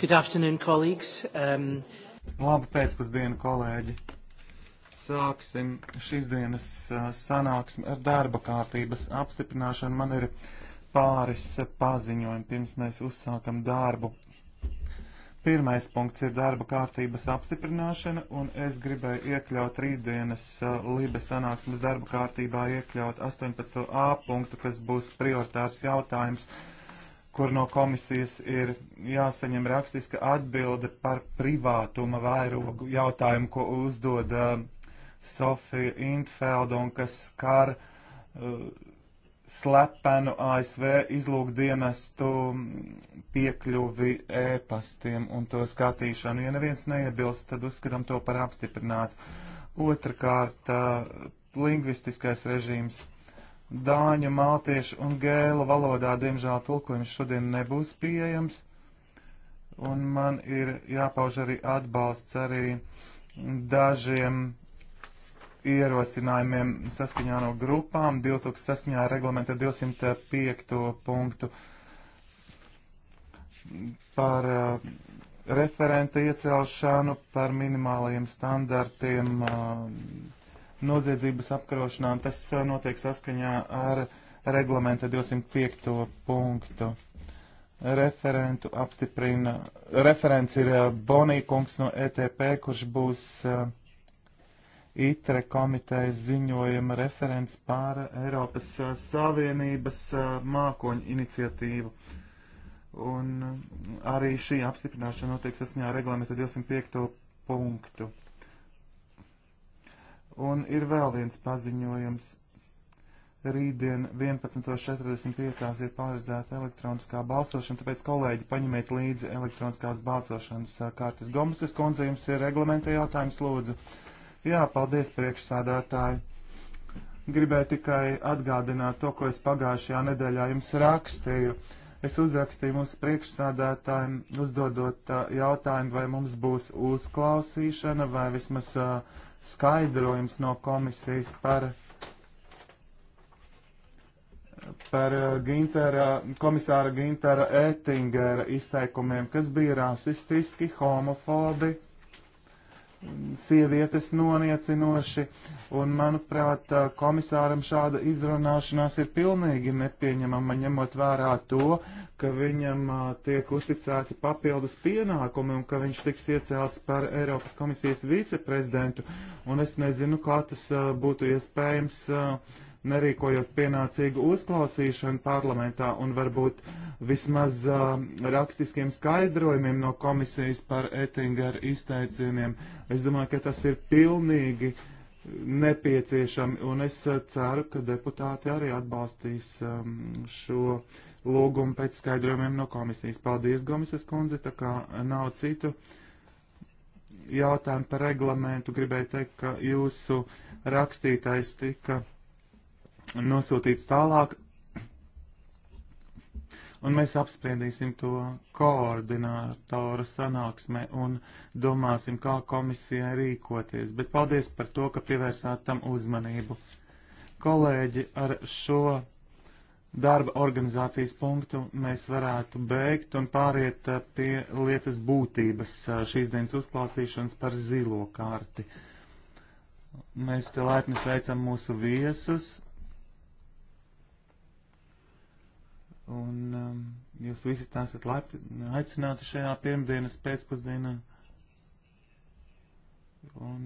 Good afternoon, colleagues. Um... Labu pēcpusdienu, kolēģi. Sāksim šīs dienas uh, sanāksmi ar darba kārtības apstiprināšanu. Man ir pāris paziņojumi, pirms mēs uzsākam darbu. Pirmais punkts ir darba kārtības apstiprināšana, un es gribēju iekļaut rītdienas uh, Libe sanāksmes darba kārtībā iekļaut 18a punktu, kas būs prioritārs jautājums. Uh, kur no komisijas ir jāsaņem rakstiska atbilde par privātuma vairogu jautājumu, ko uzdod uh, Sofija Intfelda un kas skar uh, slepenu ASV izlūkdienestu um, piekļuvi ēpastiem e un to skatīšanu. Ja neviens neiebilst, tad uzskatām to par apstiprinātu. Otrakārt, uh, lingvistiskais režīms dāņu, maltiešu un gēlu valodā. Diemžēl tulkojums šodien nebūs pieejams. Un man ir jāpauž arī atbalsts arī dažiem ierosinājumiem saskaņā no grupām 2008. reglamenta 205. punktu par uh, referenta iecelšanu, par minimālajiem standartiem uh, noziedzības apkarošanā, un tas uh, notiek saskaņā ar reglamenta 205. punktu. Referentu apstiprina, referents ir uh, Bonija kungs no ETP, kurš būs uh, ITRE komitejas ziņojuma referents pār Eiropas uh, Savienības uh, mākoņu iniciatīvu. Un uh, arī šī apstiprināšana notiek sasņā reglamenta 205. punktu. Un ir vēl viens paziņojums. Rītdien 11.45 ir paredzēta elektroniskā balsošana, tāpēc kolēģi paņemiet līdzi elektroniskās balsošanas uh, kārtas. Gomases kundze, jums ir reglamenta jautājums, lūdzu. Jā, paldies priekšsādātāji. Gribēju tikai atgādināt to, ko es pagājušajā nedēļā jums rakstīju. Es uzrakstīju mūsu priekšsādātājiem, uzdodot uh, jautājumu, vai mums būs uzklausīšana vai vismaz uh, skaidrojums no komisijas par, par eh, Gintera, komisāra Gintera Ētingera izteikumiem, kas bija rasistiski, homofobi sievietes noniecinoši, un, manuprāt, komisāram šāda izrunāšanās ir pilnīgi nepieņemama, ņemot vērā to, ka viņam tiek uzticēti papildus pienākumi un ka viņš tiks iecelts par Eiropas komisijas viceprezidentu, un es nezinu, kā tas būtu iespējams. Uh, nerīkojot pienācīgu uzklausīšanu parlamentā un varbūt vismaz uh, rakstiskiem skaidrojumiem no komisijas par Ettingeru izteicieniem. Es domāju, ka tas ir pilnīgi nepieciešami un es ceru, ka deputāti arī atbalstīs um, šo lūgumu pēc skaidrojumiem no komisijas. Paldies, Gomisas kundze, tā kā nav citu jautājumu par reglamentu. Gribēju teikt, ka jūsu rakstītais tika nosūtīts tālāk, un mēs apspriedīsim to koordinātoru sanāksmē un domāsim, kā komisijai rīkoties. Bet paldies par to, ka pievērsāt tam uzmanību. Kolēģi, ar šo darba organizācijas punktu mēs varētu beigt un pāriet eh, pie lietas būtības eh, šīs dienas uzklausīšanas par zilo karti. Mēs te laipni sveicam mūsu viesus Un um, jūs visi esat laipni aicināti šajā pirmdienas pēcpusdienā. Un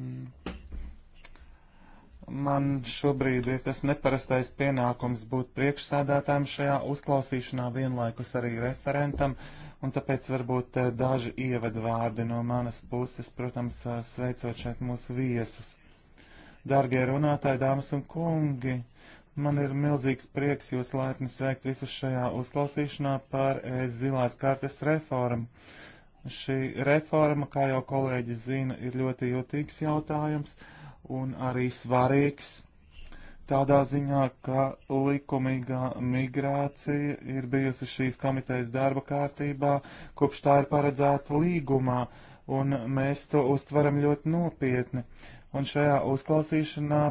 man šobrīd ir tas neparastais pienākums būt priekšsēdētājiem šajā uzklausīšanā vienlaikus arī referentam, un tāpēc varbūt eh, daži ievadvārdi no manas puses, protams, eh, sveicot šeit mūsu viesus. Dargie runātāji, dāmas un kungi! Man ir milzīgs prieks jūs laipni sveikt visus šajā uzklausīšanā par ES zilās kartes reformu. Šī reforma, kā jau kolēģis zina, ir ļoti jūtīgs jautājums un arī svarīgs tādā ziņā, ka likumīgā migrācija ir bijusi šīs komitejas darba kārtībā, kopš tā ir paredzēta līgumā, un mēs to uztveram ļoti nopietni. Un šajā uzklausīšanā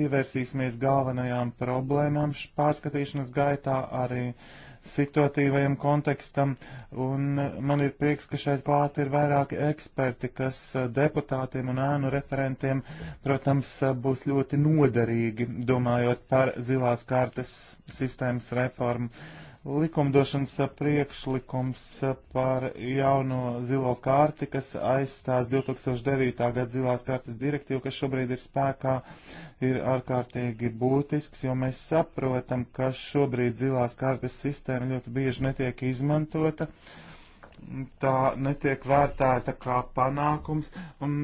pievērsīsimies galvenajām problēmām pārskatīšanas gaitā, arī situatīvajam kontekstam, un eh, man ir prieks, ka šeit klāt ir vairāki eksperti, kas eh, deputātiem un ēnu referentiem, protams, eh, būs ļoti noderīgi, domājot par zilās kārtas sistēmas reformu. Uh, likumdošanas priekšlikums par jauno zilo kārti, kas aizstās 2009. gada zilās kārtas direktīvu, kas šobrīd ir spēkā, ir ārkārtīgi būtisks, jo mēs saprotam, ka šobrīd zilās kārtas sistēma ļoti bieži netiek izmantota. Tā netiek vērtēta kā panākums, un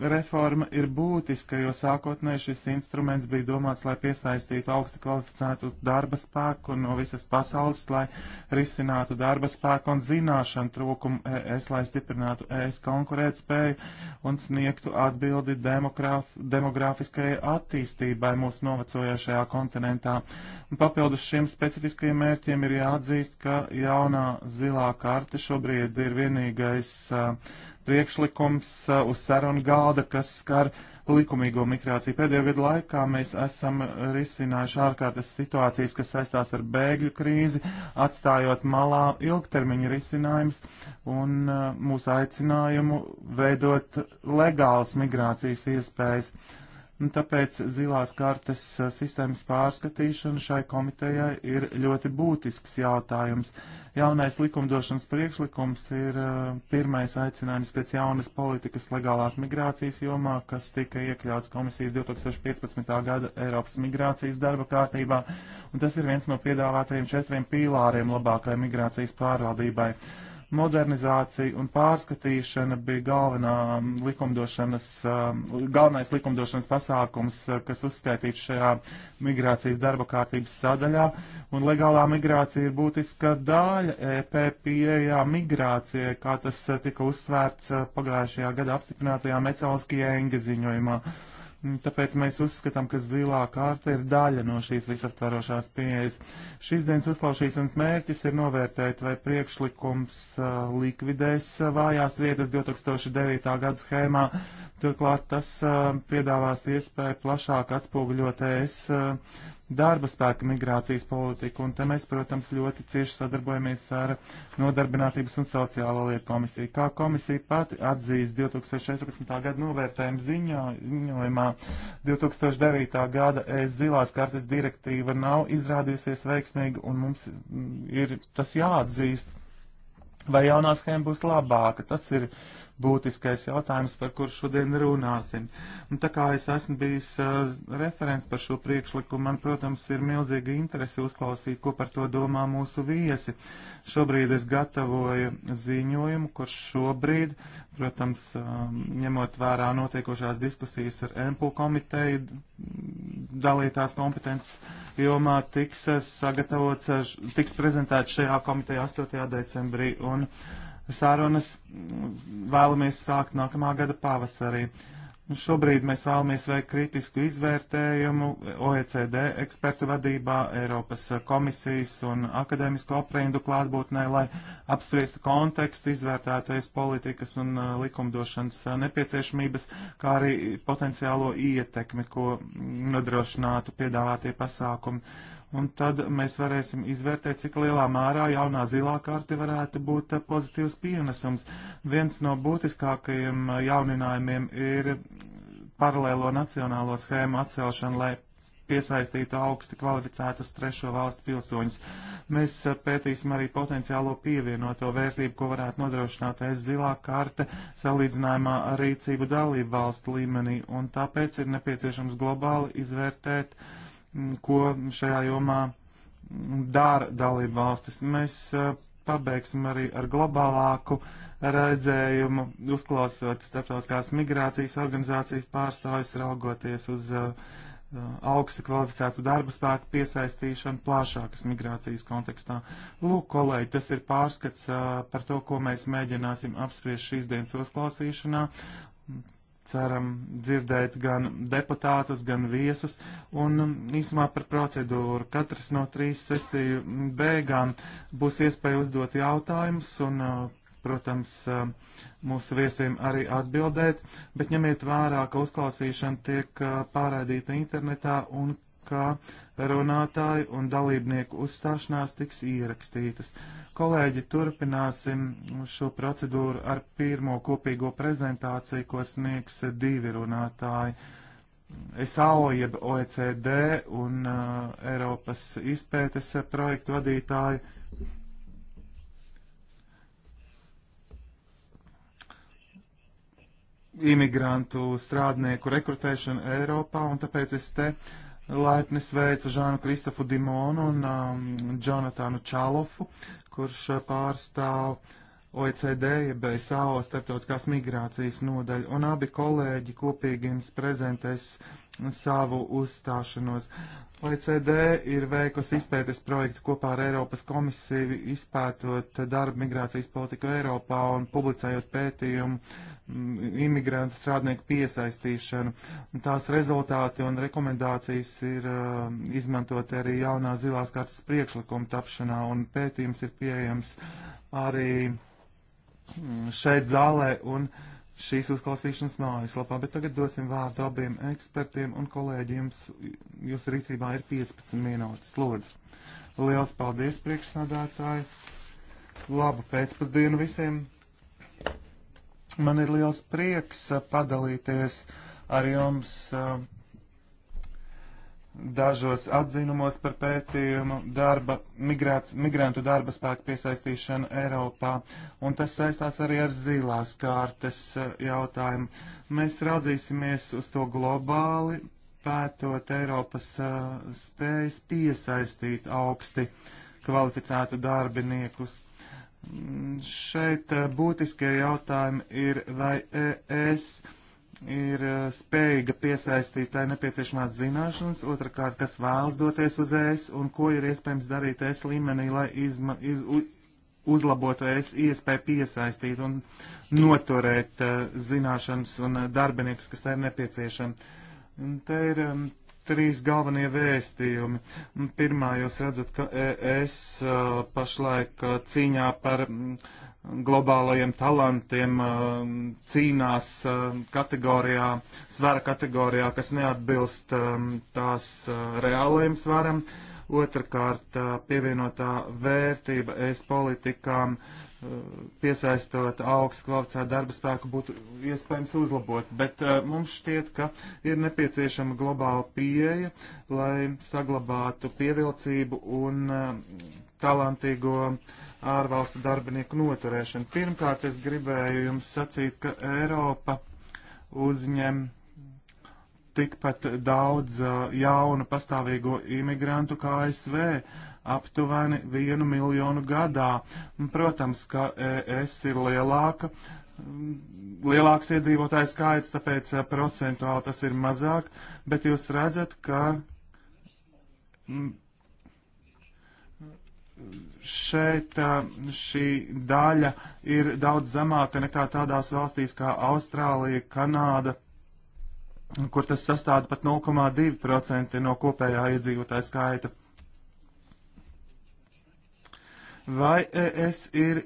reforma ir būtiska, jo sākotnēji šis instruments bija domāts, lai piesaistītu augsti kvalificētu darba spēku no visas pasaules, lai risinātu darba spēku un zināšanu trūkumu ES, lai stiprinātu ES konkurētspēju un sniegtu atbildi demograf, demografiskajai attīstībai mūsu novecojošajā kontinentā. Un papildus šiem specifiskajiem mērķiem ir jāatzīst, ka jaunā zilā karte šobrīd ir vienīgais uh, priekšlikums uh, uz sarunu galda, kas skar likumīgo migrāciju. Pēdējo gadu laikā mēs esam risinājuši ārkārtas situācijas, kas saistās ar bēgļu krīzi, atstājot malā ilgtermiņa risinājumus un uh, mūsu aicinājumu veidot legālas migrācijas iespējas. Uh, Un nu, tāpēc zilās kartes eh, sistēmas pārskatīšana šai komitejai ir ļoti būtisks jautājums. Jaunais likumdošanas priekšlikums ir eh, pirmais aicinājums pēc jaunas politikas legālās migrācijas jomā, kas tika iekļauts komisijas 2015. gada Eiropas migrācijas darba kārtībā. Un tas ir viens no piedāvātajiem četriem pīlāriem labākai migrācijas pārvaldībai modernizācija un pārskatīšana bija galvenā um, likumdošanas, um, galvenais likumdošanas pasākums, uh, kas uzskaitīts šajā migrācijas darba kārtības sadaļā, un legālā migrācija ir būtiska daļa EP pieejā migrācijai, kā tas uh, tika uzsvērts uh, pagājušajā gada apstiprinātajā Mecelskijā enga ziņojumā. Mm, tāpēc mēs uzskatām, ka zilā kārta ir daļa no šīs visaptvarošās pieejas. Šīs dienas uzklausīšanas mērķis ir novērtēt, vai priekšlikums uh, likvidēs uh, vājās vietas 2009. gada schēmā. Turklāt tas uh, piedāvās iespēju plašāk atspoguļot ES uh, darba spēka migrācijas politiku, un te mēs, protams, ļoti cieši sadarbojamies ar Nodarbinātības un sociālo lietu komisiju. Kā komisija pati atzīst 2014. gada novērtējuma ziņojumā, 2009. gada ES zilās kartes direktīva nav izrādījusies veiksmīga, un mums ir tas jāatzīst. Vai jaunā schēma būs labāka? Tas ir būtiskais jautājums, par kur šodien runāsim. Un tā kā es esmu bijis uh, referents par šo priekšlikumu, man, protams, ir milzīga interese uzklausīt, ko par to domā mūsu viesi. Šobrīd es gatavoju ziņojumu, kurš šobrīd, protams, um, ņemot vērā notiekošās diskusijas ar Empul komiteju, dalītās kompetences jomā tiks sagatavots, tiks prezentēts šajā komitejā 8. decembrī. Un, uh, Sārunas vēlamies sākt nākamā gada pavasarī. Nu, šobrīd mēs vēlamies veikt kritisku izvērtējumu OECD ekspertu vadībā, Eiropas komisijas un akadēmisko aprindu klātbūtnē, lai apspriestu kontekstu, izvērtētais politikas un uh, likumdošanas uh, nepieciešamības, kā arī potenciālo ietekmi, ko nodrošinātu piedāvātie pasākumi un tad mēs varēsim izvērtēt, cik lielā mērā jaunā zilā karte varētu būt eh, pozitīvs pienesums. Viens no būtiskākajiem eh, jauninājumiem ir paralēlo nacionālo schēmu atcelšana, lai piesaistītu augsti kvalificētus trešo valstu pilsoņus. Mēs eh, pētīsim arī potenciālo pievienoto vērtību, ko varētu nodrošināt es zilā karte salīdzinājumā ar rīcību dalību valstu līmenī, un tāpēc ir nepieciešams globāli izvērtēt uh, Mm, ko šajā jomā dara dalību valstis. Mēs eh, pabeigsim arī ar globālāku redzējumu, uzklausot starptautiskās migrācijas organizācijas pārstāvis, raugoties uz uh, eh, augsti kvalificētu darba spēku piesaistīšanu plašākas migrācijas kontekstā. Lūk, kolēģi, tas ir pārskats uh, par to, ko mēs mēģināsim apspriest šīs dienas uzklausīšanā ceram dzirdēt gan deputātus, gan viesus. Un um, īsumā par procedūru. Katras no trīs sesiju beigām būs iespēja uzdot jautājumus un, uh, protams, uh, mūsu viesiem arī atbildēt, bet ņemiet vērā, ka uzklausīšana tiek uh, pārādīta internetā un ka runātāju un dalībnieku uzstāšanās tiks ierakstītas. Kolēģi, turpināsim šo procedūru ar pirmo kopīgo prezentāciju, ko sniegs divi runātāji. SAO jeb OECD un uh, Eiropas izpētes projektu vadītāji. imigrantu strādnieku rekrutēšanu Eiropā, un tāpēc es te uh, Laipni sveicu Žānu Kristofu Dimonu un um, Jonatānu Čalofu, kurš uh, pārstāv OECD, jeb uh, SAO starptautiskās migrācijas nodaļu, un abi kolēģi kopīgi jums prezentēs savu uzstāšanos. OECD ir veikusi izpētes projektu kopā ar Eiropas komisiju, izpētot darba migrācijas politiku Eiropā un publicējot pētījumu Mm, imigrantu strādnieku piesaistīšanu. Tās rezultāti un rekomendācijas ir uh, izmantot arī jaunā zilās kartas priekšlikuma tapšanā, un pētījums ir pieejams arī mm, šeit zālē un šīs uzklausīšanas mājaslapā. Bet tagad dosim vārdu abiem ekspertiem un kolēģiem. Jūsu rīcībā ir 15 minūtes. Lūdzu. Liels paldies priekšsādātāji. Labu pēcpusdienu visiem. Man ir liels prieks uh, padalīties ar jums uh, dažos atzinumos par pētījumu darba, migrāts, migrantu darba spēku piesaistīšanu Eiropā, un tas saistās arī ar zilās kārtas uh, jautājumu. Mēs raudzīsimies uz to globāli, pētot Eiropas uh, spējas piesaistīt augsti kvalificētu darbiniekus. Mm, šeit eh, būtiskie jautājumi ir, vai ES ir eh, spējīga piesaistīt tai eh, nepieciešamās zināšanas, otrkārt, kas vēlas doties uz ES un ko ir iespējams darīt ES līmenī, lai izma, iz, uzlabotu ES iespēju piesaistīt un noturēt uh, zināšanas un darbiniekus, kas tai ir nepieciešami. Un te ir um, trīs galvenie vēstījumi. Pirmā, jūs redzat, ka es uh, pašlaik uh, cīņā par mm, globālajiem talantiem uh, cīnās kategorijā, svara kategorijā, kas neatbilst um, tās reālajiem svaram. Otrakārt, pievienotā vērtība es politikām piesaistot augstu kvalificētu darba spēku, būtu iespējams uzlabot. Bet uh, mums šķiet, ka ir nepieciešama globāla pieeja, lai saglabātu pievilcību un uh, talantīgo ārvalstu darbinieku noturēšanu. Pirmkārt, es gribēju jums sacīt, ka Eiropa uzņem tikpat daudz uh, jaunu pastāvīgo imigrantu kā ASV. Uh, aptuveni vienu miljonu gadā. Protams, ka ES ir lielāka, lielāks iedzīvotāju skaits, tāpēc eh, procentuāli tas ir mazāk, bet jūs redzat, ka mm, šeit eh, šī daļa ir daudz zemāka nekā tādās valstīs kā Austrālija, Kanāda, kur tas sastāda pat 0,2% no kopējā iedzīvotāja skaita vai ES ir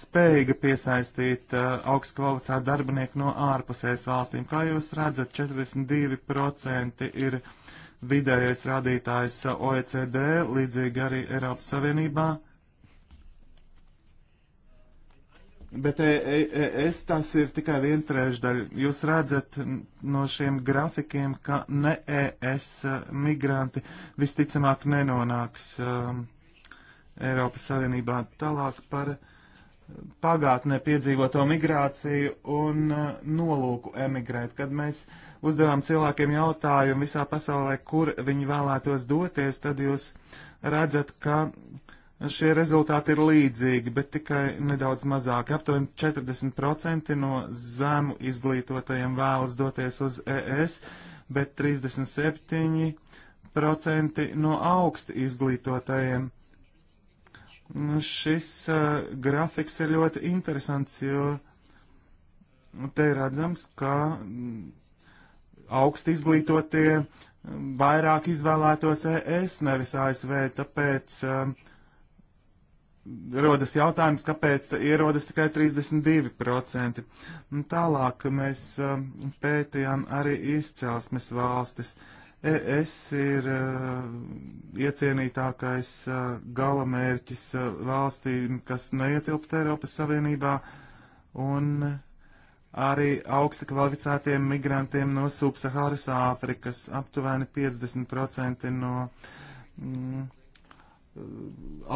spējīga piesaistīt uh, augstu kvalificētu darbinieku no ārpusējas valstīm. Kā jūs redzat, 42% ir vidējais rādītājs uh, OECD, līdzīgi arī Eiropas Savienībā. Bet es e, e, tas ir tikai viena trešdaļa. Jūs redzat no šiem grafikiem, ka ne ES uh, migranti visticamāk nenonāks um, Eiropas Savienībā. Tālāk par pagātnē piedzīvoto migrāciju un uh, nolūku emigrēt. Kad mēs uzdevām cilvēkiem jautājumu visā pasaulē, kur viņi vēlētos doties, tad jūs redzat, ka šie rezultāti ir līdzīgi, bet tikai nedaudz mazāk. Aptuveni 40% no zemu izglītotajiem vēlas doties uz ES, bet 37% no augsti izglītotajiem Nu, šis uh, grafiks ir ļoti interesants, jo te ir redzams, ka mm, augsti izglītotie mm, vairāk izvēlētos ES, nevis ASV, tāpēc uh, rodas jautājums, kāpēc ierodas tikai 32%. Un tālāk mēs uh, pētījām arī izcelsmes valstis. ES ir uh, iecienītākais uh, gala mērķis uh, valstīm, kas neietilpst Eiropas Savienībā, un arī augsti kvalificētiem migrantiem no subsahāras Āfrikas - aptuveni 50% no mm,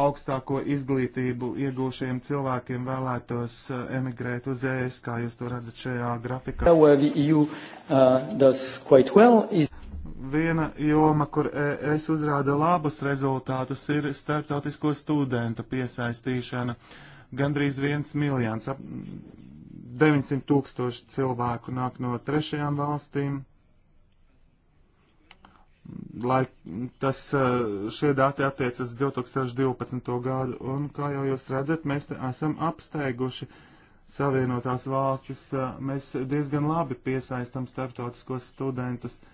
augstāko izglītību iegūšiem cilvēkiem vēlētos emigrēt uz ES, kā jūs to redzat šajā grafikā. Where the EU uh, does quite well is viena joma, kur es uzrāda labus rezultātus, ir starptautisko studentu piesaistīšana. Gandrīz viens miljons, 900 tūkstoši cilvēku nāk no trešajām valstīm. Lai tas, e, šie dati attiecas 2012. gadu, un kā jau jūs redzat, mēs te esam apsteiguši Savienotās valstis, e, mēs diezgan labi piesaistam starptautiskos studentus. Uh,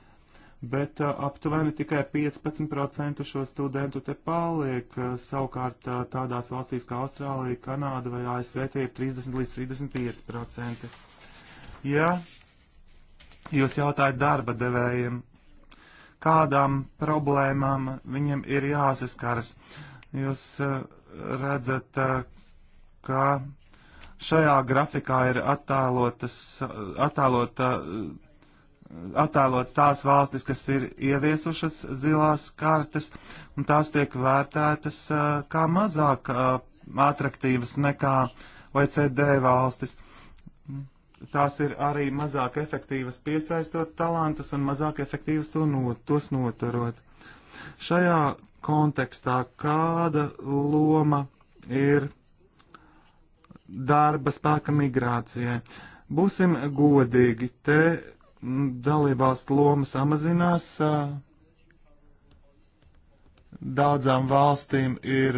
bet uh, aptuveni tikai 15% šo studentu te paliek. Uh, savukārt uh, tādās valstīs kā Austrālija, Kanāda vai ASV tie ir 30 līdz 35%. Ja jūs jautājat darba devējiem, kādām problēmām viņam ir jāsaskaras, jūs redzat, ka šajā grafikā ir attēlotas, attēlota attēlots tās valstis, kas ir ieviesušas zilās kartes, un tās tiek vērtētas uh, kā mazāk uh, atraktīvas nekā OECD valstis. Tās ir arī mazāk efektīvas piesaistot talantus un mazāk efektīvas to not, tos noturot. Šajā kontekstā kāda loma ir darba spēka migrācijai? Būsim godīgi, te dalībvalstu loma samazinās. Daudzām valstīm ir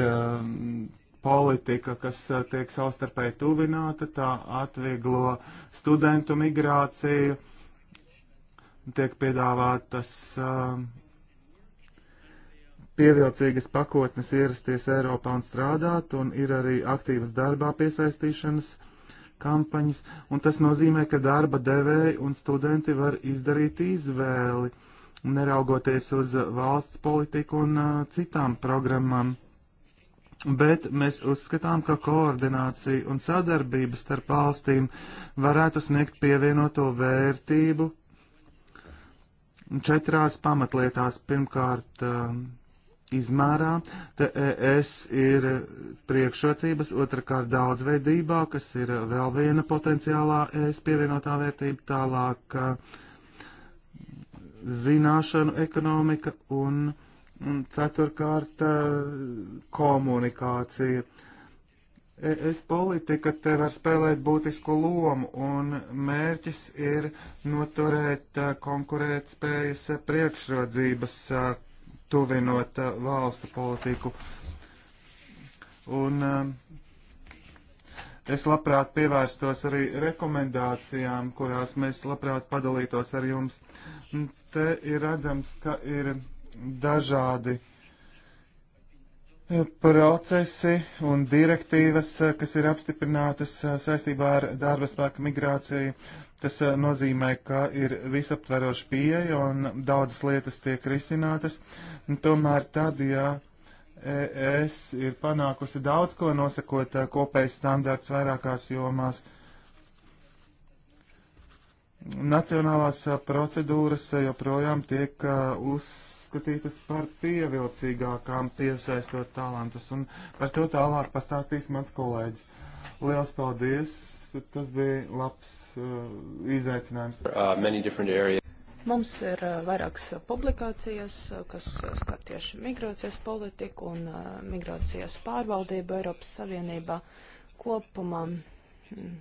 politika, kas tiek savstarpēji tuvināta, tā atvieglo studentu migrāciju, tiek piedāvātas pievilcīgas pakotnes ierasties Eiropā un strādāt, un ir arī aktīvas darbā piesaistīšanas kampaņas, un tas nozīmē, ka darba devēji un studenti var izdarīt izvēli, neraugoties uz valsts politiku un uh, citām programmām. Bet mēs uzskatām, ka koordinācija un sadarbība starp valstīm varētu sniegt pievienoto vērtību četrās pamatlietās. Pirmkārt, uh, izmērā, te ES ir priekšrocības, otrkārt daudzveidībā, kas ir vēl viena potenciālā ES pievienotā vērtība, tālāk e, zināšanu ekonomika un, un ceturkārt e, komunikācija. Es politika te var spēlēt būtisku lomu, un mērķis ir noturēt e, konkurētspējas priekšrodzības tuvinot valstu politiku. Un um, es labprāt pievērstos arī rekomendācijām, kurās mēs labprāt padalītos ar jums. Te ir redzams, ka ir dažādi eh, procesi un direktīvas, eh, kas ir apstiprinātas eh, saistībā ar darba spēka migrāciju. Tas eh, nozīmē, ka ir visaptveroša pieeja un daudzas lietas tiek risinātas. Tomēr tad, ja ES ir panākusi daudz ko nosakot eh, kopējs standārts vairākās jomās, nacionālās eh, procedūras joprojām tiek uzskatītas par pievilcīgākām piesaistot talantus, un par to tālāk pastāstīs mans kolēģis. Liels paldies! Tas bija labs uh, izaicinājums. Uh, Mums ir uh, vairākas publikācijas, uh, kas uh, skar tieši migrācijas politiku un migrācijas pārvaldību Eiropas Savienībā kopumā. Mm,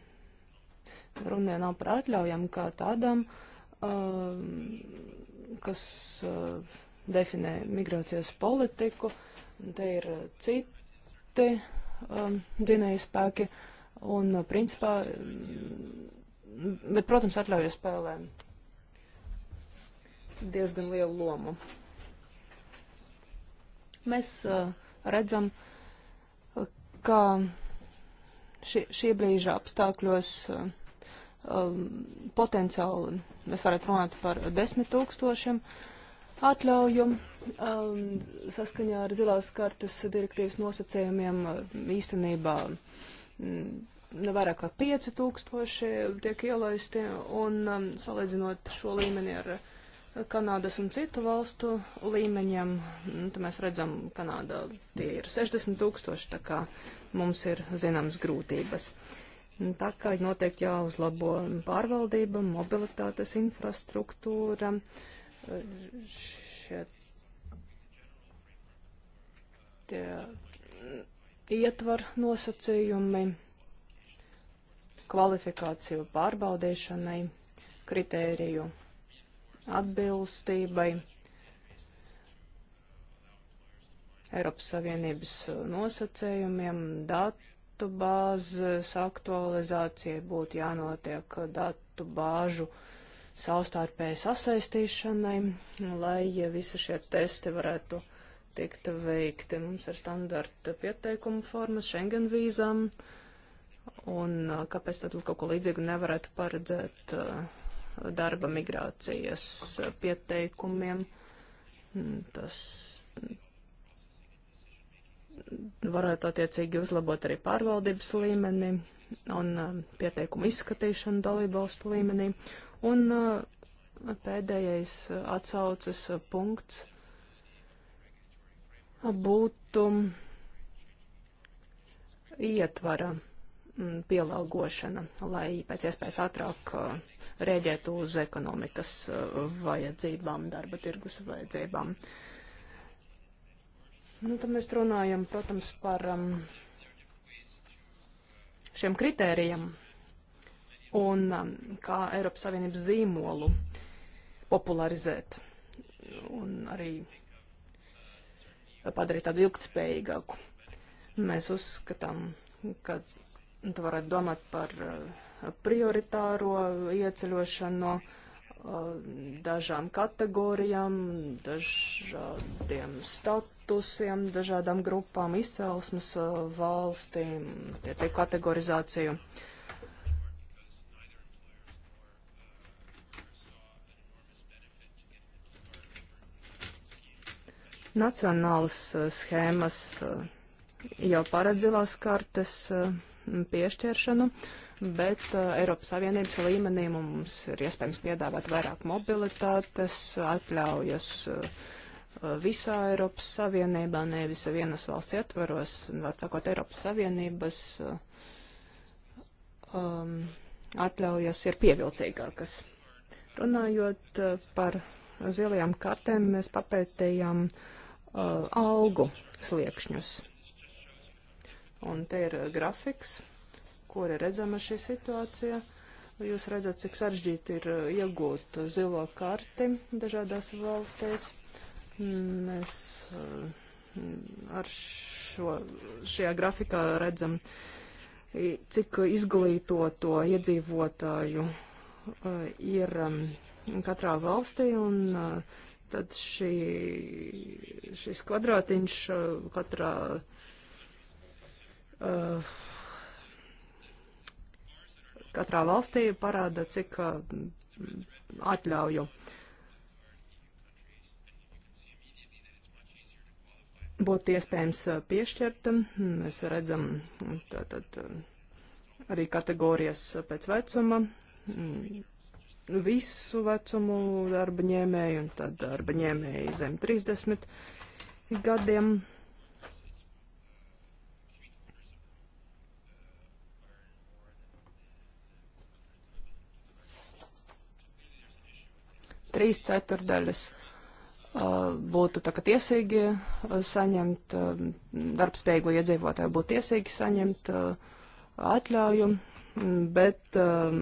runa nav par atļaujam kā tādam, kas definē migrācijas politiku. Te ir citi um, dzinēja spēki. Un, uh, principā, um, bet, protams, atļauja spēlē diezgan lielu lomu. Mēs uh, redzam, uh, ka šī, šī brīža apstākļos uh, um, potenciāli mēs varētu runāt par desmit tūkstošiem atļaujumu um, saskaņā ar zilās kartas direktīvas nosacījumiem um, īstenībā m, mm, vairāk kā 5000 tiek ielaisti, un um, salīdzinot šo līmeni ar Kanādas un citu valstu līmeņiem, mm, tad mēs redzam, Kanāda tie ir 60 tūkstoši, tā kā mums ir zināmas grūtības. Tā kā noteikti jāuzlabo pārvaldība, mobilitātes infrastruktūra, šie tie mm, ietvar nosacījumi kvalifikāciju pārbaudīšanai, kritēriju atbilstībai, Eiropas Savienības nosacējumiem, datu bāzes aktualizācijai būtu jānotiek datu bāžu savstarpēji sasaistīšanai, lai visi šie testi varētu tiktu veikti. Mums ir standarta pieteikuma formas Schengen vīzām, un kāpēc tad kaut ko līdzīgu nevarētu paredzēt darba migrācijas pieteikumiem. Mm, tas varētu attiecīgi uzlabot arī pārvaldības līmeni un pieteikumu izskatīšanu dalībvalstu līmenī. Un pēdējais atsaucas punkts būtu ietvara mm, pielāgošana, lai pēc iespējas ātrāk uh, rēģētu uz ekonomikas uh, vajadzībām, darba tirgus vajadzībām. Nu, tad mēs runājam, protams, par um, šiem kritērijiem un um, kā Eiropas Savienības zīmolu popularizēt un arī padarīt tādu ilgtspējīgāku. Mēs uzskatām, ka tu varētu domāt par eh, prioritāro ieceļošanu eh, dažām kategorijām, dažādiem statusiem, dažādām grupām, izcelsmes eh, valstīm, tiecību kategorizāciju. Uh, Nacionālas eh, schēmas eh, jau paredz zilās kartes eh, piešķiršanu, bet Eiropas Savienības līmenī mums ir iespējams piedāvāt vairāk mobilitātes, atļaujas visā Eiropas Savienībā, nevis vienas valsts ietvaros, var sakot, Eiropas Savienības um, atļaujas ir pievilcīgākas. Runājot par zilajām kartēm, mēs papētējām uh, uh, algu sliekšņus. Un te ir uh, grafiks, kur ir redzama šī situācija. Jūs redzat, cik saržģīti ir uh, iegūt zilo karti dažādās valstīs. Mēs mm, uh, ar šo, šajā grafikā redzam, cik izglītoto iedzīvotāju ir um, katrā valstī un uh, Tad šī, šis kvadrātiņš uh, katrā. Uh, katrā valstī parāda, cik uh, atļauju būtu iespējams uh, piešķirt. Mēs redzam tātad arī kategorijas pēc vecuma, mm, visu vecumu darba ņēmēju un tad darba ņēmēju zem 30 gadiem. Trīs ceturdaļas būtu tā, tiesīgi saņemt, darbspējīgo iedzīvotāju būtu tiesīgi saņemt atļauju bet um,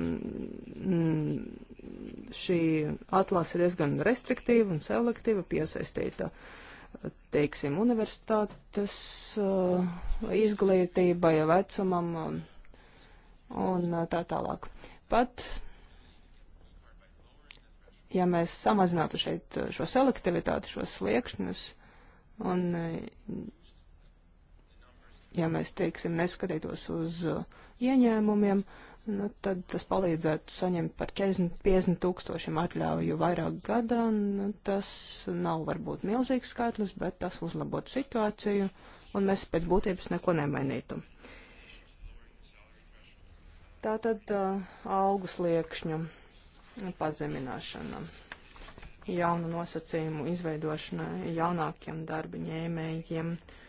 mm, šī atlase ir diezgan restriktīva un selektīva, piesaistīta, teiksim, universitātes uh, izglītībai, vecumam um, un tā tālāk. Pat, ja mēs samazinātu šeit šo selektivitāti, šos sliekšņus, un, uh, ja mēs, teiksim, neskatītos uz uh, ieņēmumiem, nu, tad tas palīdzētu saņemt par 40-50 tūkstošiem atļauju vairāk gadā. Nu, tas nav varbūt milzīgs skaitlis, bet tas uzlabotu situāciju, un mēs pēc būtības neko nemainītu. Tātad uh, algu sliekšņu pazemināšana jaunu nosacījumu izveidošana jaunākiem darba ņēmējiem. Uh,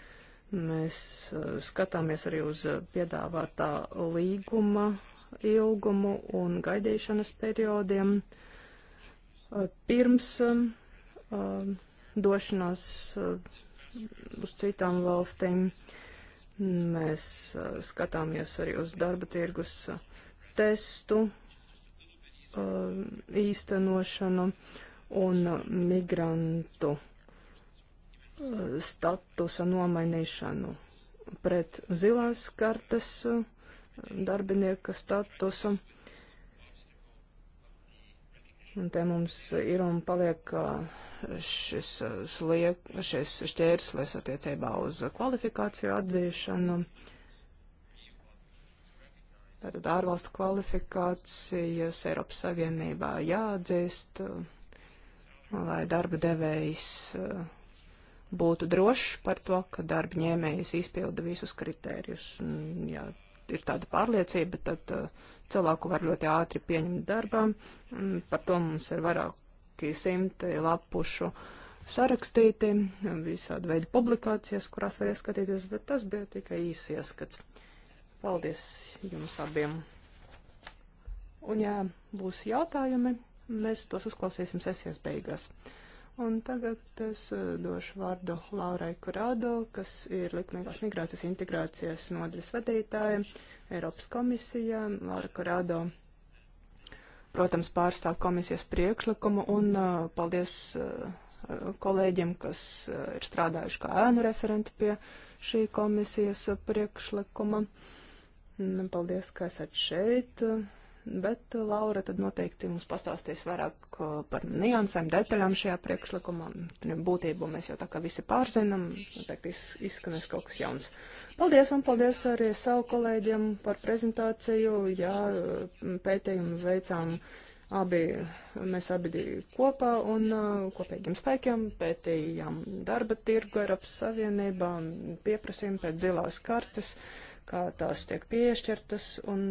Mēs uh, skatāmies arī uz uh, piedāvātā līguma ilgumu un gaidīšanas periodiem uh, pirms um, došanās uz citām valstīm. Mēs skatāmies arī uz darba tirgus testu īstenošanu un migrantu statusa nomainīšanu pret zilās kartes eh, darbinieka statusu. Un te mums ir un paliek eh, šis, sliek, šis šķērslis attiecībā uz kvalifikāciju atzīšanu. Tātad ārvalstu kvalifikācijas Eiropas Savienībā jāatzīst, lai darba devējs uh, būtu drošs par to, ka darba ņēmējs izpilda visus kritērijus. Ja ir tāda pārliecība, tad uh, cilvēku var ļoti ātri pieņemt darbā. Par to mums ir vairāki simti lapušu sarakstīti, visādi veidi publikācijas, kurās var ieskatīties, bet tas bija tikai īsi ieskats. Paldies jums abiem! Un ja būs jautājumi, mēs tos uzklausīsim sesijas beigās. Un tagad es eh, došu vārdu Laurai Kurādo, kas ir likumīgās migrācijas integrācijas nodaļas vadītāja Eiropas komisijā. Laura Kurādo, protams, pārstāv komisijas priekšlikumu un uh, paldies uh, kolēģiem, kas uh, ir strādājuši kā ēnu referenti pie šī komisijas priekšlikuma. Paldies, ka esat šeit. Uh, bet uh, Laura tad noteikti mums pastāstīs vairāk uh, par niansēm, detaļām šajā priekšlikumā. Būtību mēs jau tā kā visi pārzinam, noteikti izskanēs kaut kas jauns. Paldies un paldies arī savu kolēģiem par prezentāciju. Jā, pētījumu veicām abi, mēs abi kopā un uh, kopīgiem spēkiem pētījām darba tirgu Eiropas Savienībā, pieprasījumu pēc zilās kartes. Uh, kā tās tiek piešķirtas, un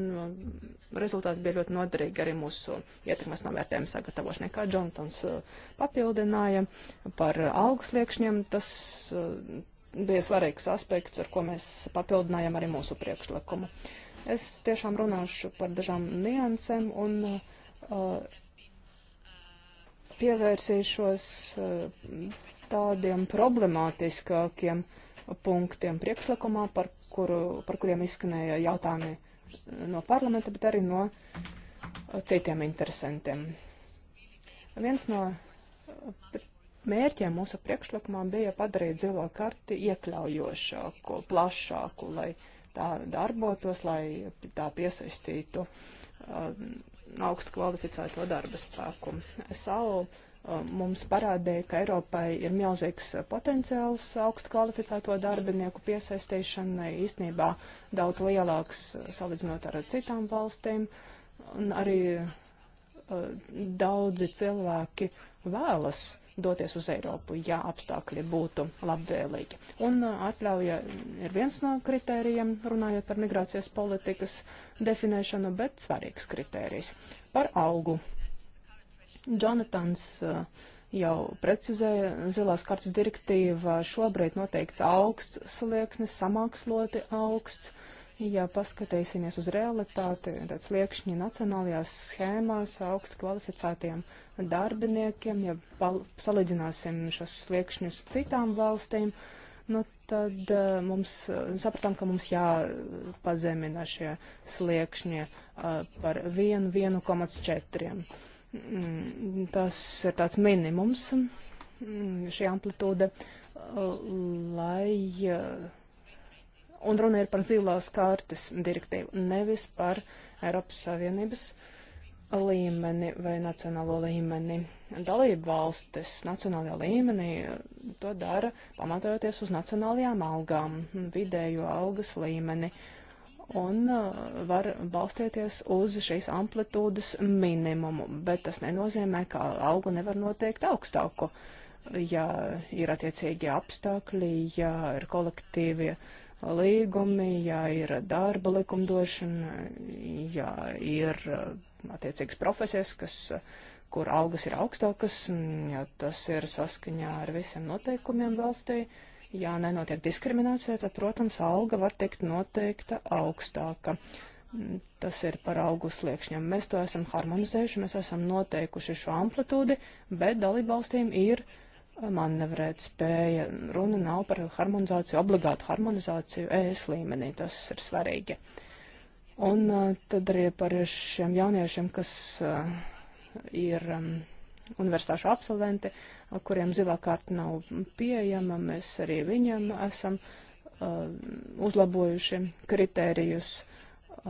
rezultāti bija ļoti noderīgi arī mūsu ietekmes novērtējuma sagatavošanai. Kā Džontons uh, papildināja par algas liekšņiem, tas uh, bija svarīgs aspekts, ar ko mēs papildinājām arī mūsu priekšlikumu. Es tiešām runāšu par dažām niansēm un uh, pievērsīšos uh, tādiem problemātiskākiem punktiem priekšlikumā, par kuru, par kuriem izskanēja jautājumi no parlamenta, bet arī no uh, citiem interesantiem. Viens no uh, mērķiem mūsu priekšlikumā bija padarīt zilo karti iekļaujošāku, plašāku, lai tā darbotos, lai tā piesaistītu uh, augstu kvalificēto darba spēku. Saulu Uh, mums parādīja, ka Eiropai ir milzīgs potenciāls augstu kvalificēto darbinieku piesaistīšanai, īstenībā daudz lielāks uh, salīdzinot ar citām valstīm. Un arī uh, daudzi cilvēki vēlas doties uz Eiropu, ja apstākļi būtu labvēlīgi. Un uh, atļauja ir viens no kritērijiem, runājot par migrācijas politikas definēšanu, bet svarīgs kritērijs par augu Jonatans eh, jau precizēja, zilās kartas direktīva šobrīd noteikts augsts slieksnis, samāksloti augsts. Ja paskatīsimies uz realitāti, tad sliekšņi nacionālajās schēmās augstu kvalificētiem darbiniekiem, ja salīdzināsim šos sliekšņus citām valstīm, nu tad eh, mums sapratām, ka mums jāpazemina šie sliekšņi uh, par 1,4. Tas ir tāds minimums, šī amplitūda, lai. Un runa ir par zilās kārtas direktīvu, nevis par Eiropas Savienības līmeni vai nacionālo līmeni. Dalība valstis nacionālajā līmenī to dara pamatojoties uz nacionālajām algām, vidējo algas līmeni. Uh, un uh, var balstīties uz šīs amplitūdas minimumu, bet tas nenozīmē, ka algu nevar noteikt augstāku, ja ir attiecīgi apstākļi, ja ir kolektīvie līgumi, ja ir darba likumdošana, ja ir uh, attiecīgas profesijas, kas, uh, kur algas ir augstākas, ja tas ir saskaņā ar visiem noteikumiem valstī. Uh, Ja nenotiek diskriminācija, tad, protams, alga var tikt noteikta augstāka. Mm, tas ir par algu sliekšņiem. Mēs to esam harmonizējuši, mēs esam noteikuši šo amplitūdi, bet dalībvalstīm ir uh, manevrēt spēja. Runa nav par harmonizāciju, obligātu harmonizāciju ES līmenī. Tas ir svarīgi. Un uh, tad arī par šiem jauniešiem, kas uh, ir. Um, universitāšu absolventi, kuriem zilā kārta nav pieejama. Mēs arī viņiem esam uh, uzlabojuši kritērijus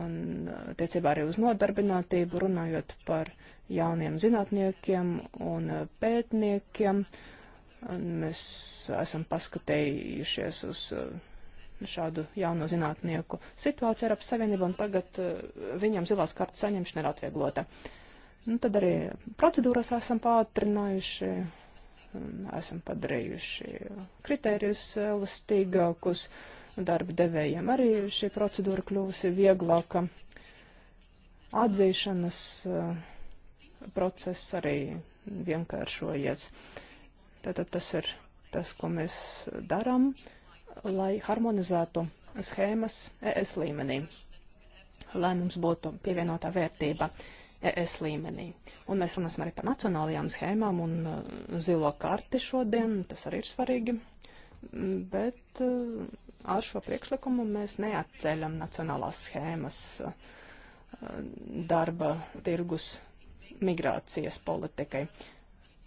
un attiecībā uh, arī uz nodarbinātību, runājot par jauniem zinātniekiem un uh, pētniekiem. Un mēs esam paskatējušies uz uh, šādu jauno zinātnieku situāciju Eiropas Savienībā, un tagad uh, viņam zilās kartas saņemšana ir atvieglota. Uh, Nu, tad arī procedūras esam pātrinājuši, esam padarījuši kritērijus elastīgākus, darba devējiem arī šī procedūra kļūsi vieglāka. Atzīšanas eh, process arī vienkāršojies. Tātad tas ir tas, ko mēs darām, lai harmonizētu schēmas ES līmenī, lai mums būtu pievienotā vērtība. Uh, ES līmenī. Un mēs runāsim arī par nacionālajām schēmām un uh, zilo karti šodien, tas arī ir svarīgi. Mm, bet uh, ar šo priekšlikumu mēs neatceļam nacionālās schēmas uh, darba tirgus migrācijas politikai.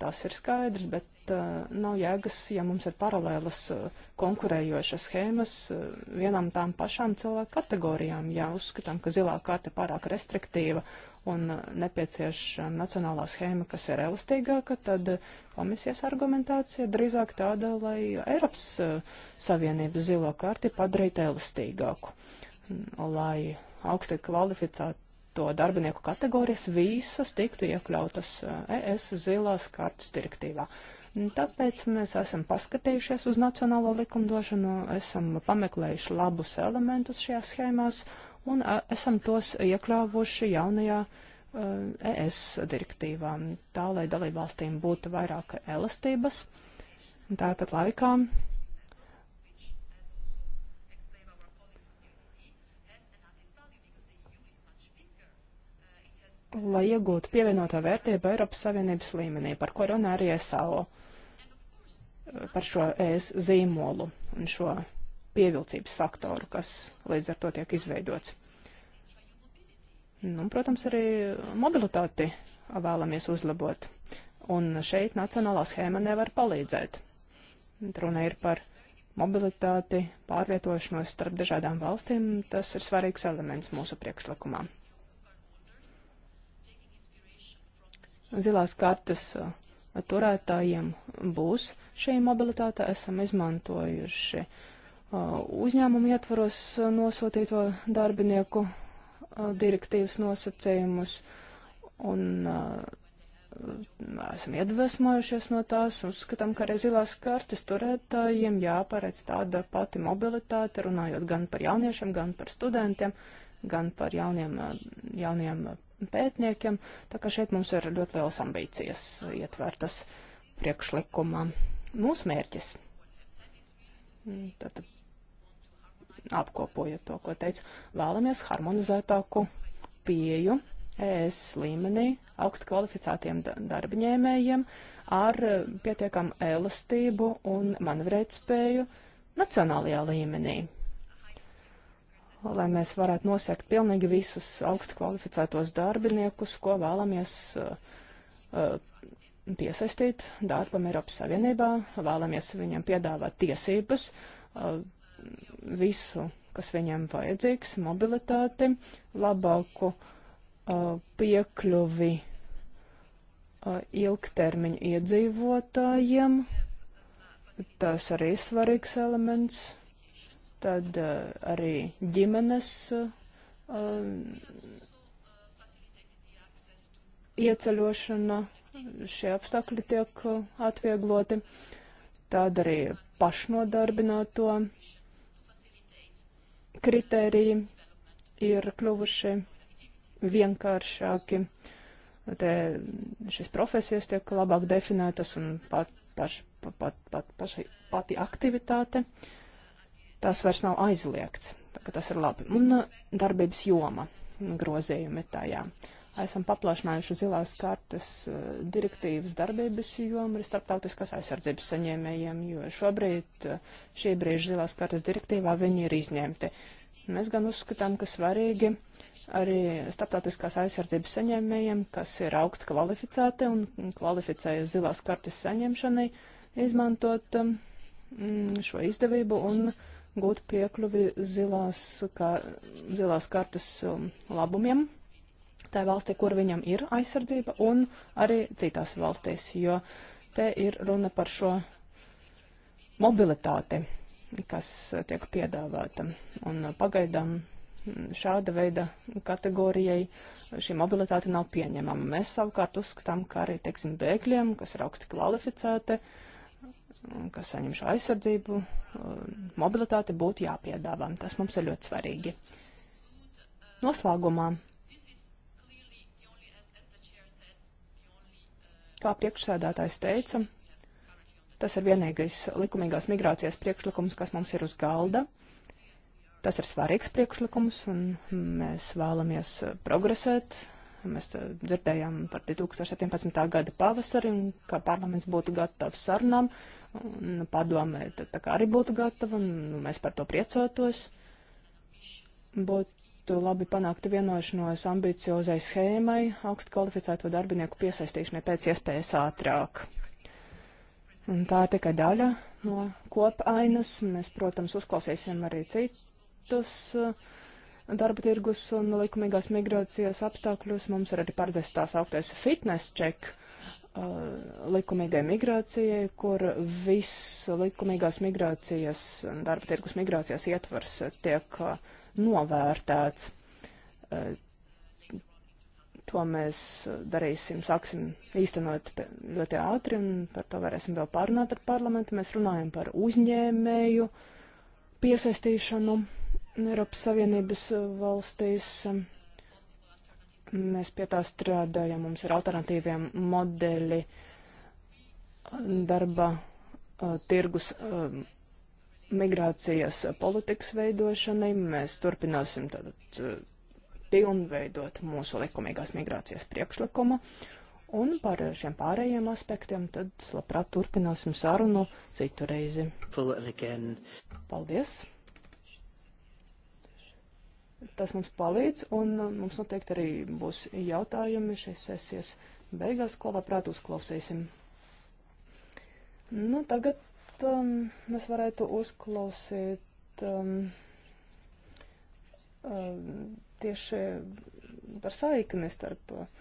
Tas ir skaidrs, bet uh, nav jēgas, ja mums ir paralēlas uh, konkurējošas schēmas uh, vienām tām pašām cilvēku kategorijām. Ja uzskatām, ka zilā karte pārāk restriktīva un uh, nepieciešama nacionālā schēma, kas ir elastīgāka, tad uh, komisijas argumentācija drīzāk tāda, lai Eiropas uh, Savienības zilo karti padarītu elastīgāku, lai augsti kvalificētu to darbinieku kategorijas visas tiktu iekļautas ES zilās kartas direktīvā. Tāpēc mēs esam paskatījušies uz nacionālo likumdošanu, esam pameklējuši labus elementus šajās schēmās un esam tos iekļāvuši jaunajā uh, ES direktīvā, tā lai dalībvalstīm būtu vairāk elastības. Tāpat laikā lai iegūtu pievienotā vērtība Eiropas Savienības līmenī, par ko runā arī e SAO. Uh, par šo ES zīmolu un šo pievilcības faktoru, kas līdz ar to tiek izveidots. Nu, protams, arī mobilitāti vēlamies uzlabot, un šeit nacionālā schēma nevar palīdzēt. Runa ir par mobilitāti, pārvietošanos starp dažādām valstīm, tas ir svarīgs elements mūsu priekšlikumā. Zilās kartas uh, turētājiem būs šī mobilitāte, esam izmantojuši uh, uzņēmumu ietvaros nosūtīto darbinieku uh, direktīvas nosacījumus un uh, esam iedvesmojušies no tās un skatām, ka arī zilās kartes turētājiem jāparedz tāda pati mobilitāte, runājot gan par jauniešiem, gan par studentiem, gan par jauniem, jauniem pētniekiem, tā ka šeit mums ir ļoti liels ambīcijas ietvērtas priekšlikumā. Mūsu mērķis, tad apkopojot to, ko teicu, vēlamies harmonizētāku pieju ES līmenī augstu kvalificētiem darbiņēmējiem ar pietiekamu elastību un manevrētspēju nacionālajā līmenī lai mēs varētu nosegt pilnīgi visus augstu kvalificētos darbiniekus, ko vēlamies uh, uh piesaistīt darbam Eiropas Savienībā, vēlamies viņiem piedāvāt tiesības, uh, visu, kas viņiem vajadzīgs, mobilitāti, labāku uh, piekļuvi uh, ilgtermiņa iedzīvotājiem. Tas arī svarīgs elements tad eh, arī ģimenes eh, ieceļošana, šie apstākļi tiek eh, atviegloti, tad arī pašnodarbināto kritēriji ir kļuvuši vienkāršāki. Te šis profesijas tiek labāk definētas un pat, paš, pat, pat, paši, pati aktivitāte. Uh, tas vairs nav aizliegts. Tas ir labi. Un uh, darbības joma grozījumi tajā. Esam paplašinājuši zilās kartes uh, direktīvas darbības jomu arī starptautiskās aizsardzības saņēmējiem, jo šobrīd uh, šī brīža zilās kartes direktīvā viņi ir izņemti. Mēs gan uzskatām, ka svarīgi arī starptautiskās aizsardzības saņēmējiem, kas ir augsti kvalificēti un kvalificējas zilās kartes saņemšanai, izmantot um, šo izdevību un uh, gūtu piekļuvi zilās, kā, zilās kartas um, labumiem tajā valstī, kur viņam ir aizsardzība, un arī citās valstīs, jo te ir runa par šo mobilitāti, kas tiek piedāvāta. Un pagaidām šāda veida kategorijai šī mobilitāte nav pieņemama. Mēs savukārt uzskatām, ka arī, teiksim, bēgļiem, kas ir augsti kvalificēti, uh, kas saņem šo aizsardzību, mobilitāti būtu jāpiedāvā. Tas mums ir ļoti svarīgi. Noslēgumā, kā priekšsēdētājs teica, tas ir vienīgais likumīgās migrācijas priekšlikums, kas mums ir uz galda. Tas ir svarīgs priekšlikums, un mēs vēlamies progresēt Mēs dzirdējām par 2017. gada pavasari, ka parlaments būtu gatavs sarunām un padomē tad tā kā arī būtu gatava, un nu, mēs par to priecātos. Būtu labi panākt vienošanos ambiciozai schēmai, augstu kvalificēto darbinieku piesaistīšanai pēc iespējas ātrāk. Un tā ir tikai daļa no kopainas. Mēs, protams, uzklausīsim arī citus uh, darba tirgus un likumīgās migrācijas apstākļus. Mums ir arī paredzēts tās augtais fitness check Uh, likumīgai migrācijai, kur viss likumīgās migrācijas un darba tirgus migrācijas ietvars tiek uh, novērtēts. Uh, to mēs darīsim, sāksim īstenot ļoti ātri un par to varēsim vēl pārunāt ar parlamentu. Mēs runājam par uzņēmēju piesaistīšanu Eiropas Savienības valstīs. Um, Mēs pie tā strādājam, mums ir alternatīviem modeļi darba tirgus migrācijas politikas veidošanai. Mēs turpināsim tātad pilnveidot mūsu likumīgās migrācijas priekšlikumu. Un par šiem pārējiem aspektiem tad labprāt turpināsim sarunu citu reizi. Paldies! Tas mums palīdz, un um, mums noteikti arī būs jautājumi šīs sesijas beigās, ko labprāt uzklausīsim. Nu, tagad um, mēs varētu uzklausīt um, um, tieši par saikni starp uh,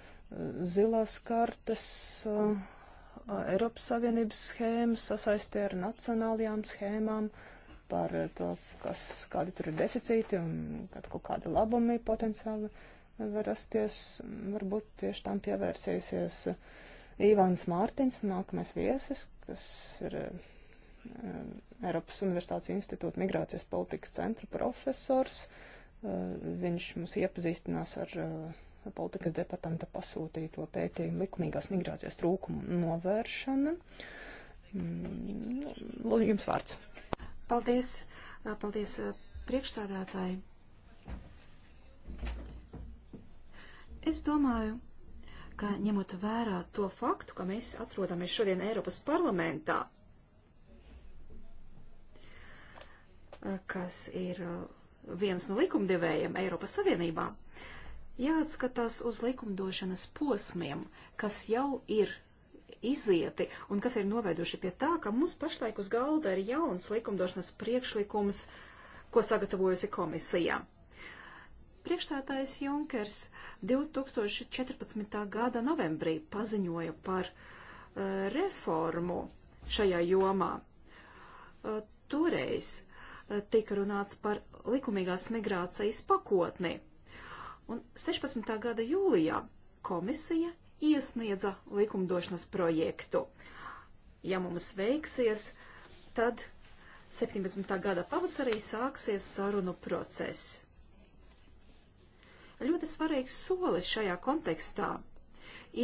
zilās kartes, uh, Eiropas Savienības schēmas sasaisti ar nacionālajām schēmām. Uh, par eh, to, kas, kādi tur ir deficīti un kad kaut kādi labumi potenciāli var rasties. Varbūt tieši tam pievērsīsies eh, Ivans Mārtiņš, nākamais viesis, kas ir eh, Eiropas Universitātes institūta migrācijas politikas centra profesors. Viņš mums iepazīstinās ar politikas departamenta pasūtīto pētījumu likumīgās migrācijas trūkumu novēršana. Mm, nu, jums vārds. Paldies, paldies priekšsādātāji. Es domāju, ka ņemot vērā to faktu, ka mēs atrodamies šodien Eiropas parlamentā, kas ir viens no likumdevējiem Eiropas Savienībā, jāatskatās uz likumdošanas posmiem, kas jau ir izieti un kas ir noveduši pie tā, ka mums pašlaik uz galda ir jauns likumdošanas priekšlikums, ko sagatavojusi komisija. Priekšstādājs Junkers 2014. gada novembrī paziņoja par uh, reformu šajā jomā. Uh, toreiz uh, tika runāts par likumīgās migrācijas pakotni. Un 16. gada jūlijā komisija iesniedza likumdošanas projektu. Ja mums veiksies, tad 17. gada pavasarī sāksies sarunu process. Ļoti svarīgs solis šajā kontekstā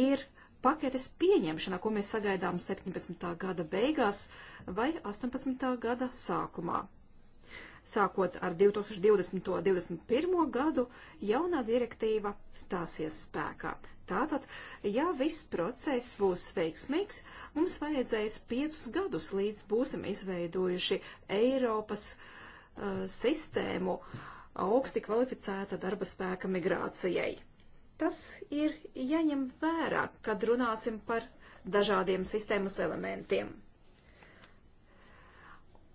ir paketes pieņemšana, ko mēs sagaidām 17. gada beigās vai 18. gada sākumā. Sākot ar 2020. un 2021. gadu, jaunā direktīva stāsies spēkā. Tātad, ja viss process būs veiksmīgs, mums vajadzēs piecus gadus, līdz būsim izveidojuši Eiropas uh, sistēmu augsti kvalificēta darba spēka migrācijai. Tas ir jāņem vērā, kad runāsim par dažādiem sistēmas elementiem.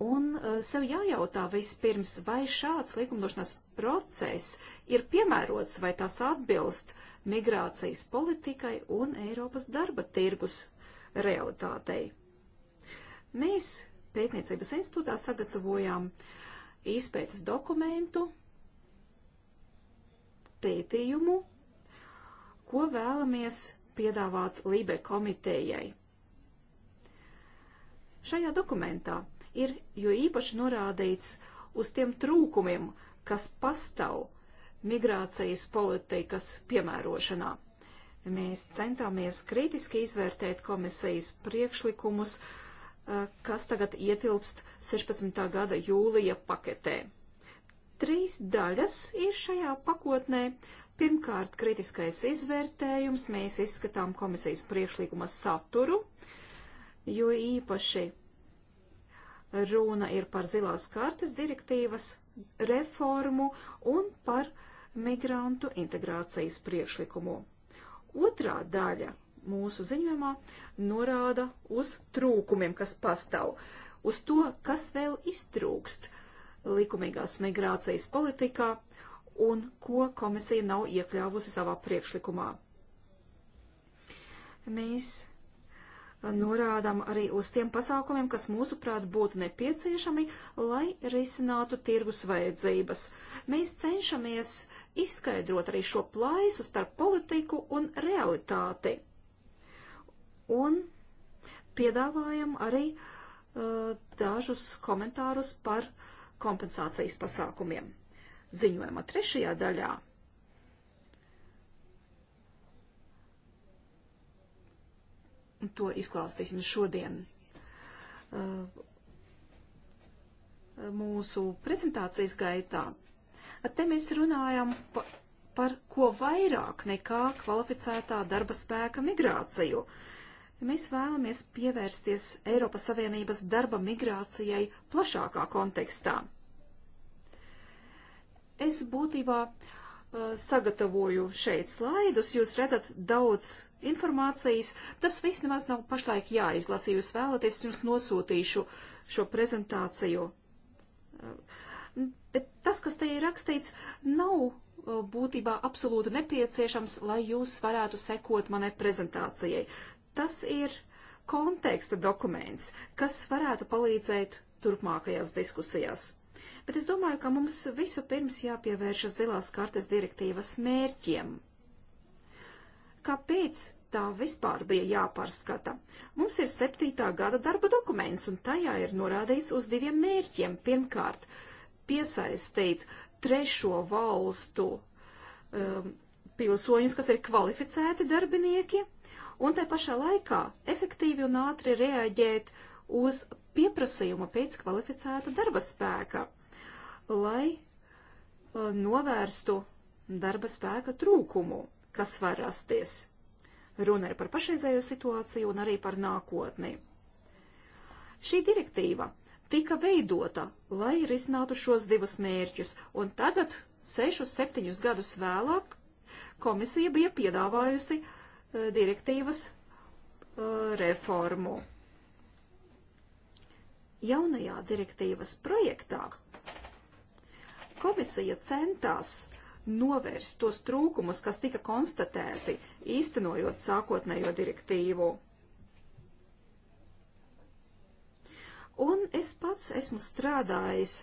Un e, sev jājautā vispirms, vai šāds likumdošanas process ir piemērots, vai tas atbilst migrācijas politikai un Eiropas darba tirgus realitātei. Mēs pētniecības institūtā sagatavojām izpētes dokumentu, pētījumu, ko vēlamies piedāvāt Lībe komitejai. Šajā dokumentā ir jo īpaši norādīts uz tiem trūkumiem, kas pastāv migrācijas politikas piemērošanā. Mēs centāmies kritiski izvērtēt komisijas priekšlikumus, eh, kas tagad ietilpst 16. gada jūlija paketē. Trīs daļas ir šajā pakotnē. Pirmkārt, kritiskais izvērtējums. Mēs izskatām komisijas priekšlikuma saturu, jo īpaši Runa ir par zilās kartes direktīvas reformu un par migrantu integrācijas priekšlikumu. Otrā daļa mūsu ziņojumā norāda uz trūkumiem, kas pastāv, uz to, kas vēl iztrūkst likumīgās migrācijas politikā un ko komisija nav iekļāvusi savā priekšlikumā. Mēs norādām arī uz tiem pasākumiem, kas mūsuprāt būtu nepieciešami, lai risinātu tirgus vajadzības. Mēs cenšamies izskaidrot arī šo plaisu starp politiku un realitāti. Un piedāvājam arī uh, dažus komentārus par kompensācijas pasākumiem. Ziņojuma trešajā daļā to izklāstīsim šodien. Uh, mūsu prezentācijas gaitā. Te mēs runājam pa, par ko vairāk nekā kvalificētā darba spēka migrāciju. Mēs vēlamies pievērsties Eiropas Savienības darba migrācijai plašākā kontekstā. Es būtībā uh, sagatavoju šeit slaidus, jūs redzat daudz informācijas. Tas viss nemaz nav pašlaik jāizlasa. Jūs vēlaties, jums nosūtīšu šo prezentāciju. Bet tas, kas te ir rakstīts, nav uh, būtībā absolūti nepieciešams, lai jūs varētu sekot manai prezentācijai. Tas ir konteksta dokuments, kas varētu palīdzēt turpmākajās diskusijās. Bet es domāju, ka mums visu pirms jāpievēršas zilās kartes direktīvas mērķiem. Kāpēc tā vispār bija jāpārskata? Mums ir septītā gada darba dokuments, un tajā ir norādīts uz diviem mērķiem. Pirmkārt, piesaistīt trešo valstu um, pilsoņus, kas ir kvalificēti darbinieki, un tai pašā laikā efektīvi un ātri reaģēt uz pieprasījuma pēc kvalificēta darba spēka lai uh, novērstu darba spēka trūkumu, kas var rasties. Runa ir par pašreizējo situāciju un arī par nākotni. Šī direktīva tika veidota, lai risinātu šos divus mērķus, un tagad, sešus, septiņus gadus vēlāk, komisija bija piedāvājusi uh, direktīvas uh, reformu. Jaunajā direktīvas projektā Komisija centās novērst tos trūkumus, kas tika konstatēti, īstenojot sākotnējo direktīvu. Un es pats esmu strādājis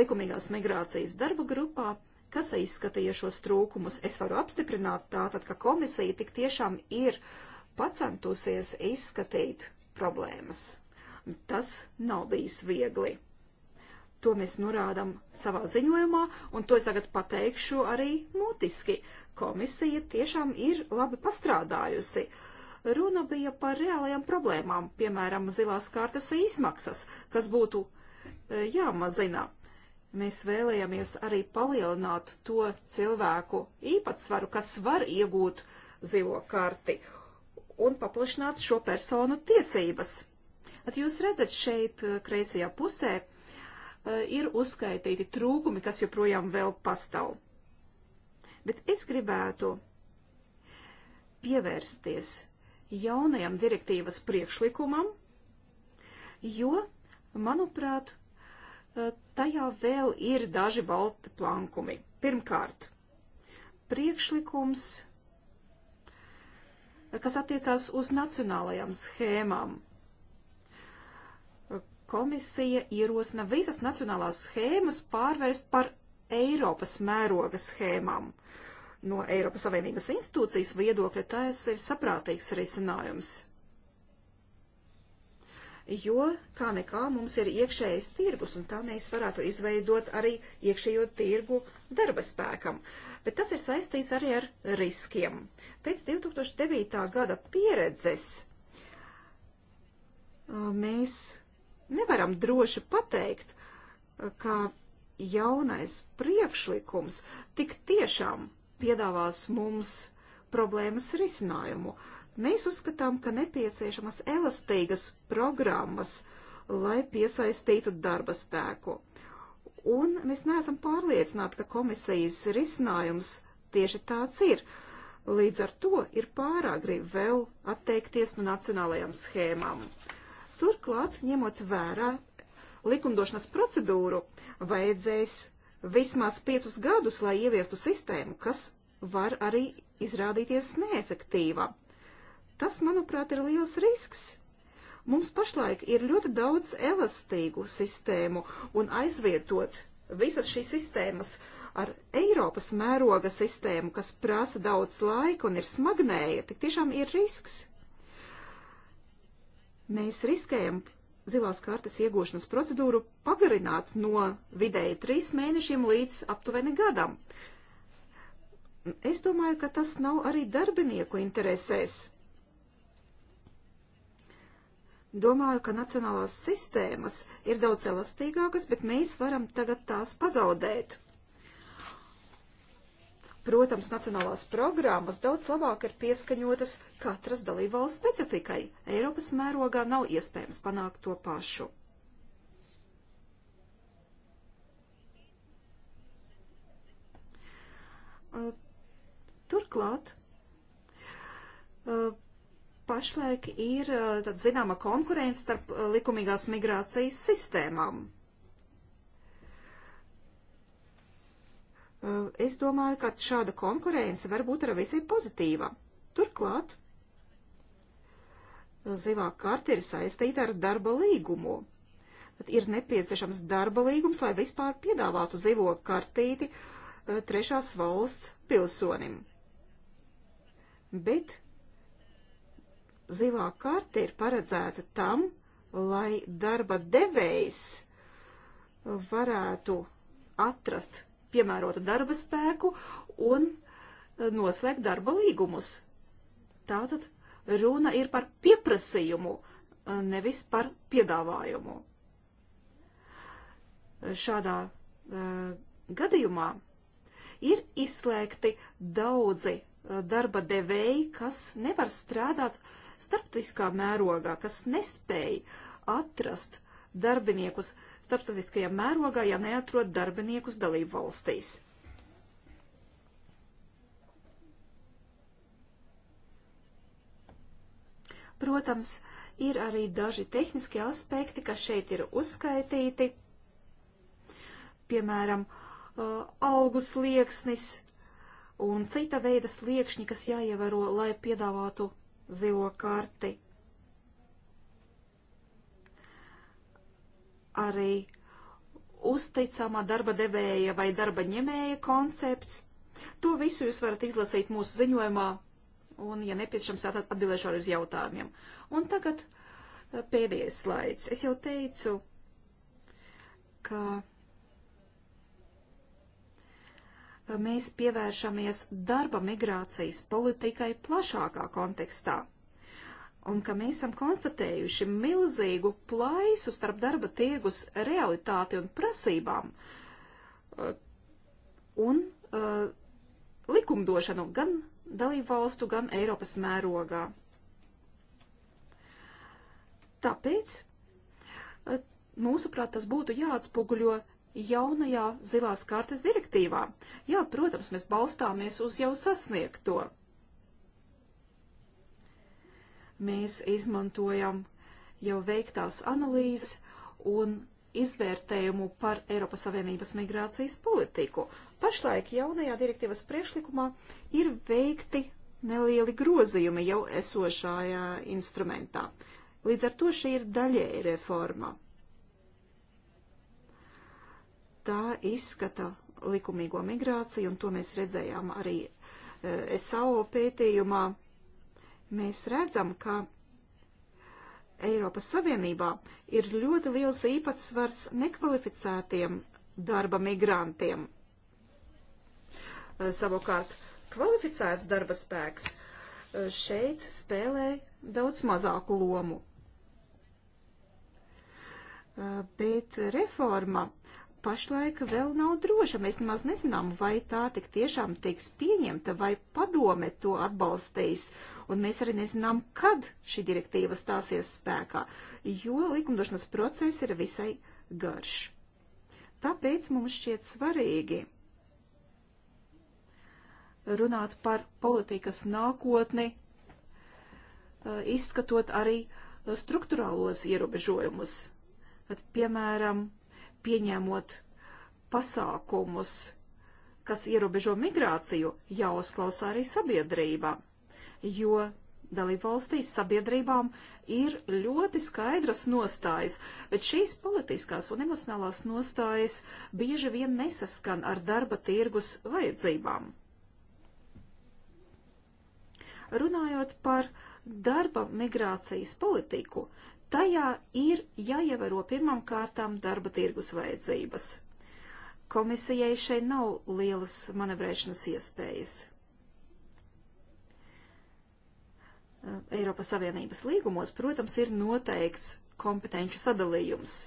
likumīgās migrācijas darba grupā, kas izskatīja šos trūkumus. Es varu apstiprināt tātad, ka komisija tik tiešām ir pacentusies izskatīt problēmas. Tas nav bijis viegli. To mēs norādām savā ziņojumā, un to es tagad pateikšu arī mutiski. Komisija tiešām ir labi pastrādājusi. Runa bija par reālajām problēmām, piemēram, zilās kārtas izmaksas, kas būtu e, jāmazina. Mēs vēlējāmies arī palielināt to cilvēku īpatsvaru, kas var iegūt zilo karti un paplašināt šo personu tiesības. At jūs redzat šeit e, kreisajā pusē, uh, Eh, ir uzskaitīti trūkumi, kas joprojām vēl pastāv. Bet es gribētu pievērsties jaunajam direktīvas priekšlikumam, jo, manuprāt, eh, tajā vēl ir daži balti plankumi. Pirmkārt, priekšlikums, eh, kas attiecās uz nacionālajām schēmām – Komisija ierosina visas nacionālās schēmas pārvērst par Eiropas mēroga schēmām. No Eiropas Savienības institūcijas viedokļa tas ir saprātīgs risinājums. Jo, kā nekā, mums ir iekšējais tirgus, un tā mēs varētu izveidot arī iekšējo tirgu darba spēkam. Bet tas ir saistīts arī ar riskiem. Pēc 2009. gada pieredzes mēs nevaram droši pateikt, ka jaunais priekšlikums tik tiešām piedāvās mums problēmas risinājumu. Mēs uzskatām, ka nepieciešamas elastīgas programmas, lai piesaistītu darba spēku. Un mēs neesam pārliecināti, ka komisijas risinājums tieši tāds ir. Līdz ar to ir pārāk grib vēl atteikties no nacionālajām schēmām. Uh, Turklāt, ņemot vērā likumdošanas procedūru, vajadzēs vismaz piecus gadus, lai ieviestu sistēmu, kas var arī izrādīties neefektīva. Tas, manuprāt, ir liels risks. Mums pašlaik ir ļoti daudz elastīgu sistēmu, un aizvietot visas šīs sistēmas ar Eiropas mēroga sistēmu, kas prasa daudz laika un ir smagnēja, tik tiešām ir risks. Mēs riskējam zilās kartes iegūšanas procedūru pagarināt no vidēji trīs mēnešiem līdz aptuveni gadam. Es domāju, ka tas nav arī darbinieku interesēs. Domāju, ka nacionālās sistēmas ir daudz elastīgākas, bet mēs varam tagad tās pazaudēt. Protams, nacionālās programmas daudz labāk ir pieskaņotas katras dalībvalsts specifikai. Eiropas mērogā nav iespējams panākt to pašu. Uh, turklāt, uh, pašlaik ir uh, tad, zināma konkurence starp likumīgās migrācijas sistēmām. Eh, es domāju, ka šāda konkurence var būt arī visai pozitīva. Turklāt, zilā karte ir saistīta ar darba līgumu. Tad ir nepieciešams darba līgums, lai vispār piedāvātu zilo kartīti eh, trešās valsts pilsonim. Bet zilā karte ir paredzēta tam, lai darba devējs varētu atrast piemērotu darba spēku un e, noslēgt darba līgumus. Tātad runa ir par pieprasījumu, e, nevis par piedāvājumu. Šādā uh, gadījumā ir izslēgti daudzi darba devēji, kas nevar strādāt starptautiskā mērogā, kas nespēj atrast darbiniekus uh, starptautiskajā mērogā, ja neatrod darbiniekus dalību valstīs. Protams, ir arī daži tehniski aspekti, kas šeit ir uzskaitīti. Piemēram, uh, algu slieksnis un cita veida sliekšņi, kas jāievaro, lai piedāvātu zilo karti. arī uzticama darba devēja vai darba ņemēja koncepts. To visu jūs varat izlasīt mūsu ziņojumā, un, ja nepieciešams, atbildēšu arī uz jautājumiem. Un tagad eh, pēdējais slaids. Es jau teicu, ka eh, mēs pievēršamies darba migrācijas politikai plašākā kontekstā un ka mēs esam konstatējuši milzīgu plaisu starp darba tirgus realitāti un prasībām uh, un uh, likumdošanu gan dalību valstu, gan Eiropas mērogā. Tāpēc, uh, mūsuprāt, tas būtu jāatspoguļo jaunajā zilās kartes direktīvā. Jā, protams, mēs balstāmies uz jau sasniegto Mēs izmantojam jau veiktās analīzes un izvērtējumu par Eiropas Savienības migrācijas politiku. Pašlaik jaunajā direktīvas priekšlikumā ir veikti nelieli grozījumi jau esošajā instrumentā. Līdz ar to šī ir daļēja reforma. Tā izskata likumīgo migrāciju, un to mēs redzējām arī eh, SAO pētījumā. Mēs redzam, ka Eiropas Savienībā ir ļoti liels īpatsvars nekvalificētiem darba migrantiem. Savukārt, kvalificēts darba spēks eh, šeit spēlē daudz mazāku lomu. Eh, bet reforma pašlaik vēl nav droša. Mēs nemaz nezinām, vai tā tik tiešām tiks pieņemta, vai padome to atbalstīs. Un mēs arī nezinām, kad šī direktīva stāsies spēkā, jo likumdošanas process ir visai garš. Tāpēc mums šķiet svarīgi runāt par politikas nākotni, eh, izskatot arī eh, struktūrālos ierobežojumus. At, piemēram, pieņemot pasākumus, kas ierobežo migrāciju, jāuzklausā arī sabiedrībā, jo dalībvalstīs sabiedrībām ir ļoti skaidras nostājas, bet šīs politiskās un emocionālās nostājas bieži vien nesaskan ar darba tirgus vajadzībām. Runājot par darba migrācijas politiku, Tajā ir jāievēro pirmām kārtām darba tirgus vajadzības. Komisijai šeit nav lielas manevrēšanas iespējas. Eiropas Savienības līgumos, protams, ir noteikts kompetenču sadalījums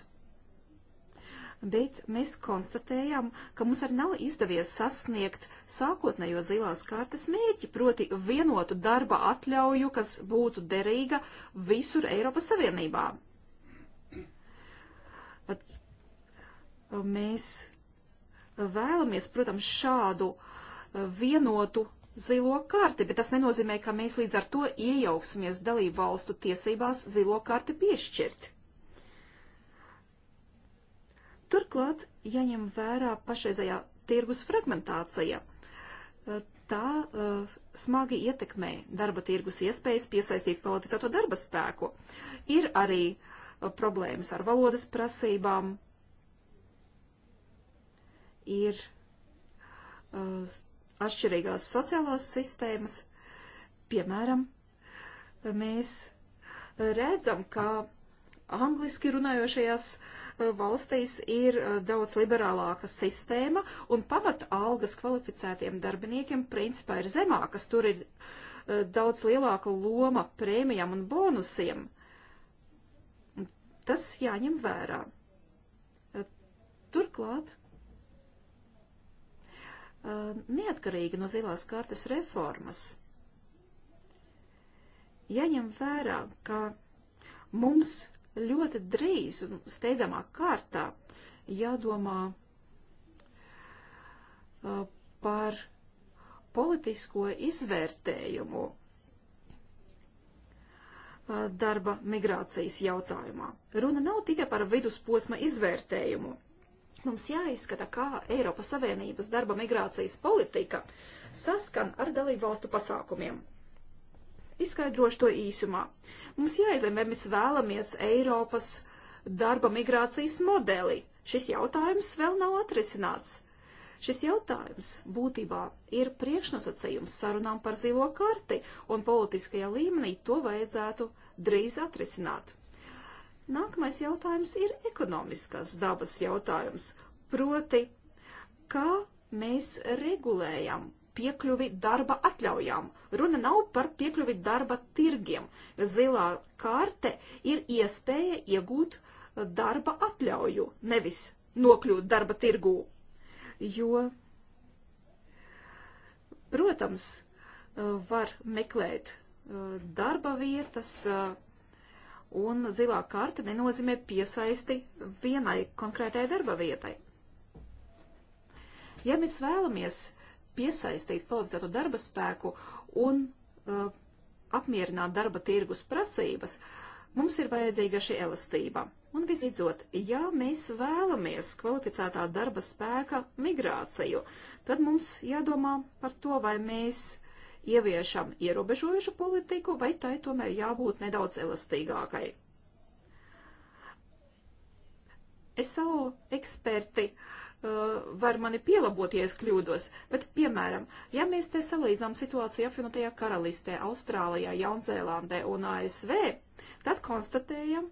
bet mēs konstatējām, ka mums arī nav izdevies sasniegt sākotnējo zilās kārtas mērķi, proti vienotu darba atļauju, kas būtu derīga visur Eiropas Savienībā. Bet uh, mēs vēlamies, protams, šādu uh, vienotu zilo karti, bet tas nenozīmē, ka mēs līdz ar to iejauksimies dalību valstu tiesībās zilo karti piešķirt. Turklāt jāņem vērā pašreizējā tirgus fragmentācija. Eh, tā uh, smagi ietekmē darba tirgus iespējas piesaistīt kvalificēto darba spēku. Ir arī uh, problēmas ar valodas prasībām, ir uh, atšķirīgās sociālās sistēmas. Piemēram, mēs redzam, ka angliski runājošajās uh, valstīs ir daudz liberālāka sistēma, un pamata algas kvalificētiem darbiniekiem principā ir zemākas. Tur ir daudz lielāka loma prēmijām un bonusiem. Tas jāņem vērā. Turklāt, neatkarīgi no zilās kartes reformas, jāņem vērā, ka mums ļoti drīz un steidzamā kārtā jādomā par politisko izvērtējumu darba migrācijas jautājumā. Runa nav tikai par vidusposma izvērtējumu. Mums jāizskata, kā Eiropas Savienības darba migrācijas politika saskan ar dalību valstu pasākumiem. Izskaidrošu to īsumā. Mums jāizlem, vai mēs vēlamies Eiropas darba migrācijas modeli. Šis jautājums vēl nav atrisināts. Šis jautājums būtībā ir priekšnosacījums sarunām par zilo karti, un politiskajā līmenī to vajadzētu drīz atrisināt. Nākamais jautājums ir ekonomiskās dabas jautājums, proti, kā mēs regulējam piekļuvi darba atļaujām. Runa nav par piekļuvi darba tirgiem. Zilā kārte ir iespēja iegūt uh, darba atļauju, nevis nokļūt darba tirgū. Jo, protams, uh, var meklēt uh, darba vietas, un zilā karte nenozīmē piesaisti vienai konkrētai darba vietai. Ja mēs vēlamies uh, piesaistīt kvalificētu darba spēku un uh, apmierināt darba tirgus prasības, mums ir vajadzīga šī elastība. Un visbeidzot, ja mēs vēlamies kvalificētā darba spēka migrāciju, tad mums jādomā par to, vai mēs ieviešam ierobežojušu politiku, vai tai tomēr jābūt nedaudz elastīgākai. SAO eksperti uh, Eh, var mani pielabot, ja es kļūdos, bet, piemēram, ja mēs te salīdzinām situāciju apvienotajā karalistē, Austrālijā, Jaunzēlandē un ASV, tad konstatējam,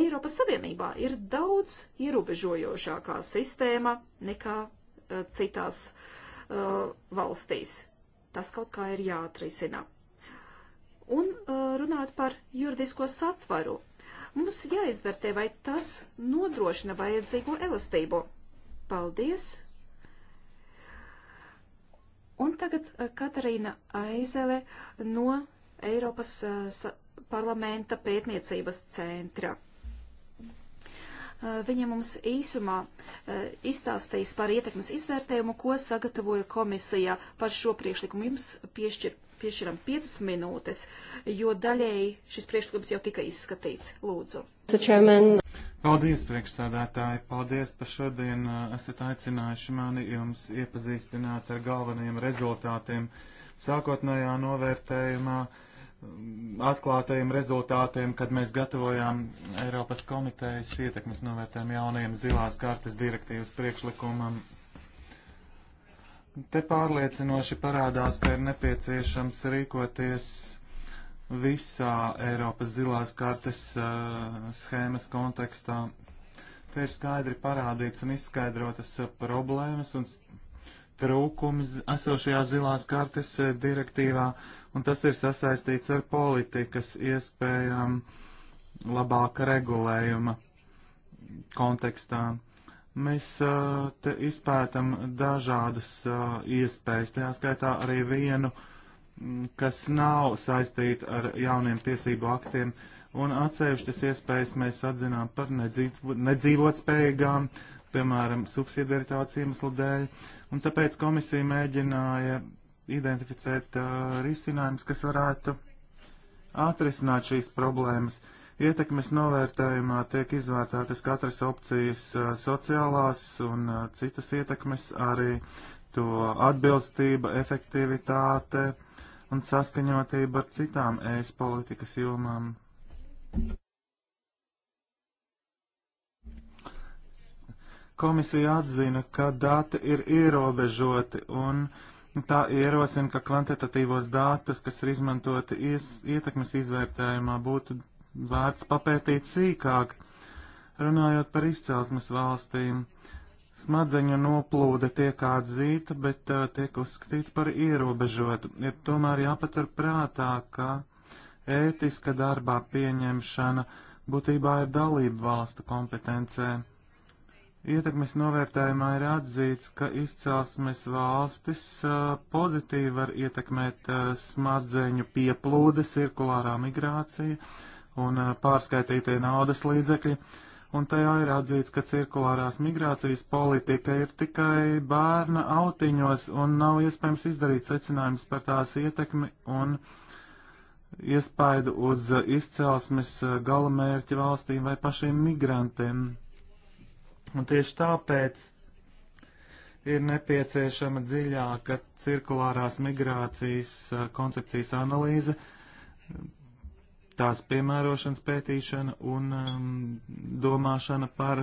Eiropas Savienībā ir daudz ierobežojošākā sistēma nekā uh, citās uh, valstīs. Tas kaut kā ir jāatrisina. Un uh, runājot par juridisko satvaru, Mums jāizvērtē, vai tas nodrošina vajadzīgo elastību. Paldies! Un tagad eh, Katarīna Aizele no Eiropas eh, parlamenta pētniecības centra. Eh, viņa mums īsumā izstāstīs par ietekmes izvērtējumu, ko sagatavoja komisija par šo priekšlikumu. Jums piešķir piešķiram 5 minūtes, jo daļēji šis priekšlikums jau tika izskatīts. Lūdzu. Paldies, priekšsādātāji! Paldies par šodien uh, esat aicinājuši mani jums iepazīstināt ar galvenajiem rezultātiem sākotnējā novērtējumā, um, atklātajiem rezultātiem, kad mēs gatavojām Eiropas komitejas ietekmes novērtējumu jaunajiem zilās kartes direktīvas priekšlikumam Te pārliecinoši parādās, ka ir nepieciešams rīkoties visā Eiropas zilās kartes uh, schēmas kontekstā. Te ir skaidri parādīts un izskaidrotas uh, problēmas un trūkums esošajā zilās kartes uh, direktīvā, un tas ir sasaistīts ar politikas iespējām labāka regulējuma kontekstā. Mēs uh, te izpētam dažādas uh, iespējas, tajā skaitā arī vienu, kas nav saistīta ar jauniem tiesību aktiem, un atsevišķas iespējas mēs atzinām par nedzīvo, nedzīvotspējīgām, piemēram, subsidiaritātes iemeslu dēļ, un tāpēc komisija mēģināja identificēt uh, risinājumus, kas varētu atrisināt šīs problēmas. Uh, Ietekmes novērtējumā tiek izvērtētas katras opcijas sociālās un citas ietekmes, arī to atbilstība, efektivitāte un saskaņotība ar citām ēs politikas jomām. Komisija atzina, ka dati ir ierobežoti un Tā ierosina, ka kvantitatīvos datus, kas ir izmantoti ies, ietekmes izvērtējumā, būtu vērts papētīt sīkāk. Runājot par izcelsmes valstīm, smadzeņu noplūde tiek atzīta, bet uh, tiek uzskatīta par ierobežotu. Ir tomēr jāpatur prātā, ka ētiska darbā pieņemšana būtībā ir dalību valstu kompetencē. Ietekmes novērtējumā ir atzīts, ka izcelsmes valstis uh, pozitīvi var ietekmēt uh, smadzeņu pieplūde, cirkulārā migrācija un pārskaitītie naudas līdzekļi, un tajā ir atzīts, ka cirkulārās migrācijas politika ir tikai bērna autiņos un nav iespējams izdarīt secinājumus par tās ietekmi un iespaidu uz izcelsmes galamērķa valstīm vai pašiem migrantiem. Un tieši tāpēc ir nepieciešama dziļāka cirkulārās migrācijas koncepcijas analīze, tās piemērošanas pētīšana un um, domāšana par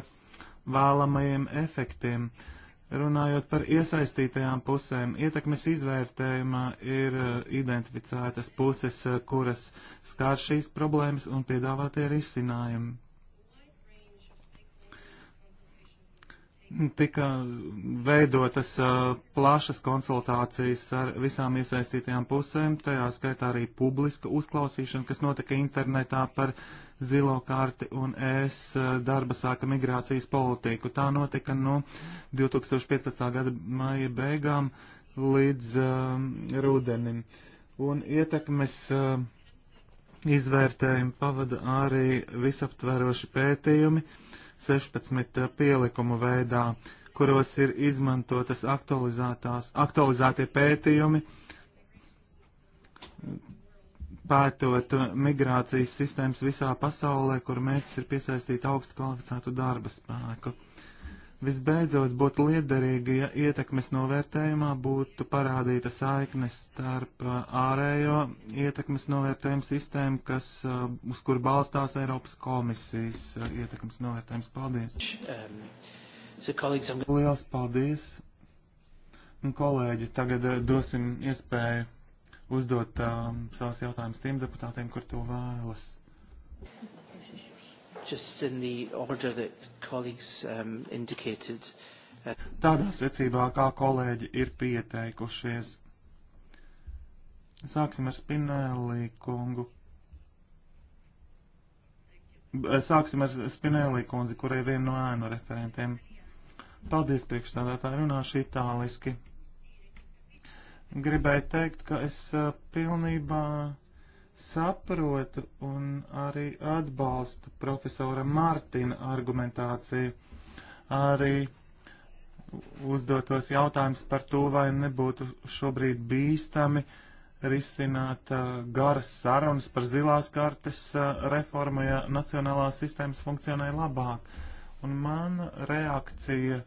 vēlamajiem efektiem. Runājot par iesaistītajām pusēm, ietekmes izvērtējumā ir uh, identificētas puses, uh, kuras skār šīs problēmas un piedāvātie risinājumi. tika veidotas uh, plašas konsultācijas ar visām iesaistītajām pusēm, tajā skaitā arī publiska uzklausīšana, kas notika internetā par zilo karti un es uh, darba spēka migrācijas politiku. Tā notika no 2015. gada maija beigām līdz uh, rudenim. Un ietekmes uh, izvērtējumu pavada arī visaptveroši pētījumi. Uh, 16 eh, pielikumu veidā, kuros ir izmantotas aktualizētie pētījumi, pētot eh, migrācijas sistēmas visā pasaulē, kur mērķis ir piesaistīt augstu kvalificētu darba spēku. Visbeidzot, būtu liederīgi, ja ietekmes novērtējumā būtu parādīta saikne starp uh, ārējo ietekmes novērtējumu sistēmu, kas, uh, uz kur balstās Eiropas komisijas uh, ietekmes novērtējums. Paldies! Um, Lielas paldies! Un, kolēģi, tagad dosim iespēju uzdot um, savus jautājumus tiem deputātiem, kur to vēlas. Thank you just in the order that colleagues um, indicated. Uh, Tādā secībā, kā kolēģi ir pieteikušies. Sāksim ar Spinelli kungu. Sāksim ar Spinelli kundzi, kurai viena no ēnu referentiem. Paldies priekšstādātāji, runāšu itāliski. Gribēju teikt, ka es uh, pilnībā saprotu un arī atbalstu profesora Mārtina argumentāciju. Arī uzdotos jautājums par to, vai nebūtu šobrīd bīstami risināt uh, garas sarunas par zilās kartes uh, reformu, ja nacionālā sistēmas funkcionē labāk. Un man reakcija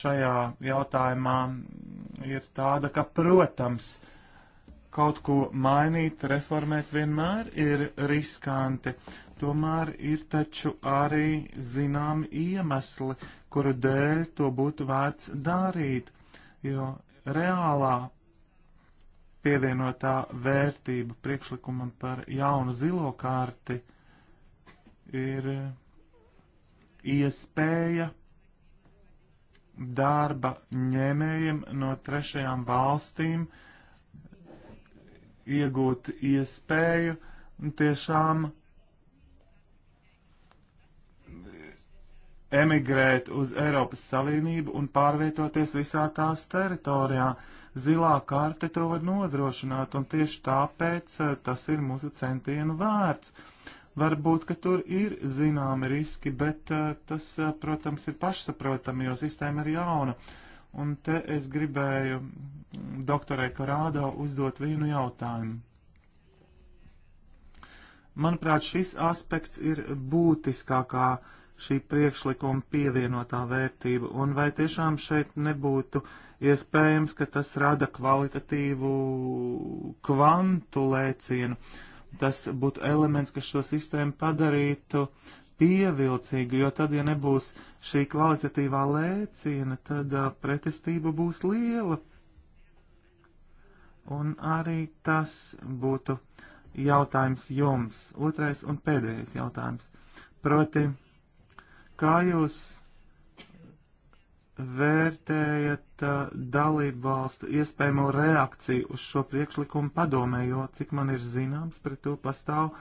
šajā jautājumā ir tāda, ka, protams, uh, Kaut ko mainīt, reformēt vienmēr ir riskanti, tomēr ir taču arī zināmi iemesli, kuru dēļ to būtu vērts darīt, jo reālā pievienotā vērtība priekšlikumam par jaunu zilo karti ir iespēja darba ņēmējiem no trešajām valstīm uh, iegūt iespēju tiešām emigrēt uz Eiropas Savienību un pārvietoties visā tās teritorijā. Zilā karte to var nodrošināt, un tieši tāpēc eh, tas ir mūsu centienu vērts. Varbūt, ka tur ir zināmi riski, bet eh, tas, eh, protams, ir pašsaprotami, jo sistēma ir jauna. Uh, Un te es gribēju doktorai Karādā uzdot vienu jautājumu. Manuprāt, šis aspekts ir būtiskākā šī priekšlikuma pievienotā vērtība, un vai tiešām šeit nebūtu iespējams, ka tas rada kvalitatīvu kvantu lēcienu. Tas būtu elements, kas šo sistēmu padarītu pievilcīgu, jo tad, ja nebūs šī kvalitatīvā lēciena, tad uh, pretestība būs liela. Un arī tas būtu jautājums jums. Otrais un pēdējais jautājums. Proti, kā jūs vērtējat uh, dalību valstu iespējamo reakciju uz šo priekšlikumu padomē, jo, cik man ir zināms, pret to pastāv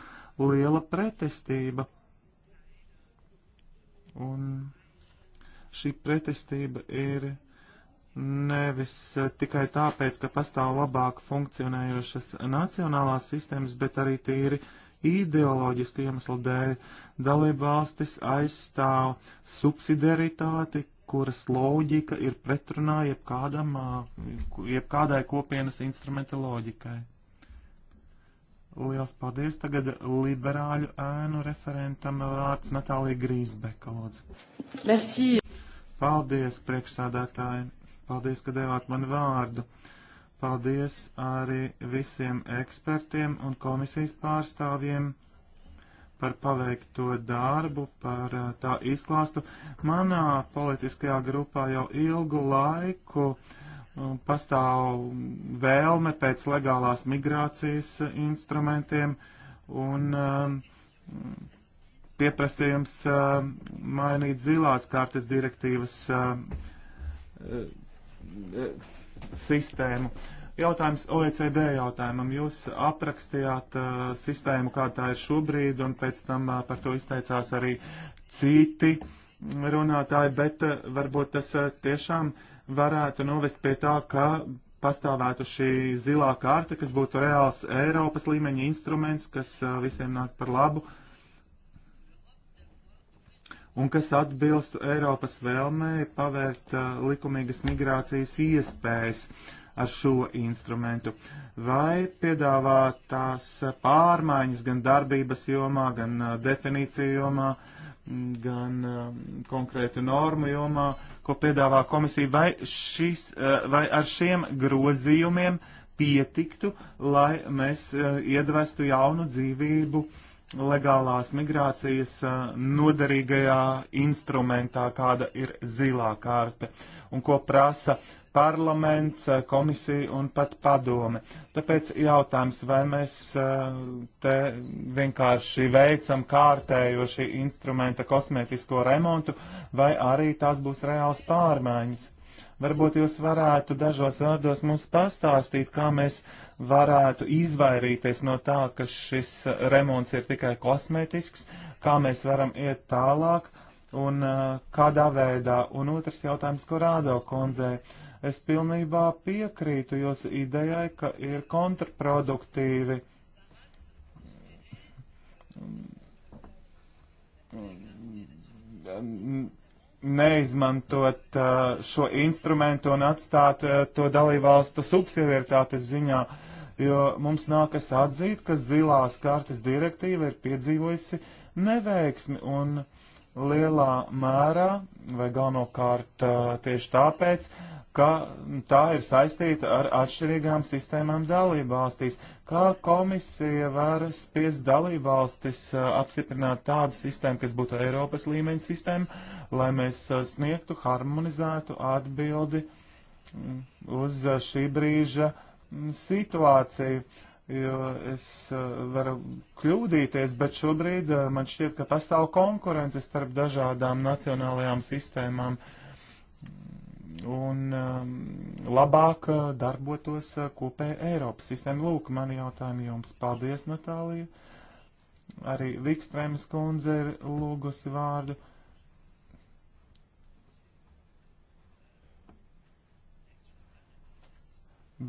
liela pretestība. Un Šī pretestība ir nevis tikai tāpēc, ka pastāv labāk funkcionējošas nacionālās sistēmas, bet arī tīri ideoloģiski iemeslu dēļ dalība valstis aizstāv subsidiaritāti, kuras loģika ir pretrunā jebkādam, jebkādai kopienas instrumenta loģikai. Liels paldies. Tagad liberāļu ēnu referentam vārds Natālija Grīsbeka, lūdzu. Merci. Paldies, priekšsādātāji! Paldies, ka devāt man vārdu! Paldies arī visiem ekspertiem un komisijas pārstāvjiem par paveikto darbu, par uh, tā izklāstu. Manā politiskajā grupā jau ilgu laiku uh, pastāv vēlme pēc legālās migrācijas instrumentiem, un um, pieprasījums mainīt zilās kartes direktīvas sistēmu. Jautājums OECD jautājumam. Jūs aprakstījāt uh, sistēmu, kā tā ir šobrīd, un pēc tam uh, par to izteicās arī citi runātāji, bet uh, varbūt tas uh, tiešām varētu novest pie tā, ka pastāvētu šī zilā kārta, kas būtu reāls Eiropas līmeņa instruments, kas uh, visiem nāk par labu. Uh, un kas atbilstu Eiropas vēlmēji pavērt uh, likumīgas migrācijas iespējas ar šo instrumentu, vai piedāvātās pārmaiņas gan darbības jomā, gan uh, definīciju jomā, gan uh, konkrētu normu jomā, ko piedāvā komisija, vai, šis, uh, vai ar šiem grozījumiem pietiktu, lai mēs uh, iedvestu jaunu dzīvību uh, legālās migrācijas noderīgajā instrumentā, kāda ir zilā karte, un ko prasa parlaments, komisija un pat padome. Tāpēc jautājums, vai mēs te vienkārši veicam kārtējo šī instrumenta kosmētisko remontu, vai arī tās būs reāls pārmaiņas. Varbūt jūs varētu dažos vārdos mums pastāstīt, kā mēs varētu izvairīties no tā, ka šis remonts ir tikai kosmētisks, kā mēs varam iet tālāk un kādā veidā. Un otrs jautājums, ko rādo kundzei. Es pilnībā piekrītu jūsu idejai, ka ir kontraproduktīvi neizmantot uh, šo instrumentu un atstāt uh, to dalībvalstu subsidiaritātes ziņā, jo mums nākas atzīt, ka zilās kartes direktīva ir piedzīvojusi neveiksmi un lielā mērā, vai galvenokārt uh, tieši tāpēc, ka tā ir saistīta ar atšķirīgām sistēmām dalībvalstīs. Kā komisija var spiest dalībvalstis uh, apstiprināt tādu sistēmu, kas būtu Eiropas līmeņa sistēma, lai mēs uh, sniegtu harmonizētu atbildi mm, uz uh, šī brīža mm, situāciju? Jo es varu kļūdīties, bet šobrīd man šķiet, ka pastāv konkurence starp dažādām nacionālajām sistēmām. Uh, un um, labāk uh, darbotos uh, kopēja Eiropas sistēma. Lūk, mani jautājumi jums. Paldies, Natālija. Arī Vikstrēmas kundze ir lūgusi vārdu.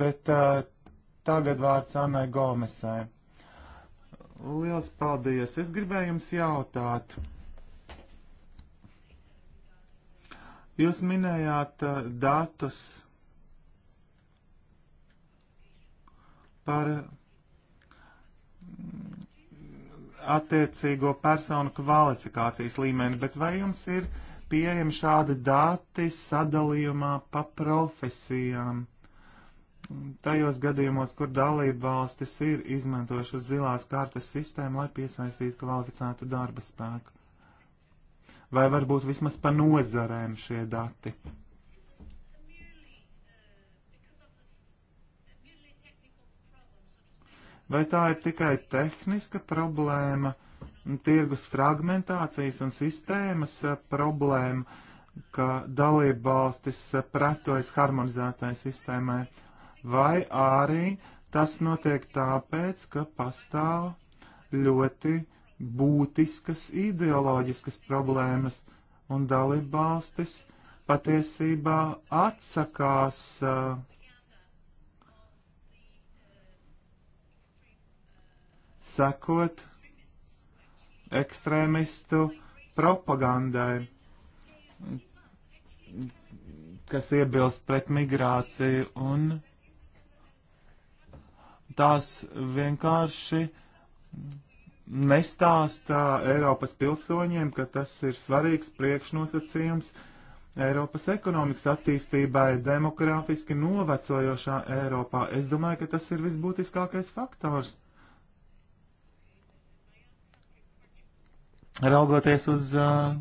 Bet uh, tagad vārds Annai Gomesai. Liels paldies! Es gribēju jums jautāt. Jūs minējāt uh, datus par mm, attiecīgo personu kvalifikācijas līmeni, bet vai jums ir pieejami šādi dati sadalījumā pa profesijām? Tajos gadījumos, kur dalība valstis ir izmantojušas zilās kartes sistēmu, lai piesaistītu kvalificētu darba spēku vai varbūt vismaz pa nozarēm šie dati? Vai tā ir tikai tehniska problēma, tirgus fragmentācijas un sistēmas eh, problēma, ka dalība valstis eh, pretojas harmonizētai sistēmai, vai arī tas notiek tāpēc, ka pastāv ļoti uh, būtiskas ideoloģiskas problēmas, un dalībvalstis patiesībā atsakās uh, sekot ekstrēmistu propagandai, kas iebilst pret migrāciju, un tās vienkārši nestāstā Eiropas pilsoņiem, ka tas ir svarīgs priekšnosacījums Eiropas ekonomikas attīstībai demografiski novecojošā Eiropā. Es domāju, ka tas ir visbūtiskākais faktors. Raugoties uz uh,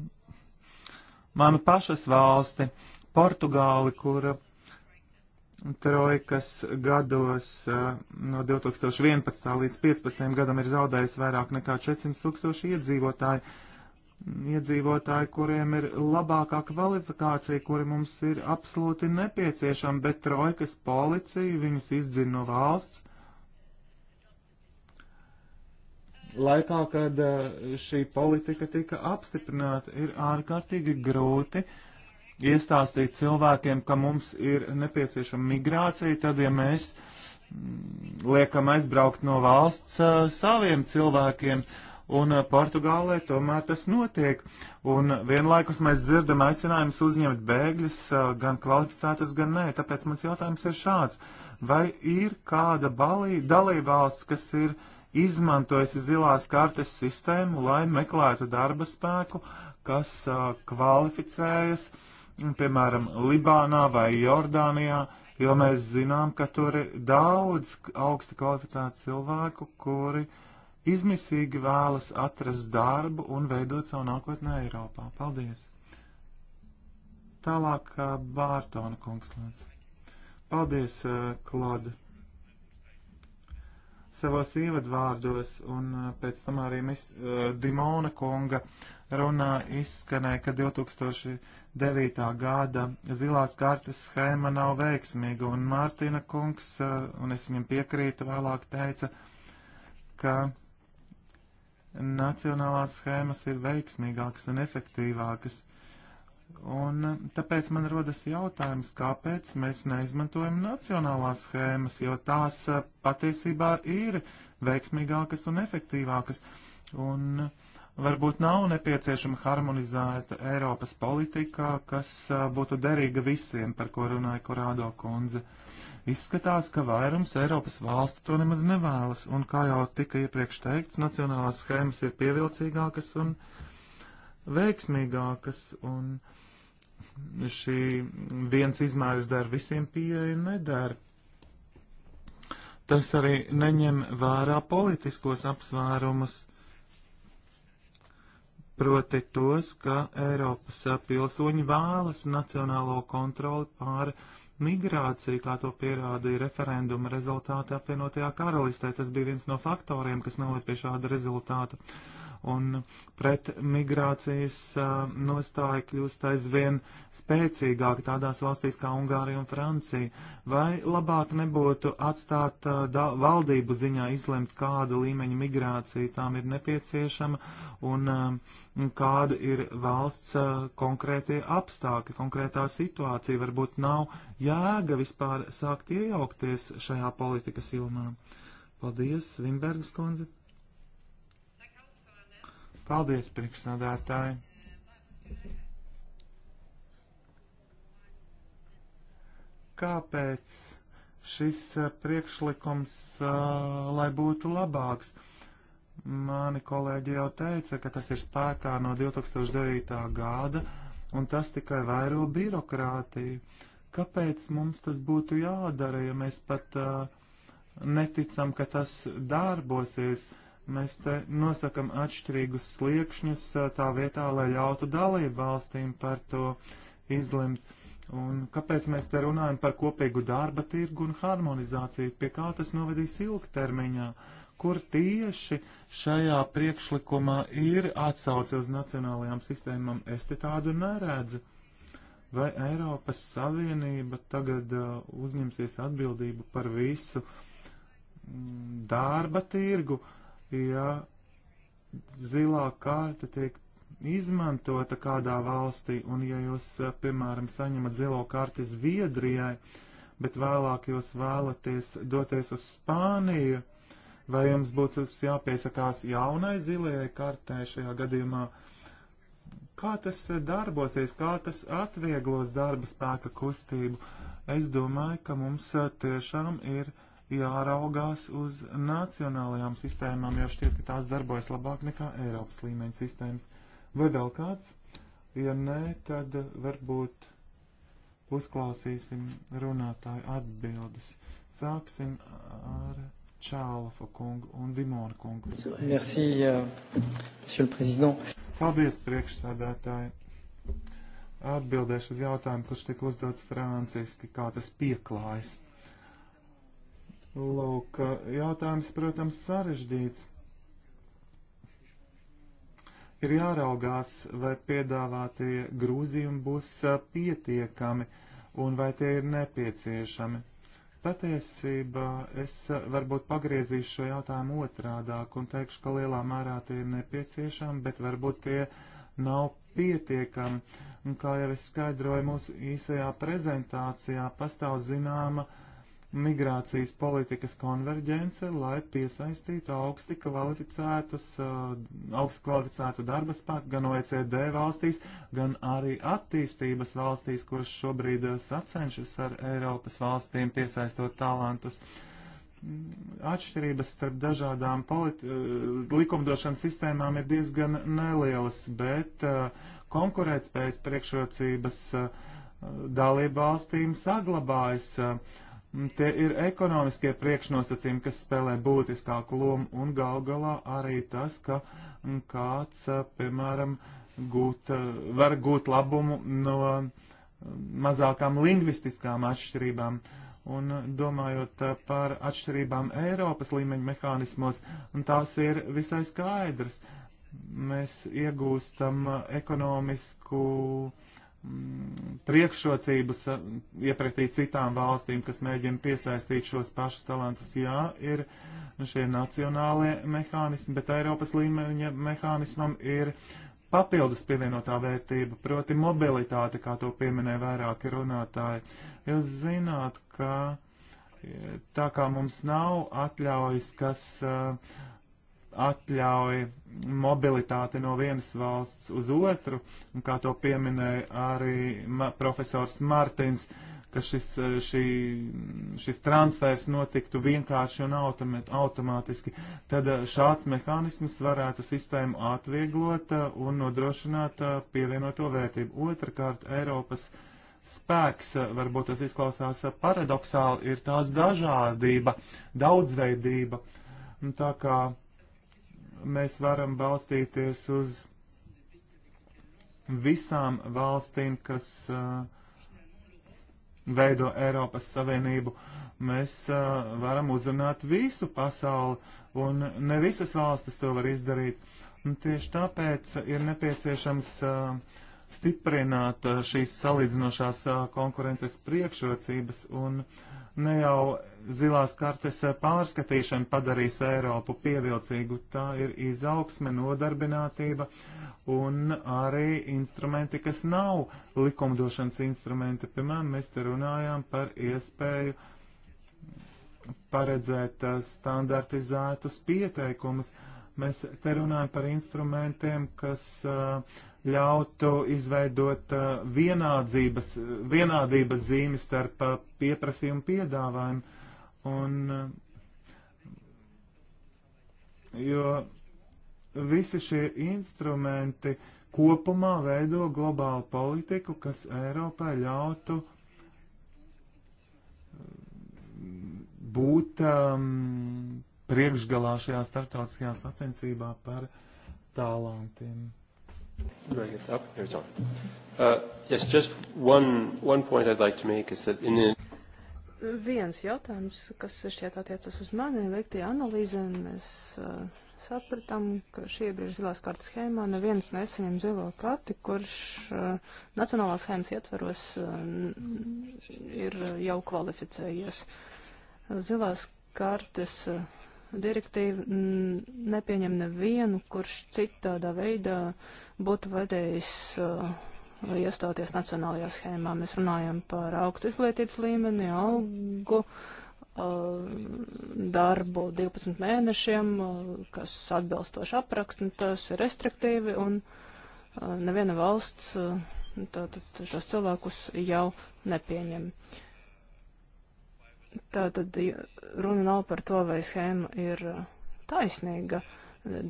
manu pašas valsti, Portugāli, kura Trojkas gados eh, no 2011. līdz 2015. gadam ir zaudējis vairāk nekā 400 tūkstoši iedzīvotāji. Iedzīvotāji, kuriem ir labākā kvalifikācija, kuri mums ir absolūti nepieciešama, bet trojkas policija viņus izdzina no valsts. Laikā, kad eh, šī politika tika apstiprināta, ir ārkārtīgi grūti uh, iestāstīt cilvēkiem, ka mums ir nepieciešama migrācija, tad, ja mēs mm, liekam aizbraukt no valsts saviem cilvēkiem, un Portugālē tomēr tas notiek. Un vienlaikus mēs dzirdam aicinājumus uzņemt bēgļus, gan kvalificētus, gan nē. Tāpēc mans jautājums ir šāds. Vai ir kāda balī, dalībvalsts, kas ir izmantojusi zilās kartes sistēmu, lai meklētu darba spēku, kas uh, kvalificējas uh, piemēram, Libānā vai Jordānijā, jo mēs zinām, ka tur ir daudz augsti kvalificētu cilvēku, kuri izmisīgi vēlas atrast darbu un veidot savu nākotnē Eiropā. Paldies! Tālāk Bārtona kungs lūdzu. Paldies, Klod! Savos ievadvārdos un pēc tam arī mis, uh, Dimona kunga runā izskanēja, ka 2000 2009. gada zilās kartes schēma nav veiksmīga, un Mārtiņa kungs, eh, un es viņam piekrītu, vēlāk teica, ka nacionālās schēmas ir veiksmīgākas un efektīvākas. Un eh, tāpēc man rodas jautājums, kāpēc mēs neizmantojam nacionālās schēmas, jo tās eh, patiesībā ir veiksmīgākas un efektīvākas. Un uh, Varbūt nav nepieciešama harmonizēta Eiropas politikā, kas a, būtu derīga visiem, par ko runāja Korādo kundze. Izskatās, ka vairums Eiropas valstu to nemaz nevēlas, un kā jau tika iepriekš teikts, nacionālās schēmas ir pievilcīgākas un veiksmīgākas, un šī viens izmērs der visiem pieeja nedara. Tas arī neņem vērā politiskos apsvērumus proti tos, ka Eiropas pilsoņi vēlas nacionālo kontroli pār migrāciju, kā to pierādīja referenduma rezultāti apvienotajā karalistē. Tas bija viens no faktoriem, kas noved pie šāda rezultāta. Uh, un pret migrācijas nostāja kļūst aizvien spēcīgāk tādās valstīs kā Ungārija un Francija. Vai labāk nebūtu atstāt da, valdību ziņā izlemt, kāda līmeņa migrācija tām ir nepieciešama un kāda ir valsts konkrētie apstākļi, konkrētā situācija? Varbūt nav jēga vispār sākt iejaukties šajā politikas jomā. Paldies, Vimbergas kundze! Paldies, priekšsādātāji! Kāpēc šis eh, priekšlikums, eh, lai būtu labāks? Mani kolēģi jau teica, ka tas ir spēkā no 2009. gada, un tas tikai vairo birokrātiju. Kāpēc mums tas būtu jādara, ja mēs pat uh, neticam, ka tas darbosies? Uh, Mēs te nosakam atšķirīgus sliekšņus tā vietā, lai ļautu dalību valstīm par to izlemt. Un kāpēc mēs te runājam par kopīgu darba tirgu un harmonizāciju, pie kā tas novedīs ilgtermiņā, kur tieši šajā priekšlikumā ir atsauce uz nacionālajām sistēmām, es te tādu neredzu. Vai Eiropas Savienība tagad uh, uzņemsies atbildību par visu mm, darba tirgu? Uh, ja zilā karte tiek izmantota kādā valstī, un ja jūs, eh, piemēram, saņemat zilo karti Zviedrijai, bet vēlāk jūs vēlaties doties uz Spāniju, vai jums būtu jāpiesakās jaunai zilajai kartē šajā gadījumā? Kā tas eh, darbosies, kā tas atvieglos darba spēka kustību? Es domāju, ka mums eh, tiešām ir jāraugās uz nacionālajām sistēmām, jo šķiet, ka tās darbojas labāk nekā Eiropas līmeņa sistēmas. Vai vēl kāds? Ja nē, tad varbūt uzklausīsim runātāju atbildes. Sāksim ar Čālafa kungu un Dimona kungu. Merci, uh, Paldies, priekšsādātāji! Atbildēšu uz jautājumu, kurš tika uzdots franciski, kā tas pieklājas. Lūk, jautājums, protams, sarežģīts. Ir jāraugās, vai piedāvātie grūzījumi būs pietiekami un vai tie ir nepieciešami. Patiesībā es varbūt pagriezīšu šo jautājumu otrādāk un teikšu, ka lielā mērā tie ir nepieciešami, bet varbūt tie nav pietiekami. Un kā jau es skaidroju mūsu īsajā prezentācijā, pastāv zināma uh, migrācijas politikas konverģence, lai piesaistītu augsti kvalificētas, uh, augsti kvalificētu darba spēku gan OECD valstīs, gan arī attīstības valstīs, kuras šobrīd uh, sacenšas ar Eiropas valstīm piesaistot talantus. Atšķirības starp dažādām uh, likumdošanas sistēmām ir diezgan nelielas, bet uh, konkurētspējas priekšrocības uh, dalību valstīm saglabājas. Uh, Mm, tie ir ekonomiskie priekšnosacījumi, kas spēlē būtiskāku lomu un gal galā arī tas, ka mm, kāds, piemēram, gūt, var gūt labumu no mazākām lingvistiskām atšķirībām. Un domājot par atšķirībām Eiropas līmeņa mehānismos, tās ir visai skaidrs. Mēs iegūstam ekonomisku uh, Mm, priekšrocības eh, iepratī citām valstīm, kas mēģina piesaistīt šos pašus talantus. Jā, ir šie nacionālie mehānismi, bet Eiropas līmeņa mehānismam ir papildus pievienotā vērtība, proti mobilitāte, kā to pieminēja vairāki runātāji. Jūs zināt, ka eh, tā kā mums nav atļaujas, kas uh, atļauj mobilitāti no vienas valsts uz otru, un kā to pieminēja arī ma profesors Martins, ka šis, šī, šis transfers notiktu vienkārši un automātiski, tad eh, šāds mehānisms varētu sistēmu atvieglot eh, un nodrošināt eh, pievienoto vērtību. Otrakārt, Eiropas spēks, varbūt tas izklausās paradoxāli, ir tās dažādība, daudzveidība. Tā kā mēs varam balstīties uz visām valstīm, kas uh, veido Eiropas Savienību. Mēs uh, varam uzrunāt visu pasauli, un ne visas valstis to var izdarīt. Un tieši tāpēc ir nepieciešams uh, stiprināt uh, šīs salīdzinošās uh, konkurences priekšrocības un uh, Ne jau zilās kartes pārskatīšana padarīs Eiropu pievilcīgu, tā ir izaugsme, nodarbinātība un arī instrumenti, kas nav likumdošanas instrumenti. Piemēram, mēs te runājām par iespēju paredzēt eh, standartizētus pieteikumus. Mēs te runājam par instrumentiem, kas uh, ļautu izveidot uh, vienādzības, uh, vienādības zīmi starp uh, pieprasījumu piedāvājumu. Un, jo visi šie instrumenti kopumā veido globālu politiku, kas Eiropai ļautu būt um, priekšgalā šajā starptautiskajā sacensībā par talantiem. Uh, yes, just one, one point I'd like to make is that in the viens jautājums, kas šķiet attiecas uz mani, veiktie analīze, un mēs uh, sapratām, ka šī brīža zilās kartas schēmā neviens nesaņem zilo karti, kurš uh, nacionālās schēmas ietveros uh, ir jau kvalificējies. Zilās kartes uh, direktīva nepieņem nevienu, kurš citādā veidā būtu vadējis uh, iestāties nacionālajā schēmā. Mēs runājam par augstu izglītības līmeni, algu, uh, darbu 12 mēnešiem, uh, kas atbilstoši aprakst, un tas ir restriktīvi, un uh, neviena valsts tātad šos cilvēkus jau nepieņem. Uh, Tā tad runa nav par to, vai schēma ir uh, taisnīga.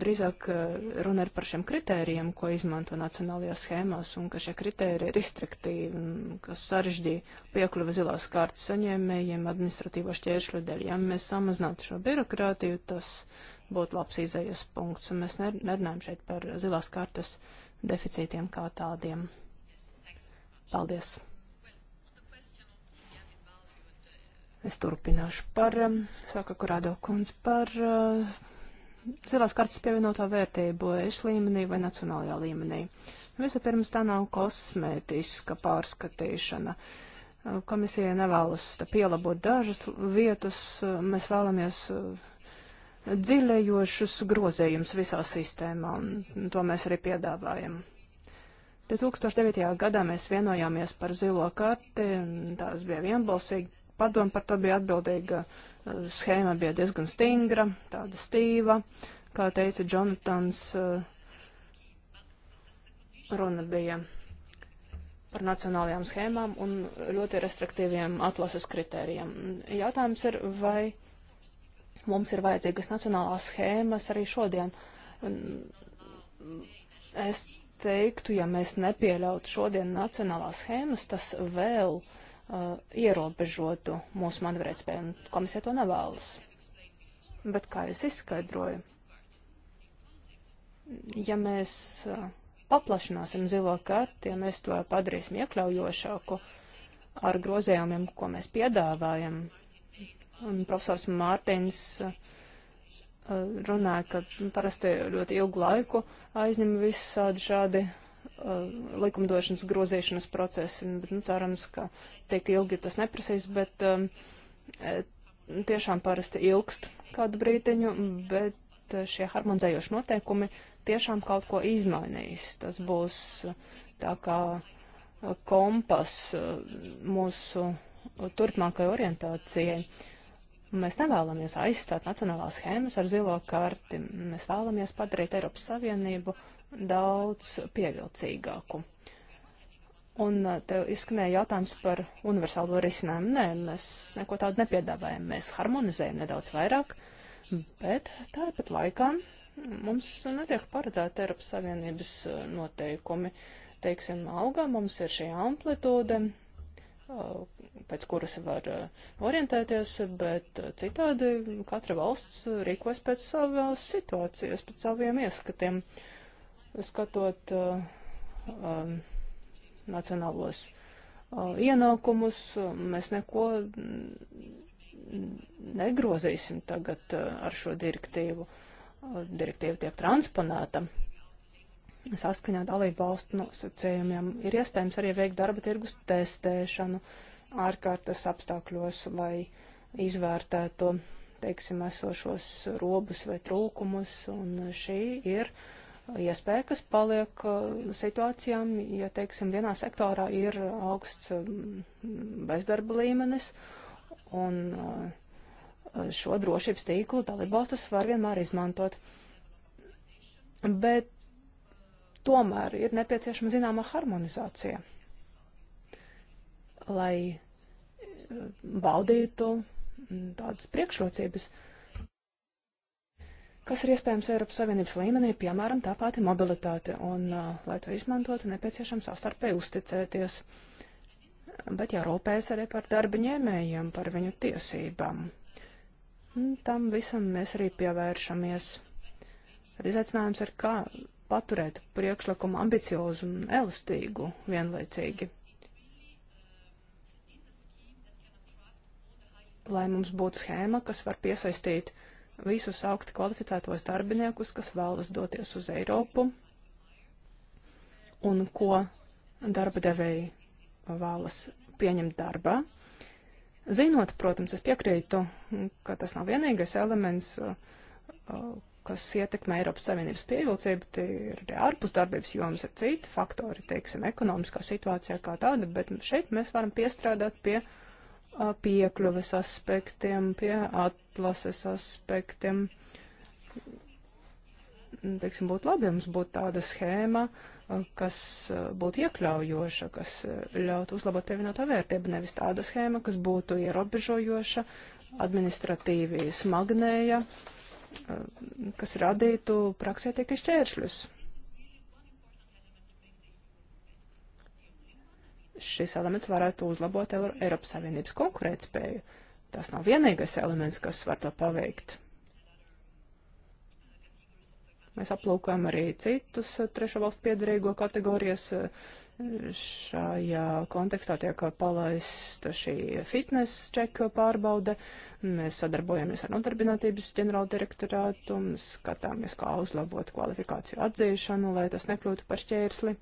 Drīzāk uh, runa ir par šiem kritērijiem, ko izmanto nacionālajās schēmās, un ka šie kritēriji ir restriktīvi, kas sarežģīja piekļuvi zilās kārtas saņēmējiem administratīvo šķēršļu dēļ. Ja mēs samazinātu šo birokrātiju, tas būtu labs izējas punkts, un mēs nerunājam šeit par zilās kārtas deficītiem kā tādiem. Paldies! Es turpināšu par, um, saka Kurādo kundz, par uh, zilās kartas pievienotā vērtību es līmenī vai nacionālajā līmenī. Vispirms tā nav kosmētiska pārskatīšana. Uh, komisija nevēlas pielabot dažas vietas, uh, mēs vēlamies dziļējošus grozējumus visā sistēmā, un to mēs arī piedāvājam. 2009. gadā mēs vienojāmies par zilo karti, un tās bija vienbalsīgi Padoma par to bija atbildīga. Eh, schēma bija diezgan stingra, tāda stīva. Kā teica Jonatans, eh, runa bija par nacionālajām schēmām un ļoti restriktīviem atlases kritērijiem. Jautājums ir, vai mums ir vajadzīgas nacionālās schēmas arī šodien. Es teiktu, ja mēs nepieļautu šodien nacionālās schēmas, tas vēl uh, uh, ierobežotu mūsu manevrētspēju, un komisija to nevēlas. Bet kā es izskaidroju, ja mēs uh, paplašināsim zilo karti, ja mēs to padarīsim iekļaujošāku ar grozējumiem, ko mēs piedāvājam, un profesors Mārtiņš uh, runāja, ka parasti ļoti ilgu laiku aizņem visādi šādi Uh, likumdošanas grozīšanas procesi. Nu, cerams, ka tik ilgi tas neprasīs, bet um, eh, tiešām parasti ilgst kādu brīdiņu, bet eh, šie harmonizējoši noteikumi tiešām kaut ko izmainīs. Tas būs eh, tā kā kompas mūsu turpmākajai orientācijai. Mēs nevēlamies aizstāt nacionālās schēmas ar zilo karti. Mēs vēlamies padarīt Eiropas Savienību uh, daudz pievilcīgāku. Un uh, tev izskanēja jautājums par universālo risinājumu. Nē, mēs neko tādu nepiedāvājam. Mēs harmonizējam nedaudz vairāk, bet tāpat laikā mums netiek paredzēta Eiropas Savienības uh, noteikumi. Teiksim, algā mums ir šī amplitūde, uh, pēc kuras var orientēties, bet citādi katra valsts rīkos pēc savas situācijas, pēc saviem ieskatiem. Uh, skatot uh, um, nacionālos uh, ienākumus, uh, mēs neko negrozīsim tagad uh, ar šo direktīvu. Uh, direktīva tiek transponēta saskaņā dalību valstu nosacījumiem. Ir iespējams arī veikt darba tirgus testēšanu ārkārtas apstākļos, lai izvērtētu, teiksim, esošos robus vai trūkumus, un šī ir uh, iespēja, kas paliek uh, situācijām, ja, teiksim, vienā sektorā ir augsts mm, bezdarba līmenis, un uh, šo drošības tīklu dalībvalstis var vienmēr izmantot. Bet tomēr ir nepieciešama zināma harmonizācija, lai uh, baudītu mm, tādas priekšrocības. Uh, kas ir iespējams Eiropas Savienības līmenī, piemēram, tā pati mobilitāte, un, uh, lai to izmantotu, nepieciešams savstarpēji uzticēties, bet jārūpējas arī par darba ņēmējiem, par viņu tiesībām. Un tam visam mēs arī pievēršamies. Tad izaicinājums ir, kā paturēt priekšlikumu ambiciozu un elastīgu vienlaicīgi. Lai mums būtu schēma, kas var piesaistīt uh, visus augsti kvalificētos darbiniekus, kas vēlas doties uz Eiropu un ko darba devēji vēlas pieņemt darbā. Zinot, protams, es piekrītu, ka tas nav vienīgais elements, uh, uh, kas ietekmē Eiropas Savienības pievilcību, tie ir arī ārpus darbības jomas ar citu faktori, teiksim, ekonomiskā situācijā kā tāda, bet šeit mēs varam piestrādāt pie uh, piekļuves aspektiem, pie atlases aspektiem. Teiksim, būtu labi, ja mums būtu tāda schēma, kas būtu iekļaujoša, kas ļautu uzlabot pievienoto vērtību, nevis tāda schēma, kas būtu ierobežojoša, administratīvi smagnēja, kas radītu praksē tikai šķēršļus. šis elements varētu uzlabot Eiropas Savienības konkurētspēju. Tas nav vienīgais elements, kas var to paveikt. Mēs aplūkojam arī citus eh, trešo valstu piedarīgo kategorijas. Eh, šajā kontekstā tiek palaista šī fitness čeka pārbaude. Mēs sadarbojamies ar nodarbinātības ģenerāla direktorātu, skatāmies, kā uzlabot kvalifikāciju atzīšanu, lai tas nekļūtu par šķērsli.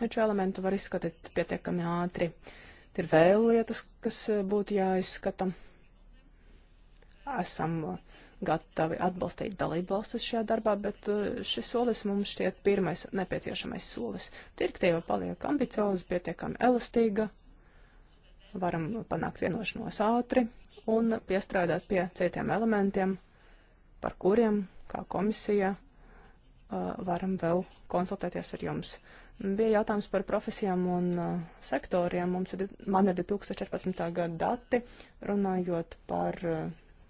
taču elementu var izskatīt pietiekami ātri. Ir vēl lietas, kas eh, būtu jāizskata. Esam eh, gatavi atbalstīt dalību valstis šajā darbā, bet eh, šis solis mums šķiet pirmais nepieciešamais solis. Direktīva paliek ambicioza, pietiekami elastīga, varam panākt vienošanos ātri un piestrādāt pie citiem elementiem, par kuriem, kā komisija, varam vēl konsultēties ar jums. Bija jautājums par profesijām un uh, sektoriem. Mums ir, man ir 2014. gada dati, runājot par uh,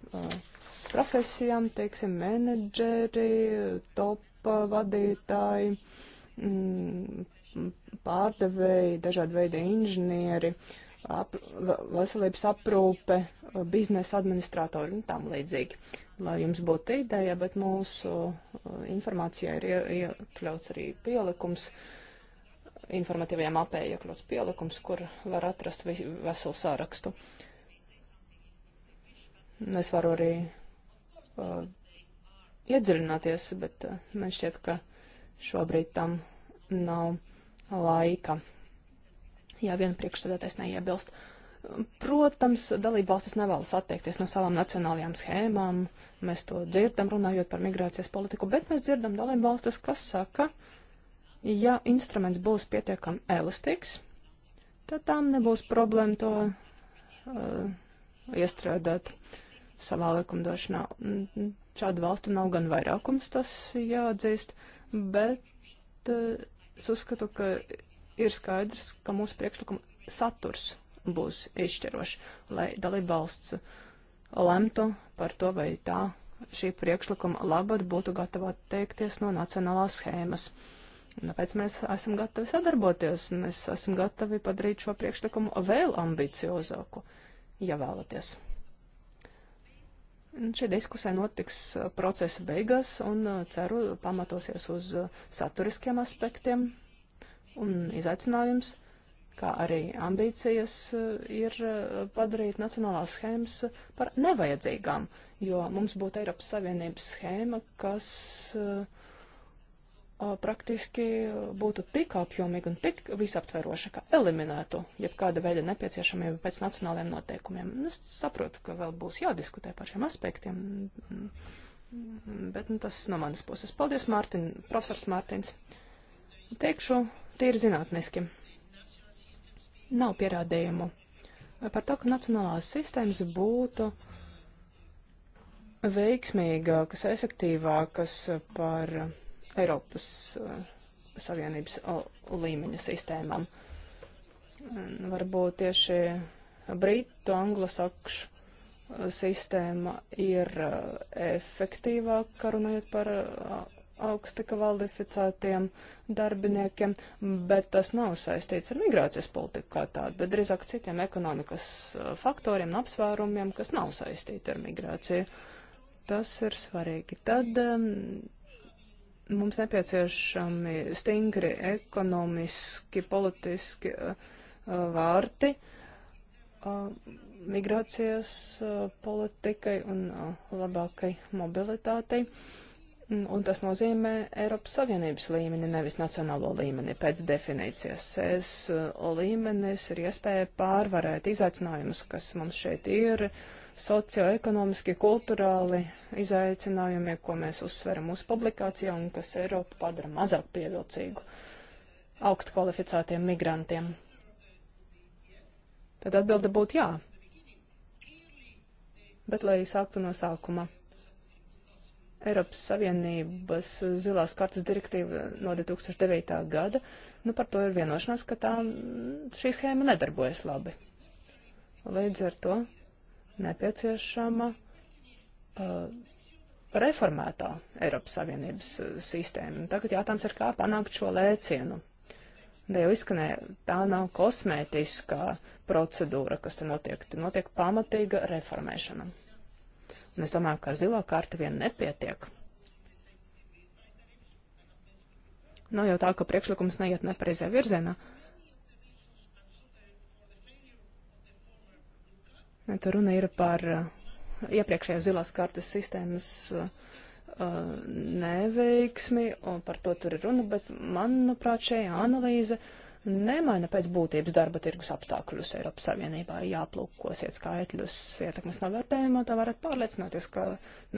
uh, profesijām, teiksim, menedžeri, top vadītāji, mm, pārdevēji, dažādi veidi inženieri, ap, veselības aprūpe, uh, biznesa administratori un tam līdzīgi. Lai jums būtu ideja, bet mūsu uh, informācijā ir ie, iekļauts arī pielikums. Uh, informatīvajā mapē iekļauts pielikums, kur var atrast veselu sārakstu. Es varu arī uh, iedziļināties, bet uh, man šķiet, ka šobrīd tam nav laika. Jā, vien priekšsēdētais neiebilst. Protams, dalībvalstis nevēlas atteikties no savām nacionālajām schēmām. Mēs to dzirdam, runājot par migrācijas politiku, bet mēs dzirdam dalībvalstis, kas saka, ka Ja instruments būs pietiekami elastīgs, tad tam nebūs problēma to uh, iestrādāt savā likumdošanā. Mm, mm, Šādu valstu nav gan vairākums, tas jāatzīst, bet uh, es uzskatu, ka ir skaidrs, ka mūsu priekšlikuma saturs būs izšķirošs, lai dalība valsts lemtu par to, vai tā šī priekšlikuma labad būtu gatava atteikties no nacionālās schēmas. Uh, Tāpēc mēs esam gatavi sadarboties, mēs esam gatavi padarīt šo priekšlikumu vēl ambiciozāku, ja vēlaties. Un šī diskusija notiks uh, procesa beigās un uh, ceru pamatosies uz uh, saturiskiem aspektiem un izaicinājums, kā arī ambīcijas ir padarīt nacionālās schēmas par nevajadzīgām, jo mums būtu Eiropas Savienības schēma, kas uh, praktiski būtu tik apjomīga un tik visaptveroša, ka eliminētu jebkāda veida nepieciešamību pēc nacionālajiem noteikumiem. Es saprotu, ka vēl būs jādiskutē par šiem aspektiem, bet nu, tas no manas puses. Paldies, Mārtiņ, profesors Mārtiņš. Teikšu, tie ir zinātniski. Nav pierādījumu par to, ka nacionālās sistēmas būtu veiksmīgākas, efektīvākas par Eiropas eh, Savienības līmeņa sistēmām. Varbūt tieši Britu anglosakšu eh, sistēma ir eh, efektīvāka, runājot par augsti kvalificētiem darbiniekiem, bet tas nav saistīts ar migrācijas politiku kā tādu, bet drīzāk citiem ekonomikas faktoriem un apsvērumiem, kas nav saistīti ar migrāciju. Tas ir svarīgi. Tad um, Mums nepieciešami stingri ekonomiski, politiski uh, uh, vārti uh, migrācijas politikai un labākai mobilitātei. Mm, un tas nozīmē Eiropas Savienības līmeni, nevis nacionālo līmeni pēc definīcijas. Es uh, līmenis ir iespēja pārvarēt izaicinājumus, kas mums šeit ir, socioekonomiski, kulturāli izaicinājumi, ko mēs uzsveram mūsu publikācijā un kas Eiropu padara mazāk pievilcīgu augstu kvalificētiem migrantiem. Tad atbilde būtu jā. Bet lai sāktu no sākuma. Eiropas Savienības zilās kartas direktīva no 2009. gada, nu par to ir vienošanās, ka tā, šī schēma nedarbojas labi. Līdz ar to nepieciešama uh, reformētā Eiropas Savienības uh, sistēma. Tagad jātājums ir, kā panākt šo lēcienu. Da jau izskanēja, tā nav kosmētiskā procedūra, kas te notiek, te notiek pamatīga reformēšana. Un es domāju, ka zilā karta vien nepietiek. Nav jau tā, ka priekšlikums neiet nepareizajā virzienā. Tur runa ir par uh, iepriekšējā zilās kartes sistēmas uh, uh, neveiksmi, un par to tur ir runa, bet, manuprāt, šī analīze uh, nemaina pēc būtības darba tirgus apstākļus Eiropas Savienībā. Jāplūkosiet skaitļus ietekmes novērtējumā, tā varat pārliecināties, ka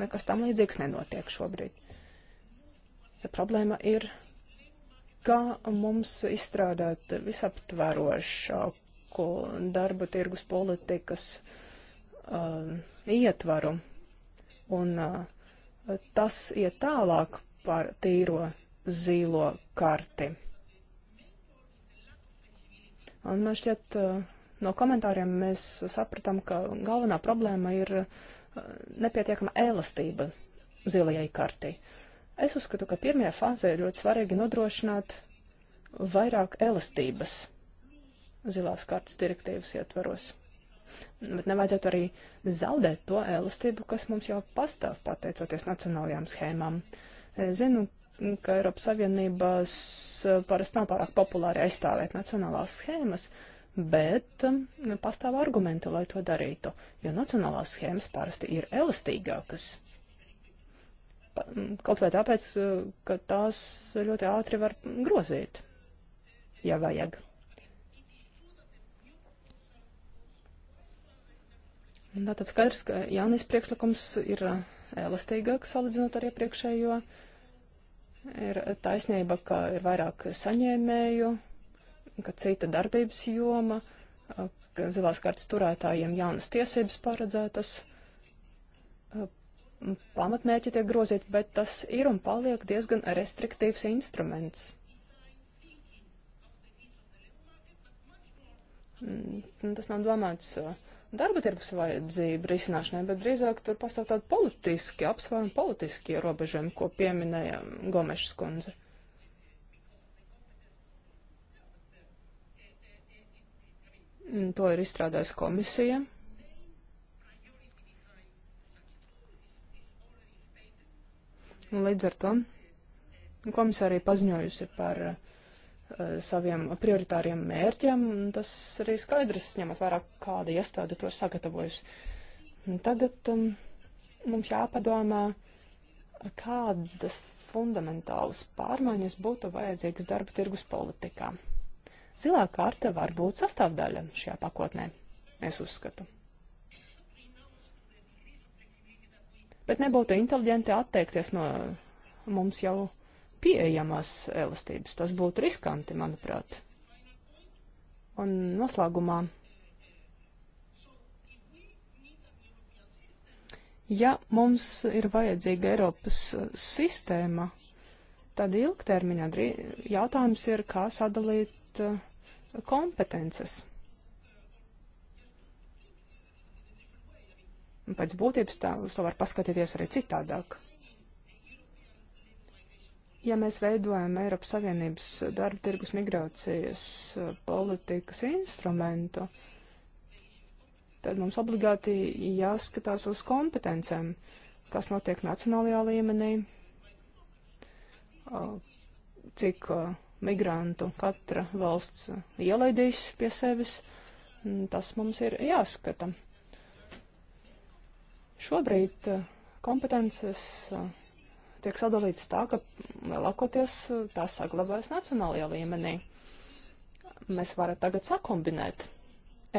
nekas tam līdzīgs nenotiek šobrīd. Ja problēma ir, kā mums izstrādāt visaptvarošāku darba tirgus politikas uh, ietvaru. Un uh, tas iet tālāk par tīro zilo karti. Un man šķiet, no komentāriem mēs sapratām, ka galvenā problēma ir nepietiekama elastība zilajai kartī. Es uzskatu, ka pirmajā fāzē ir ļoti svarīgi nodrošināt vairāk elastības zilās kartas direktīvas ietvaros. Bet nevajadzētu arī zaudēt to elastību, kas mums jau pastāv pateicoties nacionālajām schēmām. Es zinu, ka Eiropas Savienībās eh, parasti nav pārāk populāri aizstāvēt nacionālās schēmas, bet mm, pastāv argumenti, lai to darītu, jo nacionālās schēmas parasti ir elastīgākas. Mm, kaut vai tāpēc, eh, ka tās ļoti ātri var grozīt, ja vajag. Tātad skaidrs, ka jaunis priekšlikums ir eh, elastīgāks salīdzinot ar iepriekšējo. Ja Ir taisnība, ka ir vairāk saņēmēju, ka cita darbības joma, ka zilās kartas turētājiem jaunas tiesības paredzētas, pamatmērķi tiek grozīti, bet tas ir un paliek diezgan restriktīvs instruments. Mm, tas nav domāts uh, darba tirgus vajadzību risināšanai, bet drīzāk tur pastāv tādi politiski apsvērumi, politiski ierobežojumi, ko pieminēja Gomešs kundze. To ir izstrādājis komisija. Līdz ar to komisija arī paziņojusi par uh, Eh, saviem prioritāriem mērķiem. Tas arī skaidrs, ņemot vērā, kāda iestāde to ir sagatavojusi. Tagad um, mums jāpadomā, kādas fundamentālas pārmaiņas būtu vajadzīgas darba tirgus politikā. Zilā karte var būt sastāvdaļa šajā pakotnē, es uzskatu. Bet nebūtu inteliģenti atteikties no mums jau pieejamās elastības. Tas būtu riskanti, manuprāt. Un noslēgumā, ja mums ir vajadzīga Eiropas sistēma, tad ilgtermiņā jautājums ir, kā sadalīt uh, kompetences. Pēc būtības tā, uz to var paskatīties arī citādāk. Ja mēs veidojam Eiropas Savienības darba tirgus migrācijas eh, politikas instrumentu, tad mums obligāti jāskatās uz kompetencēm, kas notiek nacionālajā līmenī, eh, cik eh, migrantu katra valsts ielaidīs pie sevis. Mm, tas mums ir jāskata. Šobrīd kompetences tiek sadalīts tā, ka lielākoties eh, tās saglabājas nacionālajā līmenī. Mēs varam tagad sakombinēt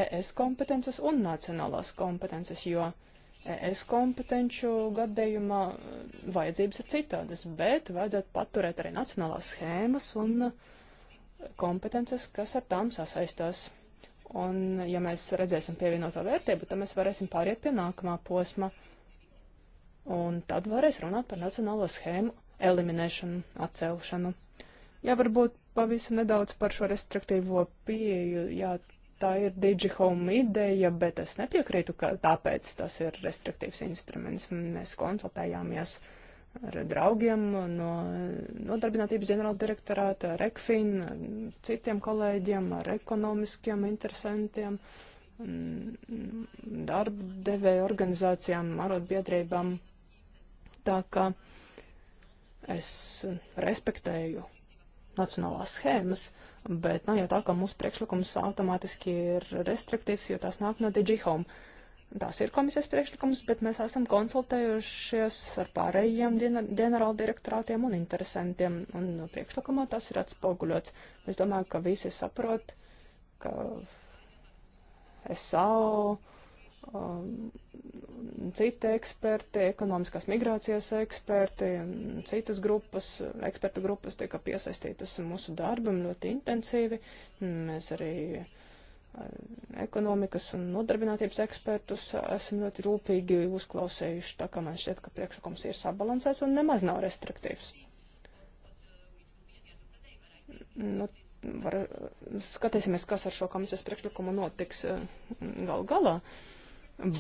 ES kompetences un nacionālās kompetences, jo ES kompetenču gadījumā eh, vajadzības ir citādas, bet vajadzētu paturēt arī nacionālās schēmas un kompetences, kas ar tām sasaistās. Un, ja mēs redzēsim pievienoto vērtību, tad mēs varēsim pāriet pie nākamā posma. Uh, un tad varēs runāt par nacionālo schēmu eliminēšanu, atcelšanu. Jā, varbūt pavisam nedaudz par šo restriktīvo pieeju, jā, tā ir DigiHome ideja, bet es nepiekrītu, ka tāpēc tas ir restriktīvs instruments. Mēs konsultējāmies ar draugiem no nodarbinātības ģenerāla direktorāta, ar ECFIN, citiem kolēģiem, ar ekonomiskiem interesantiem, mm, darba devēja organizācijām, arotbiedrībām. Tā kā es respektēju nacionālās schēmas, bet nav jau tā, ka mūsu priekšlikums automātiski ir restriktīvs, jo tās nāk no DigiHome. Tās ir komisijas priekšlikums, bet mēs esam konsultējušies ar pārējiem ģenerāla direktorātiem un interesantiem, un priekšlikumā tas ir atspoguļots. Es domāju, ka visi saprot, ka SAO Um, citi eksperti, ekonomiskās migrācijas eksperti, citas grupas, ekspertu grupas tika piesaistītas mūsu darbam ļoti intensīvi. Mēs arī uh, ekonomikas un nodarbinātības ekspertus esam ļoti rūpīgi uzklausējuši, tā kā man šķiet, ka priekšlikums ir sabalansēts un nemaz nav restriktīvs. Nu, var, skatīsimies, kas ar šo komisijas priekšlikumu notiks uh, gal galā. Uh,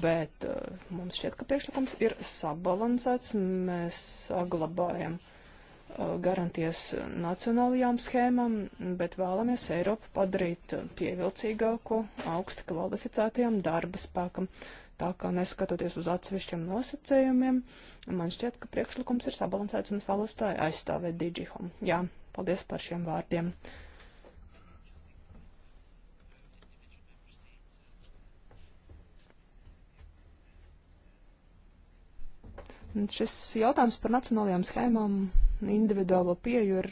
bet uh, mums šķiet, ka priekšlikums ir sabalansēts. Mēs saglabājam uh, eh, garantijas nacionālajām schēmām, bet vēlamies Eiropu padarīt eh, pievilcīgāku, augsti kvalificētajam darba spēkam. Tā kā neskatoties uz atsevišķiem nosacējumiem, man šķiet, ka priekšlikums ir sabalansēts un es vēlos tā aizstāvēt Digihom. Jā, paldies par šiem vārdiem. Uh, Šis jautājums par nacionālajām schēmām, individuālo pieju ir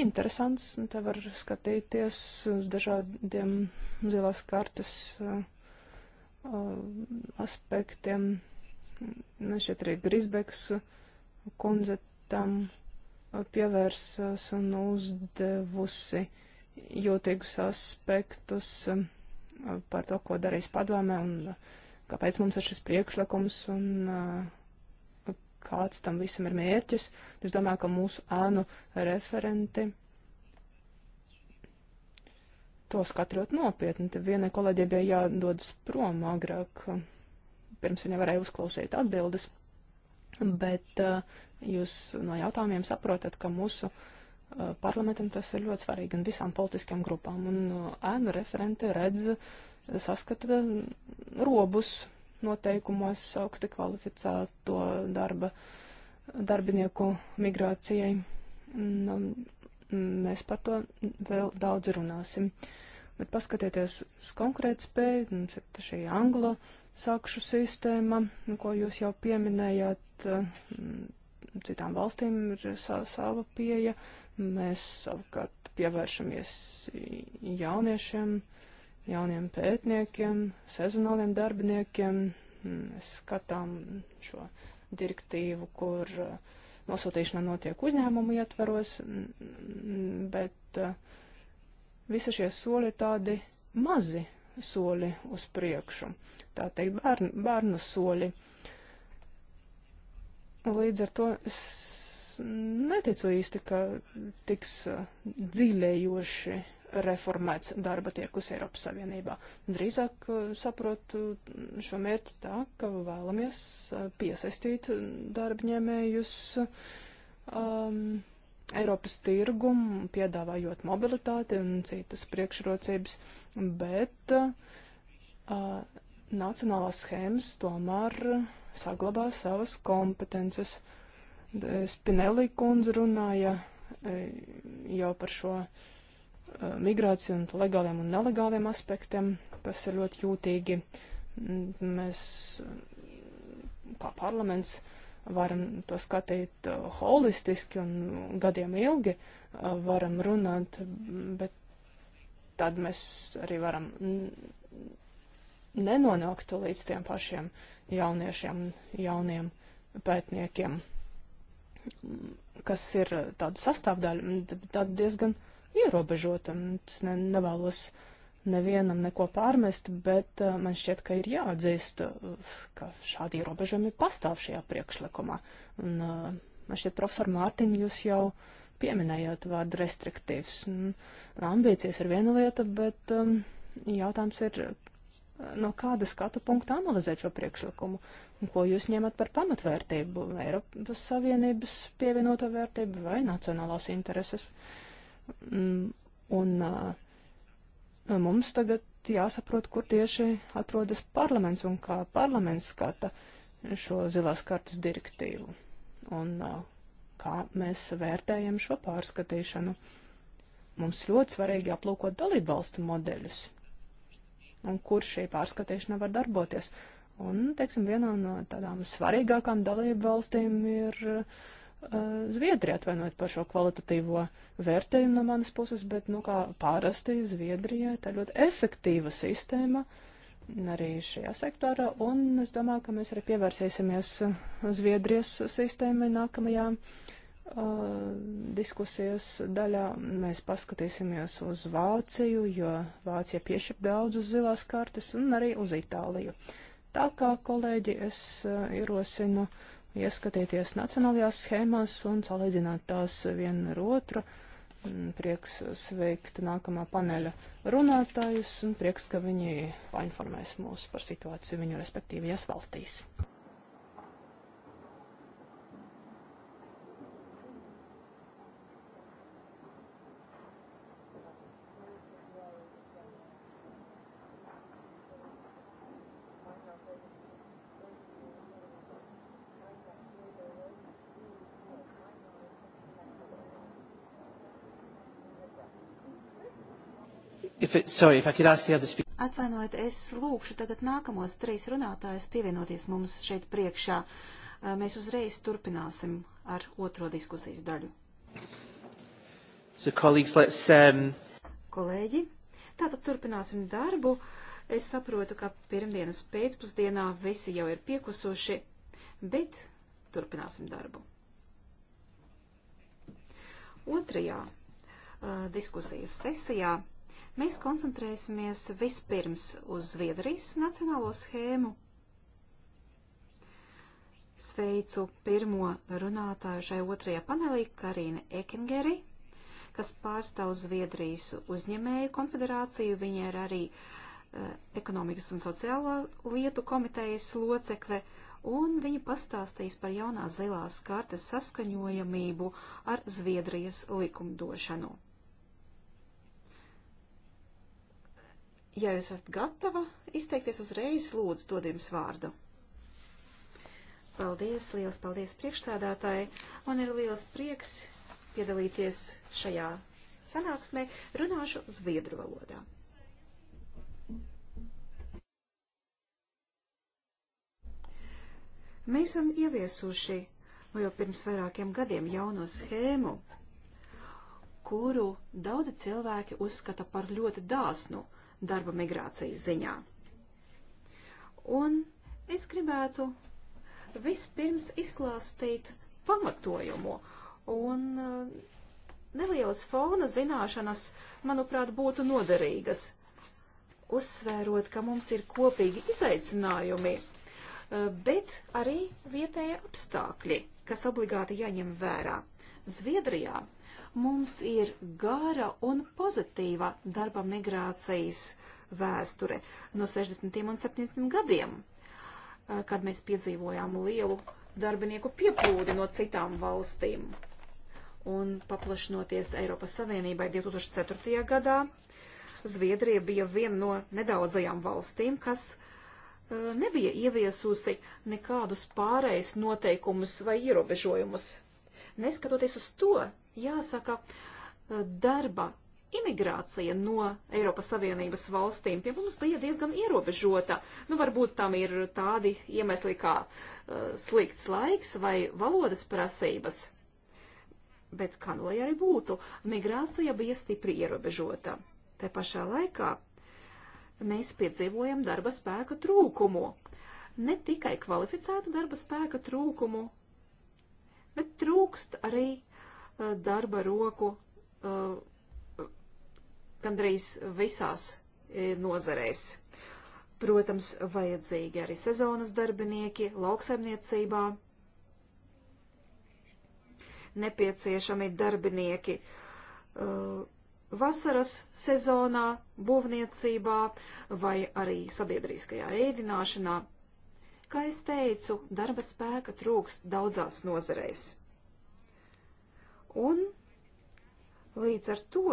interesants. Te var skatīties uz dažādiem zilās kartes uh, uh aspektiem. Šeit arī Grisbeks kundze tam pievērsās un uzdevusi jūtīgus aspektus uh, par to, ko darīs padomē un uh, kāpēc mums ir šis priekšlikums un uh, kāds tam visam ir mērķis. Es domāju, ka mūsu ēnu referenti to skatu ļoti nopietni. Te vienai kolēģiem bija jādodas prom agrāk, pirms viņa varēja uzklausīt atbildes. Bet uh, jūs no jautājumiem saprotat, ka mūsu uh, parlamentam tas ir ļoti svarīgi, gan visām politiskajām grupām. Un uh, ēnu referenti redz, saskata mm, robus noteikumos augsti kvalificēto darba darbinieku migrācijai. Nu, mēs par to vēl daudz runāsim. Bet paskatieties uz konkrētu spēju, mums ir šī anglo sakšu sistēma, nu, ko jūs jau pieminējāt. Mm, citām valstīm ir sava pieeja. Mēs savukārt pievēršamies jauniešiem jauniem pētniekiem, sezonāliem darbiniekiem. Mēs mm, skatām šo direktīvu, kur uh, nosūtīšana notiek uzņēmumu ietveros, mm, mm, bet uh, visi šie soļi ir tādi mazi soļi uz priekšu, tā teikt, bērnu, bērnu soļi. Līdz ar to es neticu īsti, ka tiks uh, dziļējoši reformēts darba tiekus Eiropas Savienībā. Drīzāk uh, saprotu šo mērķi tā, ka vēlamies uh, piesaistīt darbņēmējus um, Eiropas tirgumu, piedāvājot mobilitāti un citas priekšrocības, bet uh, nacionālās schēmas tomēr saglabā savas kompetences. Spinelli kundze runāja eh, jau par šo uh, Eh, migrāciju un legāliem un nelegāliem aspektiem, kas ir ļoti jūtīgi. Mēs, eh, kā parlaments, varam to skatīt eh, holistiski un gadiem ilgi, varam runāt, bet tad mēs arī varam nenonākt līdz tiem pašiem jauniešiem, jauniem pētniekiem, kas ir tāda sastāvdaļa, tad diezgan uh, ierobežota. Es ne, nevēlos nevienam neko pārmest, bet eh, man šķiet, ka ir jāatzīst, eh, ka šādi ierobežojumi pastāv šajā priekšlikumā. Un, eh, man šķiet, profesor Mārtiņ, jūs jau pieminējāt vārdu restriktīvs. Ambīcijas ir viena lieta, bet um, jautājums ir, no kāda skatu punkta analizēt šo priekšlikumu? Un ko jūs ņemat par pamatvērtību? Eiropas Savienības pievienoto vērtību vai nacionālās intereses? Uh, Mm, un mums tagad jāsaprot, kur tieši atrodas parlaments un kā parlaments skata šo zilās kartas direktīvu. Un kā mēs vērtējam šo pārskatīšanu. Mums ļoti svarīgi aplūkot dalību valstu modeļus un kur šī pārskatīšana var darboties. Un, teiksim, vienā no tādām svarīgākām dalību valstīm ir uh, Zviedrija atvainojot par šo kvalitatīvo vērtējumu no manas puses, bet, nu, kā pārasti Zviedrijā, tā ļoti efektīva sistēma arī šajā sektorā, un es domāju, ka mēs arī pievērsīsimies Zviedrijas sistēmai nākamajā uh, diskusijas daļā. Mēs paskatīsimies uz Vāciju, jo Vācija piešķir daudz uz zilās kartes, un arī uz Itāliju. Tā kā, kolēģi, es uh, ierosinu. Uh, ieskatīties nacionālajās schēmās un salīdzināt tās vienu ar otru. Prieks sveikt nākamā paneļa runātājus un prieks, ka viņi painformēs mūs par situāciju viņu respektīvajās valstīs. If, sorry, if I could ask the other speaker. Atvainojiet, es lūkšu tagad nākamos trīs runātājus pievienoties mums šeit priekšā. Mēs uzreiz turpināsim ar otro diskusijas daļu. So, colleagues, let's, um... Kolēģi, tātad turpināsim darbu. Es saprotu, ka pirmdienas pēcpusdienā visi jau ir piekusuši, bet turpināsim darbu. Otrajā uh, diskusijas sesijā Mēs koncentrēsimies vispirms uz Zviedrijas nacionālo schēmu. Sveicu pirmo runātāju šai otrajā panelī Karīne Ekengeri, kas pārstāv Zviedrijas uzņēmēju konfederāciju. Viņa ir arī uh, ekonomikas un sociālo lietu komitejas locekle un viņa pastāstīs par jaunās zilās kartes saskaņojamību ar Zviedrijas likumdošanu. Ja jūs esat gatava izteikties uzreiz, lūdzu, dod jums vārdu. Paldies, liels paldies priekšstādātāji. Man ir liels prieks piedalīties šajā sanāksmē. Runāšu zviedru valodā. Mēs esam ieviesuši nu, jau pirms vairākiem gadiem jauno schēmu, kuru daudzi cilvēki uzskata par ļoti dāsnu darba migrācijas ziņā. Un es gribētu vispirms izklāstīt pamatojumu un uh, nelielas fauna zināšanas, manuprāt, būtu noderīgas. Uzsvērot, ka mums ir kopīgi izaicinājumi, uh, bet arī vietējie apstākļi, kas obligāti jāņem vērā. Zviedrijā Mums ir gara un pozitīva darba migrācijas vēsture no 60. un 70. gadiem, eh, kad mēs piedzīvojām lielu darbinieku pieplūdi no citām valstīm. Un paplašinoties Eiropas Savienībai 2004. gadā, Zviedrija bija viena no nedaudzajām valstīm, kas eh, nebija ieviesusi nekādus pārējais noteikumus vai ierobežojumus. Neskatoties uz to, jāsaka, darba imigrācija no Eiropas Savienības valstīm pie mums bija diezgan ierobežota. Nu, varbūt tam ir tādi iemesli kā uh, slikts laiks vai valodas prasības. Bet, kā nu lai arī būtu, migrācija bija stipri ierobežota. Te pašā laikā mēs piedzīvojam darba spēka trūkumu. Ne tikai kvalificēta darba spēka trūkumu, bet trūkst arī uh, Eh, darba roku eh, gandrīz visās eh, nozarēs. Protams, vajadzīgi arī sezonas darbinieki lauksaimniecībā, nepieciešami darbinieki vasaras sezonā, būvniecībā vai arī sabiedriskajā ēdināšanā. Kā es teicu, darba spēka trūkst daudzās nozareis. Un līdz ar to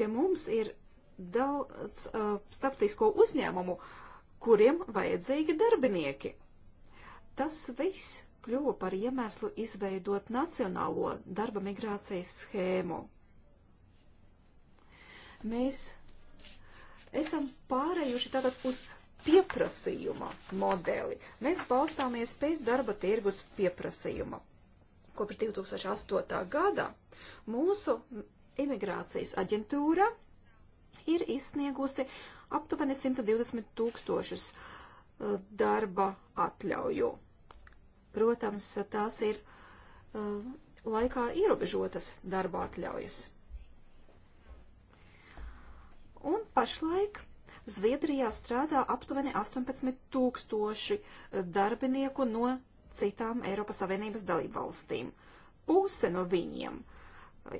pie mums ir daudz uh, starptautisko uzņēmumu, kuriem vajadzīgi darbinieki. Tas viss kļuva par iemeslu izveidot nacionālo darba migrācijas schēmu. Mēs esam pārējuši tātad uz pieprasījuma modeli. Mēs balstāmies pēc darba tirgus pieprasījuma kopš 2008. gada mūsu imigrācijas aģentūra ir izsniegusi aptuveni 120 tūkstošus uh, darba atļauju. Protams, tās ir uh, laikā ierobežotas darba atļaujas. Un pašlaik Zviedrijā strādā aptuveni 18 tūkstoši uh, darbinieku no citām Eiropas Savienības dalību valstīm. Puse no viņiem,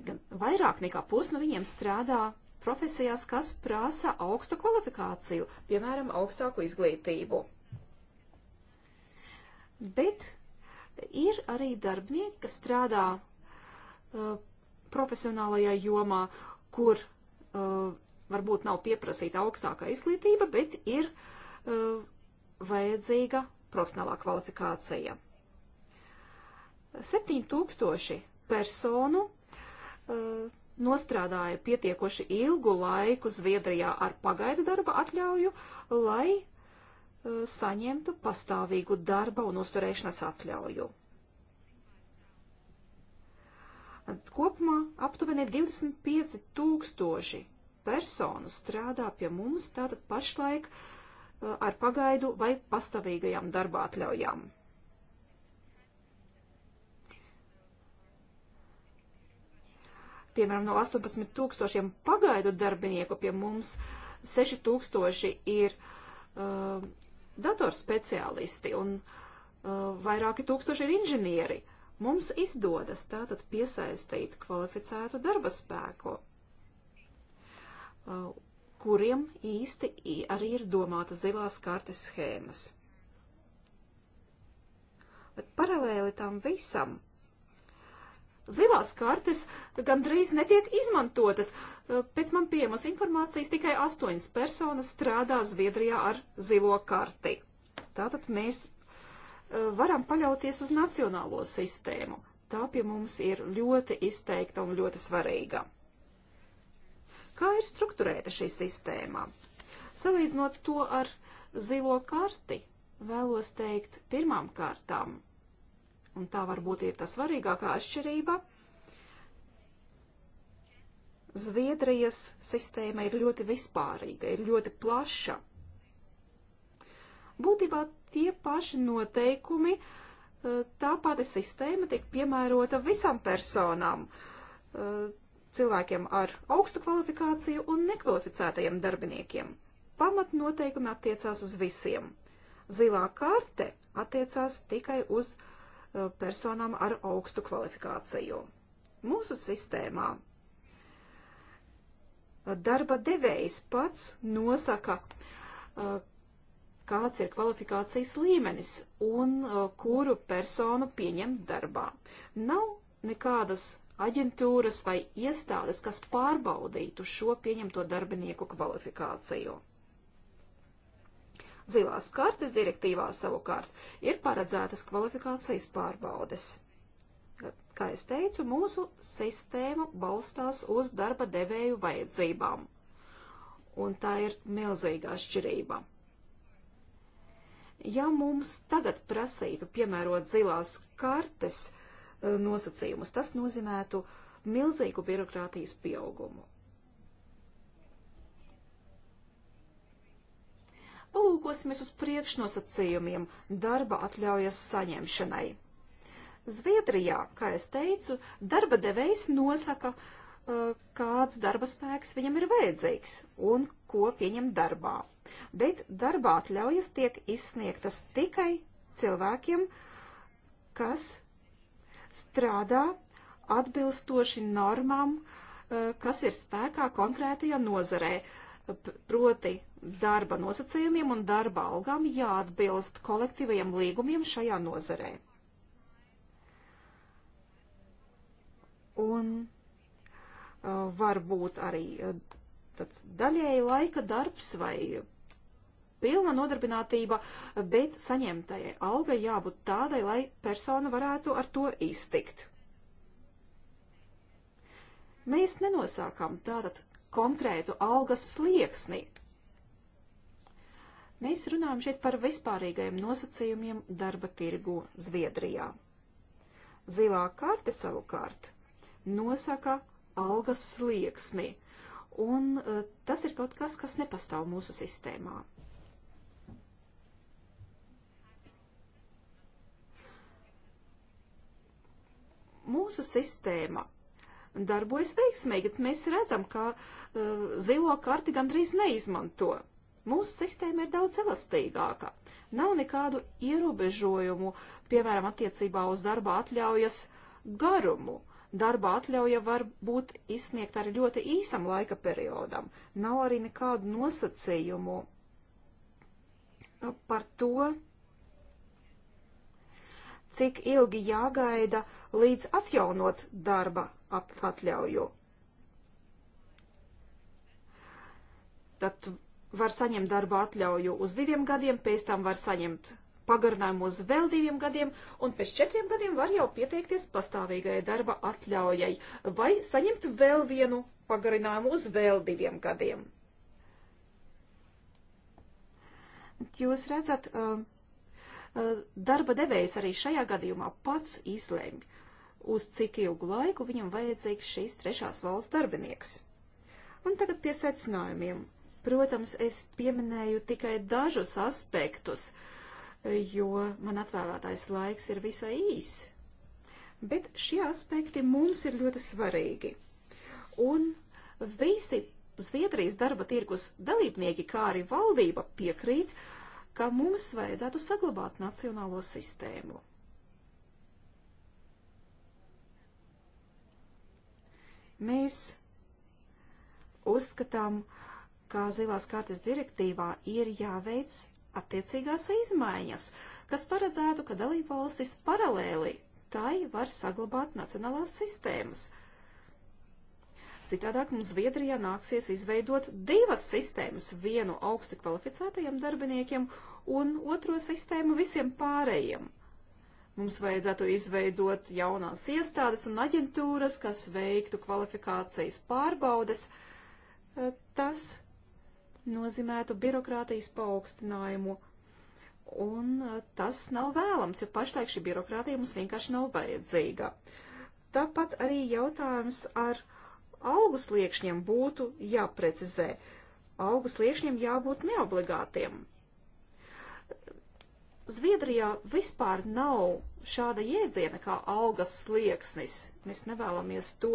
gan vairāk nekā puse no viņiem strādā profesijās, kas prasa augstu kvalifikāciju, piemēram, augstāku izglītību. Bet ir arī darbinieki, kas strādā uh, profesionālajā jomā, kur uh, varbūt nav pieprasīta augstākā izglītība, bet ir uh, vajadzīga profesionālā kvalifikācija. 7000 personu uh, nostrādāja pietiekoši ilgu laiku Zviedrijā ar pagaidu darba atļauju, lai uh, saņemtu pastāvīgu darba un uzturēšanas atļauju. Kopumā aptuveni 25 tūkstoši personu strādā pie mums tātad pašlaik uh, ar pagaidu vai pastāvīgajām darba atļaujām. Piemēram, no 18 tūkstošiem pagaidu darbinieku pie mums 6 tūkstoši ir uh, datorspeciālisti un uh, vairāki tūkstoši ir inženieri. Mums izdodas tātad piesaistīt kvalificētu darba spēku. Uh, kuriem īsti arī ir domāta zilās kartes schēmas. Bet paralēli tam visam zilās kartes gandrīz netiek izmantotas. Eh, pēc man pieejamas informācijas tikai astoņas personas strādā Zviedrijā ar zilo karti. Tātad mēs eh, varam paļauties uz nacionālo sistēmu. Tā pie mums ir ļoti izteikta un ļoti svarīga. Kā ir strukturēta šī sistēma? Salīdzinot to ar zilo karti, vēlos teikt pirmām kārtām, un tā varbūt ir tā svarīgākā atšķirība. Zviedrijas sistēma ir ļoti vispārīga, ir ļoti plaša. Būtībā tie paši noteikumi, eh, tā pati sistēma tiek piemērota visām personām. Eh, cilvēkiem ar augstu kvalifikāciju un nekvalificētajiem darbiniekiem. Pamatnoteikumi attiecās uz visiem. Zilā karte attiecās tikai uz eh, personām ar augstu kvalifikāciju. Mūsu sistēmā darba devējs pats nosaka, eh, kāds ir kvalifikācijas līmenis un eh, kuru personu pieņemt darbā. Nav nekādas aģentūras vai iestādes, kas pārbaudītu šo pieņemto darbinieku kvalifikāciju. Zilās kartes direktīvā savukārt ir paredzētas kvalifikācijas pārbaudes. Kā es teicu, mūsu sistēma balstās uz darba devēju vajadzībām, un tā ir milzīga atšķirība. Ja mums tagad prasītu piemērot zilās kartes, uh, E, nosacījumus. Tas nozīmētu milzīgu birokrātijas pieaugumu. Palūkosimies uz priekšnosacījumiem darba atļaujas saņemšanai. Zviedrijā, kā es teicu, darba devējs nosaka, e, kāds darba spēks viņam ir vajadzīgs un ko pieņem darbā. Bet darba atļaujas tiek izsniegtas tikai cilvēkiem, kas strādā atbilstoši normām, eh, kas ir spēkā konkrētajā nozarē. Proti darba nosacījumiem un darba algām jāatbilst kolektīvajiem līgumiem šajā nozarē. Un eh, varbūt arī eh, daļēji laika darbs vai pilna nodarbinātība, bet saņemtajai algai jābūt tādai, lai persona varētu ar to iztikt. Mēs nenosākam tātad konkrētu algas slieksni. Mēs runājam šeit par vispārīgajiem nosacījumiem darba tirgu Zviedrijā. Zilā karte savukārt nosaka algas slieksni, un eh, tas ir kaut kas, kas nepastāv mūsu sistēmā. mūsu sistēma darbojas veiksmīgi. Mēs redzam, ka uh, zilo karti gandrīz neizmanto. Mūsu sistēma ir daudz elastīgāka. Nav nekādu ierobežojumu, piemēram, attiecībā uz darba atļaujas garumu. Darba atļauja var būt izsniegta arī ļoti īsam laika periodam. Nav arī nekādu nosacījumu uh, par to, cik ilgi jāgaida līdz atjaunot darba atļauju. Tad var saņemt darba atļauju uz diviem gadiem, pēc tam var saņemt pagarinājumu uz vēl diviem gadiem, un pēc četriem gadiem var jau pieteikties pastāvīgai darba atļaujai vai saņemt vēl vienu pagarinājumu uz vēl diviem gadiem. Jūs redzat, uh, Eh, darba devējs arī šajā gadījumā pats izlēmj, uz cik ilgu laiku viņam vajadzīgs šīs trešās valsts darbinieks. Un tagad pie secinājumiem. Protams, es pieminēju tikai dažus aspektus, eh, jo man atvēlētais laiks ir visai īs. Bet šie aspekti mums ir ļoti svarīgi. Un visi Zviedrijas darba tirgus dalībnieki, kā arī valdība piekrīt, uh, ka mums vajadzētu saglabāt nacionālo sistēmu. Mēs uzskatām, ka zilās kartes direktīvā ir jāveic attiecīgās izmaiņas, kas paredzētu, ka dalību valstis paralēli tai var saglabāt nacionālās sistēmas – Citādāk mums Zviedrijā nāksies izveidot divas sistēmas - vienu augsti kvalificētajiem darbiniekiem un otro sistēmu visiem pārējiem. Mums vajadzētu izveidot jaunās iestādes un aģentūras, kas veiktu kvalifikācijas pārbaudes. Eh, tas nozīmētu birokrātijas paaugstinājumu. Un eh, tas nav vēlams, jo pašlaik šī birokrātija mums vienkārši nav vajadzīga. Tāpat arī jautājums ar algas liekšņiem būtu jāprecizē. Algas liekšņiem jābūt neobligātiem. Zviedrijā vispār nav šāda jēdziena kā algas slieksnis. Mēs nevēlamies to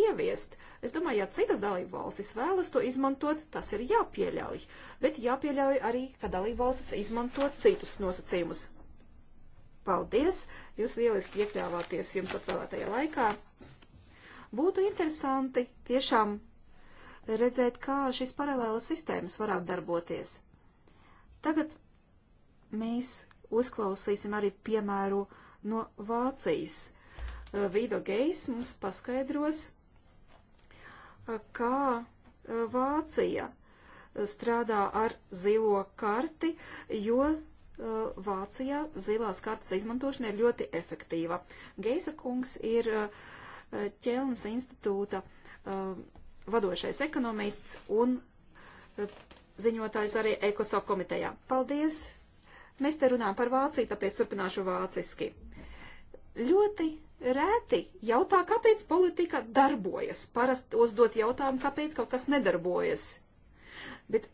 ieviest. Es domāju, ja citas dalību valstis vēlas to izmantot, tas ir jāpieļauj. Bet jāpieļauj arī, ka dalību valstis izmanto citus nosacījumus. Paldies! Jūs lieliski iekļāvāties jums atvēlētajā laikā. Būtu interesanti tiešām redzēt, kā šīs paralēlas sistēmas varētu darboties. Tagad mēs uzklausīsim arī piemēru no Vācijas. Eh, Vido Gejs mums paskaidros, eh, kā eh, Vācija strādā ar zilo karti, jo Vācijā zilās kartas izmantošana ir ļoti efektīva. Geisa kungs ir uh, Ķelnas institūta vadošais ekonomists un ziņotājs arī ECOSO komitejā. Paldies! Mēs te runājam par Vāciju, tāpēc turpināšu vāciski. Ļoti reti jautā, kāpēc politika darbojas. Parasti uzdot jautājumu, kāpēc kaut kas nedarbojas. Bet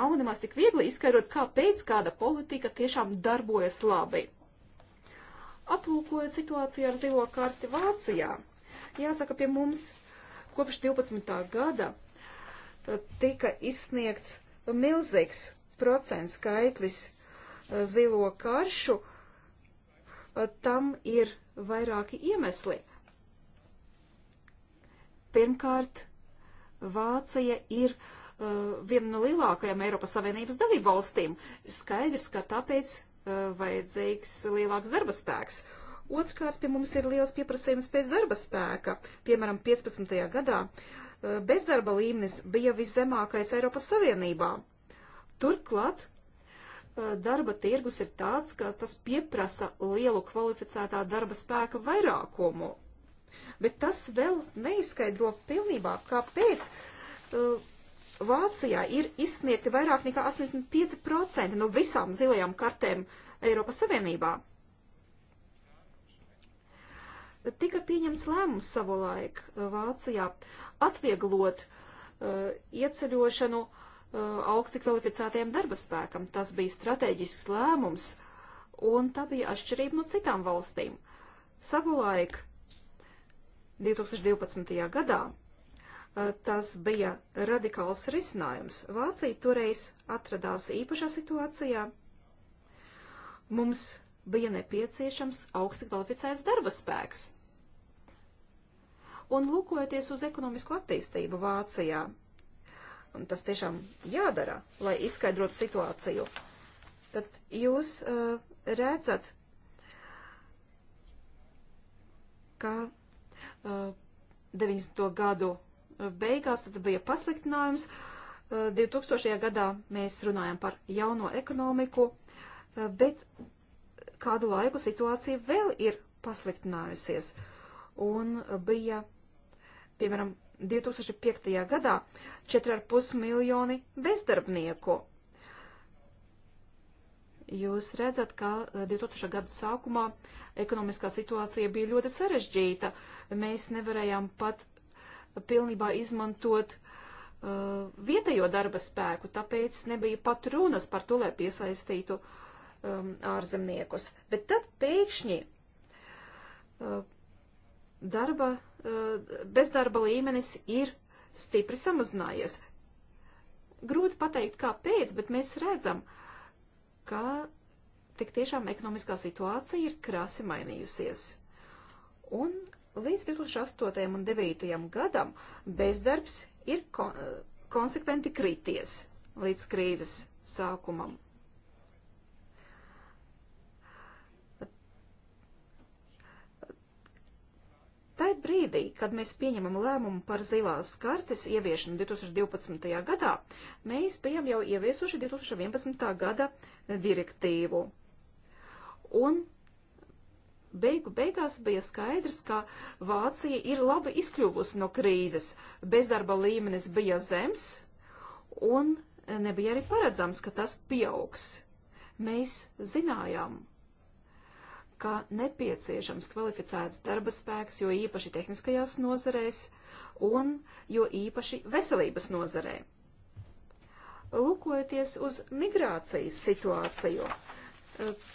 nav nemaz tik viegli izskaidrot, kāpēc kāda politika tiešām darbojas labi aplūkojot situāciju ar zilo karti Vācijā, jāsaka, pie mums kopš 12. gada uh, tika izsniegts milzīgs procents skaitlis uh, zilo karšu. Uh, tam ir vairāki iemesli. Pirmkārt, Vācija ir uh, viena no lielākajām Eiropas Savienības dalībvalstīm. Skaidrs, ka tāpēc Uh, vajadzīgs lielāks darba spēks. Otrkārt, pie mums ir liels pieprasījums pēc darba spēka. Piemēram, 15. gadā uh, bezdarba līmenis bija viszemākais Eiropas Savienībā. Turklāt uh, darba tirgus ir tāds, ka tas pieprasa lielu kvalificētā darba spēka vairākumu. Bet tas vēl neizskaidro pilnībā, kāpēc uh, Vācijā ir izsniegti vairāk nekā 85% no visām zilajām kartēm Eiropas Savienībā. Tika pieņemts lēmums savulaik uh, Vācijā atvieglot uh, ieceļošanu uh, augsti kvalificētajiem darbaspēkam. Tas bija strateģisks lēmums, un tā bija atšķirība no citām valstīm. Savulaik 2012. gadā Eh, tas bija radikāls risinājums. Vācija toreiz atradās īpašā situācijā. Mums bija nepieciešams augsti kvalificēts darba spēks. Un lūkojoties uz ekonomisko attīstību Vācijā, un tas tiešām jādara, lai izskaidrotu situāciju, tad jūs uh, redzat, ka uh, eh, 90. gadu beigās tad bija pasliktinājums. 2000. Eh, gadā mēs runājam par jauno ekonomiku, eh, bet kādu laiku situācija vēl ir pasliktinājusies. Un bija, piemēram, 2005. gadā 4,5 miljoni bezdarbnieku. Jūs redzat, ka 2000. Eh, gadu sākumā ekonomiskā situācija bija ļoti sarežģīta. Mēs nevarējām pat pilnībā izmantot uh, vietējo darba spēku, tāpēc nebija pat runas par to, lai piesaistītu um, ārzemniekus. Bet tad pēkšņi uh, darba, uh, bezdarba līmenis ir stipri samazinājies. Grūti pateikt, kāpēc, bet mēs redzam, ka tik tiešām ekonomiskā situācija ir krasi mainījusies. Un Līdz 2008. un 2009. gadam bezdarbs ir kon konsekventi krities līdz krīzes sākumam. Tajā brīdī, kad mēs pieņemam lēmumu par zilās kartes ieviešanu 2012. gadā, mēs bijām jau ieviesuši 2011. gada direktīvu. Un Beigu beigās bija skaidrs, ka Vācija ir labi izkļuvusi no krīzes. Bezdarba līmenis bija zems un nebija arī paredzams, ka tas pieaugs. Mēs zinājām, ka nepieciešams kvalificēts darba spēks, jo īpaši tehniskajās nozarēs un jo īpaši veselības nozarē. Lūkojoties uz migrācijas situāciju,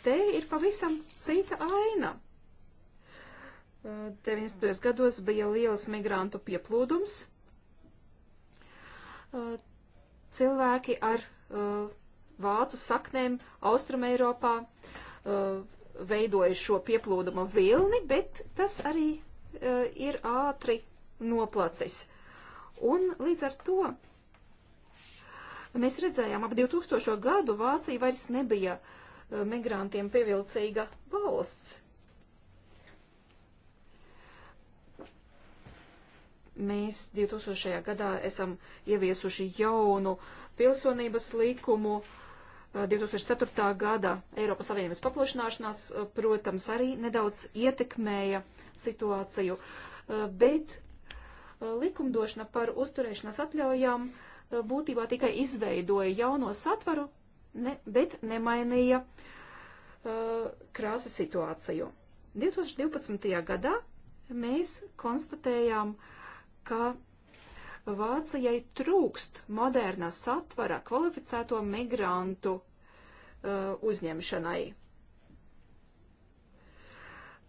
te ir pavisam cita aina. 90. gados bija liels migrantu pieplūdums. Cilvēki ar vācu saknēm Austrum Eiropā veidoja šo pieplūduma vilni, bet tas arī ir ātri noplacis. Un līdz ar to mēs redzējām, ap 2000. gadu Vācija vairs nebija migrantiem pievilcīga valsts Mēs 2000. gadā esam ieviesuši jaunu pilsonības likumu. 2004. gada Eiropas Savienības paplašināšanās, protams, arī nedaudz ietekmēja situāciju, bet likumdošana par uzturēšanās atļaujām būtībā tikai izveidoja jauno satvaru, ne, bet nemainīja uh, krāsa situāciju. 2012. gadā mēs konstatējām uh, ka Vācijai trūkst modernā satvara kvalificēto migrantu uh, uzņemšanai.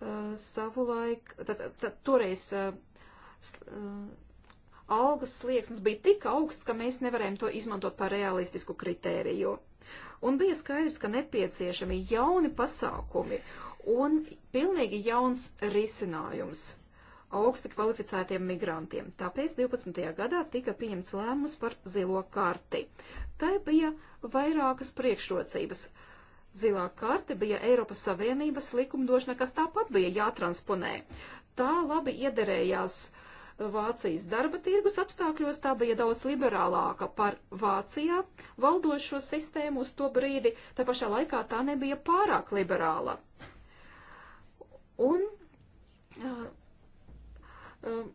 Uh, savulaik, tad, tad toreiz uh, uh, algas slieksnis bija tik augsts, ka mēs nevarējām to izmantot par realistisku kritēriju. Un bija skaidrs, ka nepieciešami jauni pasākumi un pilnīgi jauns risinājums augsti kvalificētiem migrantiem. Tāpēc 12. gadā tika pieņemts lēmums par zilo karti. Tai bija vairākas priekšrocības. Zilā karte bija Eiropas Savienības likumdošana, kas tāpat bija jātransponē. Tā labi iederējās Vācijas darba tirgus apstākļos, tā bija daudz liberālāka par Vācijā valdošo sistēmu uz to brīdi, tā pašā laikā tā nebija pārāk liberāla. Un Um,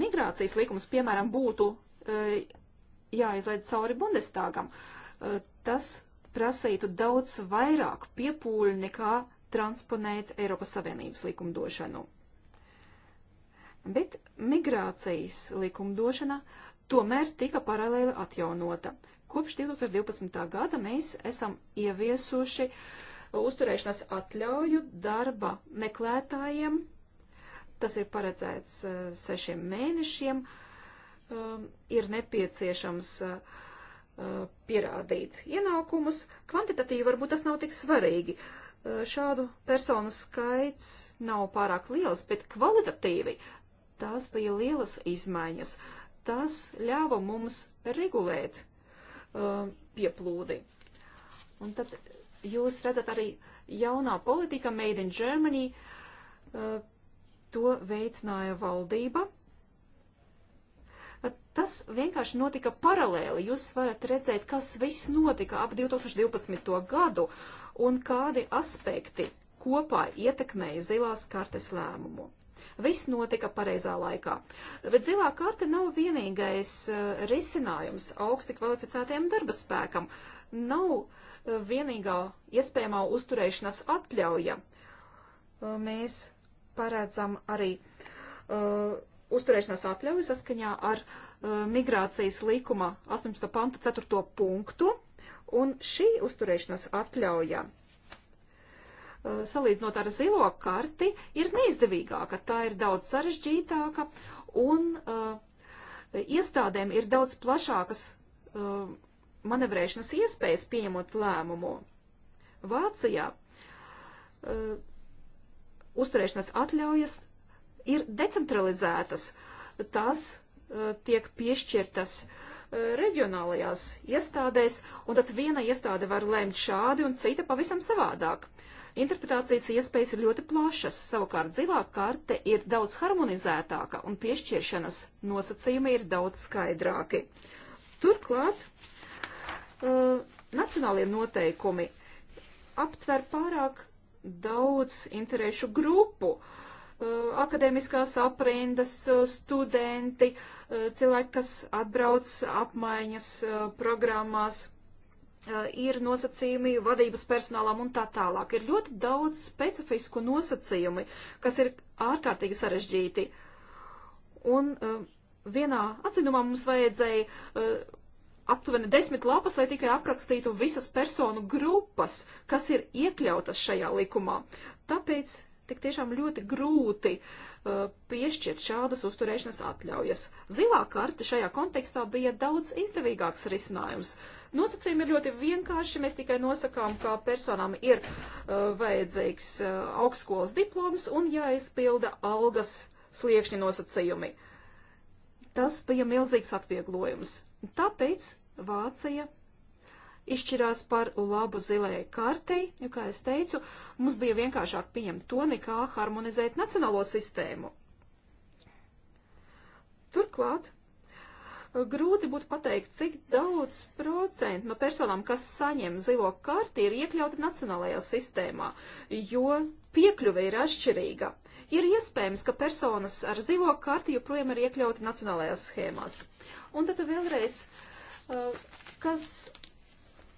migrācijas likums, piemēram, būtu uh, jāizlaid cauri Bundestagam. Uh, tas prasītu daudz vairāk piepūļu nekā transponēt Eiropas Savienības likumdošanu. Bet migrācijas likumdošana tomēr tika paralēli atjaunota. Kopš 2012. gada mēs esam ieviesuši uzturēšanas atļauju darba meklētājiem Tas ir paredzēts eh, sešiem mēnešiem. Um, ir nepieciešams eh, pierādīt ienākumus. Kvantitatīvi varbūt tas nav tik svarīgi. Eh, šādu personu skaits nav pārāk liels, bet kvalitatīvi tās bija lielas izmaiņas. Tas ļāva mums regulēt uh, pieplūdi. Un tad jūs redzat arī jaunā politika Made in Germany uh, to veicināja valdība. Tas vienkārši notika paralēli. Jūs varat redzēt, kas viss notika ap 2012. gadu un kādi aspekti kopā ietekmēja zilās kartes lēmumu. Viss notika pareizā laikā. Bet zilā karte nav vienīgais uh, risinājums augsti kvalificētiem darba spēkam. Nav uh, vienīgā iespējamā uzturēšanās atļauja. Uh, mēs paredzam arī uh, uzturēšanās atļauju saskaņā ar uh, migrācijas līkuma 18. panta 4. punktu. Un šī uzturēšanās atļauja, uh, salīdzinot ar zilo karti, ir neizdevīgāka, tā ir daudz sarežģītāka un uh, iestādēm ir daudz plašākas uh, manevrēšanas iespējas pieņemot lēmumu. Vācijā uh, uzturēšanas atļaujas ir decentralizētas. Tās e, tiek piešķirtas e, reģionālajās iestādēs, un tad viena iestāde var lēmt šādi un cita pavisam savādāk. Interpretācijas iespējas ir ļoti plašas, savukārt zilā karte ir daudz harmonizētāka un piešķiršanas nosacījumi ir daudz skaidrāki. Turklāt uh, nacionālie noteikumi aptver pārāk daudz interešu grupu. Eh, akadēmiskās aprindas, eh, studenti, eh, cilvēki, kas atbrauc apmaiņas programmās, ir nosacījumi vadības personālam un tā tālāk. Ir ļoti daudz specifisku nosacījumi, kas ir ārkārtīgi sarežģīti. Un vienā atzinumā mums vajadzēja aptuveni desmit lapas, lai tikai aprakstītu visas personu grupas, kas ir iekļautas šajā likumā. Tāpēc tik tiešām ļoti grūti uh, piešķirt šādas uzturēšanas atļaujas. Zilā karte šajā kontekstā bija daudz izdevīgāks risinājums. Nosacījumi ir ļoti vienkārši, mēs tikai nosakām, ka personām ir uh, vajadzīgs uh, augstskolas diploms un jāizpilda algas sliekšņa nosacījumi. Tas bija milzīgs atvieglojums. Tāpēc Vācija izšķirās par labu zilajai kartei, jo, kā es teicu, mums bija vienkāršāk pieņemt to, nekā harmonizēt nacionālo sistēmu. Turklāt, grūti būtu pateikt, cik daudz procentu no personām, kas saņem zilo karti, ir iekļauti nacionālajā sistēmā, jo piekļuve ir atšķirīga. Ir iespējams, ka personas ar zilo karti joprojām ir iekļauti nacionālajās schēmās. Un tad vēlreiz uh, Uh, kas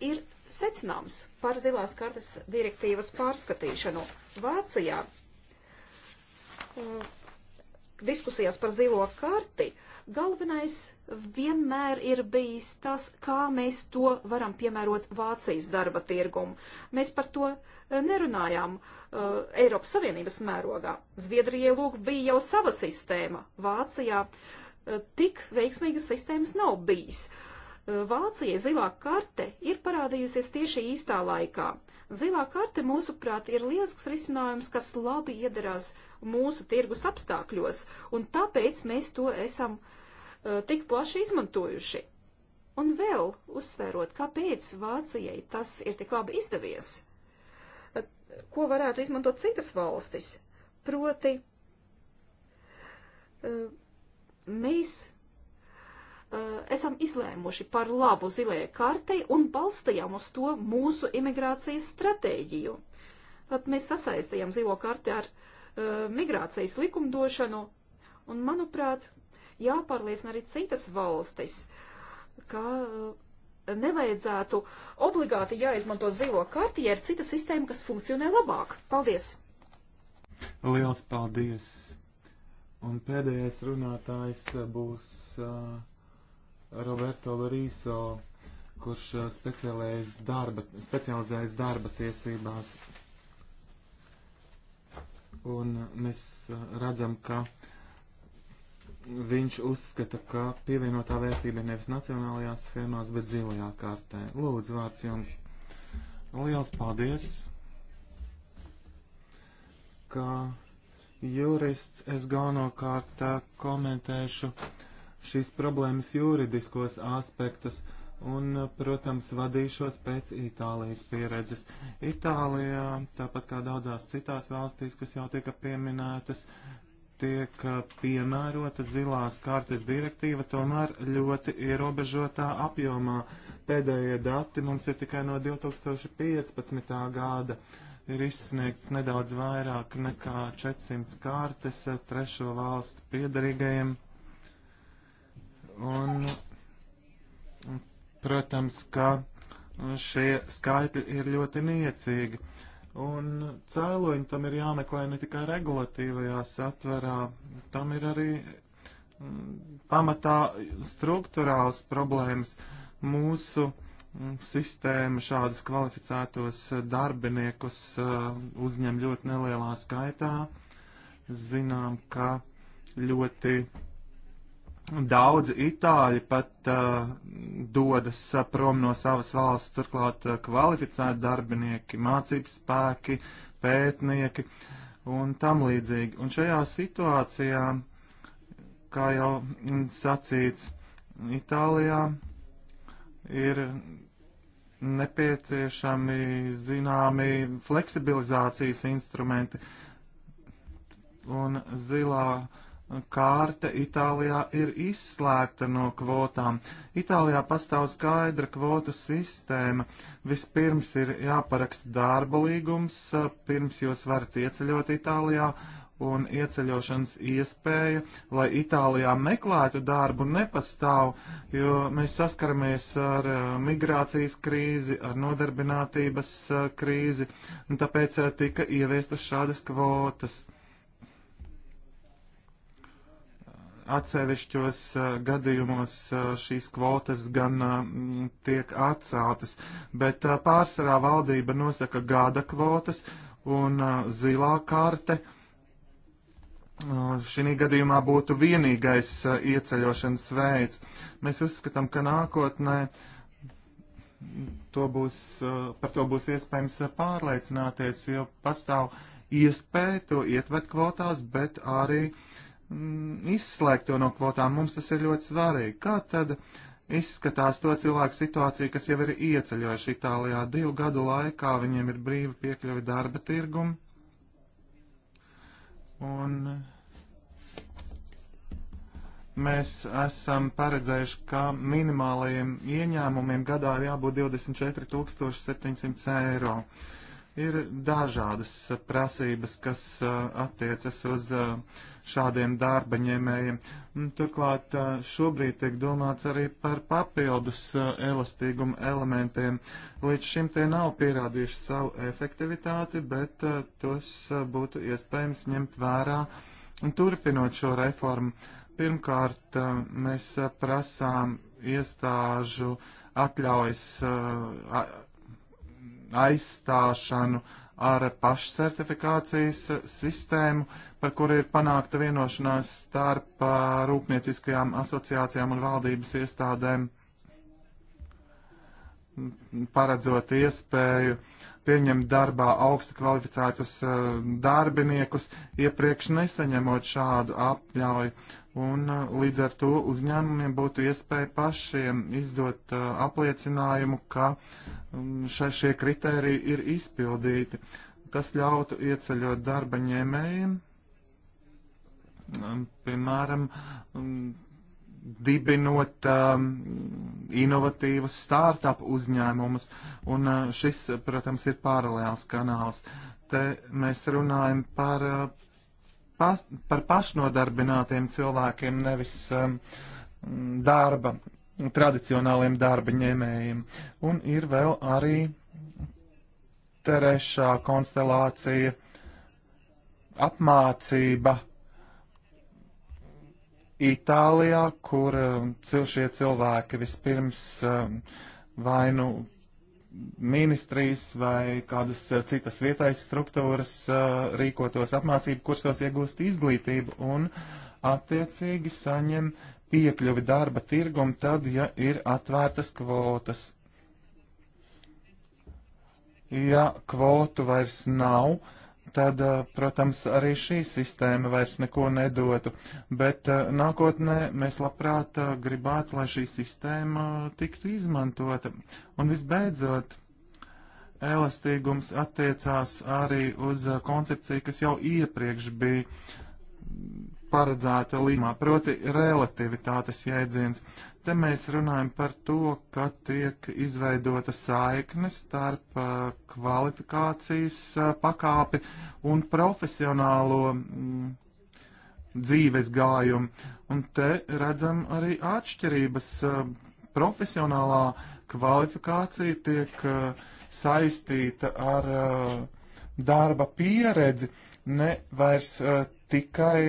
ir secināms par zilās kartes direktīvas pārskatīšanu. Vācijā uh, diskusijās par zilo karti galvenais vienmēr ir bijis tas, kā mēs to varam piemērot Vācijas darba tirgumu. Mēs par to uh, nerunājām uh, Eiropas Savienības mērogā. Zviedrijai lūk bija jau sava sistēma. Vācijā uh, tik veiksmīgas sistēmas nav bijis. Uh, Eh, Vācijai zilā karte ir parādījusies tieši īstā laikā. Zilā karte, mūsuprāt, ir lielisks risinājums, kas labi iedarās mūsu tirgus apstākļos, un tāpēc mēs to esam uh, tik plaši izmantojuši. Un vēl uzsvērot, kāpēc Vācijai tas ir tik labi izdevies, eh, ko varētu izmantot citas valstis, proti uh, mēs Eh, esam izlēmuši par labu zilajai kartei un balstījām uz to mūsu imigrācijas stratēģiju. Pat mēs sasaistījām zilo karti ar uh, migrācijas likumdošanu, un, manuprāt, jāpārliecina arī citas valstis, ka uh, nevajadzētu obligāti jāizmanto zilo karti, ja ir cita sistēma, kas funkcionē labāk. Paldies! Liels paldies! Un pēdējais runātājs būs uh, Roberto Lorīso, kurš eh, specializējas darba, specializējas darba tiesībās. Un mēs eh, redzam, ka viņš uzskata, ka pievienotā vērtība ir nevis nacionālajās schēmās, bet zilajā kārtē. Lūdzu, vārds jums. Liels paldies, ka jurists es galvenokārt eh, komentēšu uh, šīs problēmas juridiskos aspektus un, protams, vadīšos pēc Itālijas pieredzes. Itālijā, tāpat kā daudzās citās valstīs, kas jau tika pieminētas, tiek uh, piemērota zilās kartes direktīva, tomēr ļoti ierobežotā apjomā. Pēdējie dati mums ir tikai no 2015. gada. Ir izsniegts nedaudz vairāk nekā 400 kārtas uh, trešo valstu piedarīgajiem Un, protams, ka šie skaitļi ir ļoti niecīgi. Un cēloņi tam ir jāmeklē ne tikai regulatīvajā satverā, tam ir arī mm, pamatā struktūrāls problēmas. Mūsu mm, sistēma šādus kvalificētos darbiniekus eh, uzņem ļoti nelielā skaitā. Zinām, ka ļoti Daudzi itāļi pat uh, dodas uh, prom no savas valsts, turklāt uh, kvalificēti darbinieki, mācības spēki, pētnieki un tam līdzīgi. Un šajā situācijā, kā jau sacīts, Itālijā ir nepieciešami zināmi fleksibilizācijas instrumenti un zilā kārta Itālijā ir izslēgta no kvotām. Itālijā pastāv skaidra kvotu sistēma. Vispirms ir jāparaksta darba līgums, pirms jūs varat ieceļot Itālijā, un ieceļošanas iespēja, lai Itālijā meklētu darbu, nepastāv, jo mēs saskaramies ar eh, migrācijas krīzi, ar nodarbinātības eh, krīzi, un tāpēc eh, tika ieviestas šādas kvotas. atsevišķos eh, gadījumos eh, šīs kvotas gan eh, tiek atceltas, bet pārsvarā valdība nosaka gada kvotas un zilā karte. Šī gadījumā būtu vienīgais ieceļošanas veids. Mēs uzskatām, ka nākotnē to būs, par to būs iespējams pārliecināties, jo pastāv iespēja to ietvert kvotās, bet arī uh, Mm, izslēgt to no kvotām, mums tas ir ļoti svarīgi. Kā tad izskatās to cilvēku situācija, kas jau ir ieceļojuši Itālijā divu gadu laikā, viņiem ir brīva piekļuvi darba tirgumu? Un mēs esam paredzējuši, ka minimālajiem ieņēmumiem gadā ir jābūt 24 700 eiro. Uh, ir dažādas prasības, kas attiecas uz šādiem darba ņēmējiem. Turklāt šobrīd tiek domāts arī par papildus elastīguma elementiem. Līdz šim tie nav pierādījuši savu efektivitāti, bet tos būtu iespējams ņemt vērā un turpinot šo reformu. Pirmkārt, mēs prasām iestāžu atļaujas aizstāšanu ar pašsertifikācijas sistēmu, par kuru ir panākta vienošanās starp rūpnieciskajām asociācijām un valdības iestādēm, paredzot iespēju pieņemt darbā augsti kvalificētus darbiniekus, iepriekš nesaņemot šādu apļauju. Un līdz ar to uzņēmumiem būtu iespēja pašiem izdot apliecinājumu, ka še, šie kriteriji ir izpildīti. Tas ļautu ieceļot darba ņēmējiem, piemēram, dibinot um, inovatīvas startup uzņēmumus, un uh, šis, protams, ir paralēls kanāls. Te mēs runājam par, uh, pas, par pašnodarbinātiem cilvēkiem, nevis um, darba tradicionāliem darba ņēmējiem. Un ir vēl arī trešā konstelācija - apmācība Itālijā, kur um, šie cilvēki vispirms um, vainu ministrijas vai kādas uh, citas vietais struktūras uh, rīkotos apmācību kursos iegūst izglītību un attiecīgi saņem iekļuvi darba tirgum tad, ja ir atvērtas kvotas. Ja kvotu vairs nav, tad, eh, protams, arī šī sistēma vairs neko nedotu. Bet eh, nākotnē mēs labprāt eh, gribētu, lai šī sistēma tiktu izmantota. Un visbeidzot, elastīgums attiecās arī uz koncepciju, kas jau iepriekš bija paredzēta līmā, proti relativitātes jēdziens. Te mēs runājam par to, ka tiek izveidota saikne starp uh, kvalifikācijas uh, pakāpi un profesionālo mm, dzīves gājumu. Un te redzam arī atšķirības. Uh, profesionālā kvalifikācija tiek saistīta ar darba pieredzi, ne vairs tikai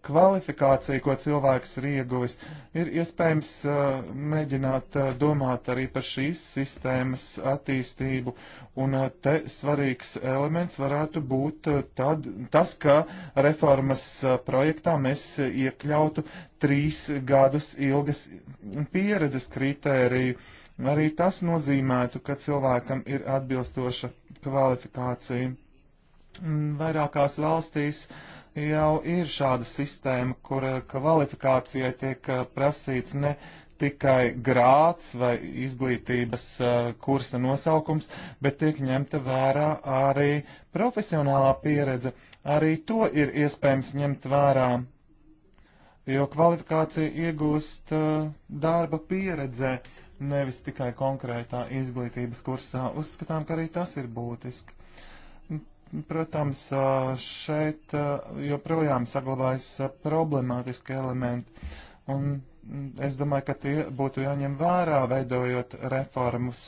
kvalifikācija, ko cilvēks ir ieguvis, ir iespējams uh, mēģināt uh, domāt arī par šīs sistēmas attīstību. Un uh, te svarīgs elements varētu būt uh, tad, tas, ka reformas uh, projektā mēs iekļautu trīs gadus ilgas pieredzes kritēriju. Arī tas nozīmētu, ka cilvēkam ir atbilstoša kvalifikācija. Vairākās valstīs uh, jau ir šāda sistēma, kur eh, kvalifikācijai tiek eh, prasīts ne tikai grāts vai izglītības eh, kursa nosaukums, bet tiek ņemta vērā arī profesionālā pieredze. Arī to ir iespējams ņemt vērā, jo kvalifikācija iegūst darba pieredzē, nevis tikai konkrētā izglītības kursā. Uzskatām, ka arī tas ir būtiski. Protams, šeit joprojām saglabājas problemātiski elementi, un es domāju, ka tie būtu jāņem vērā, veidojot reformus,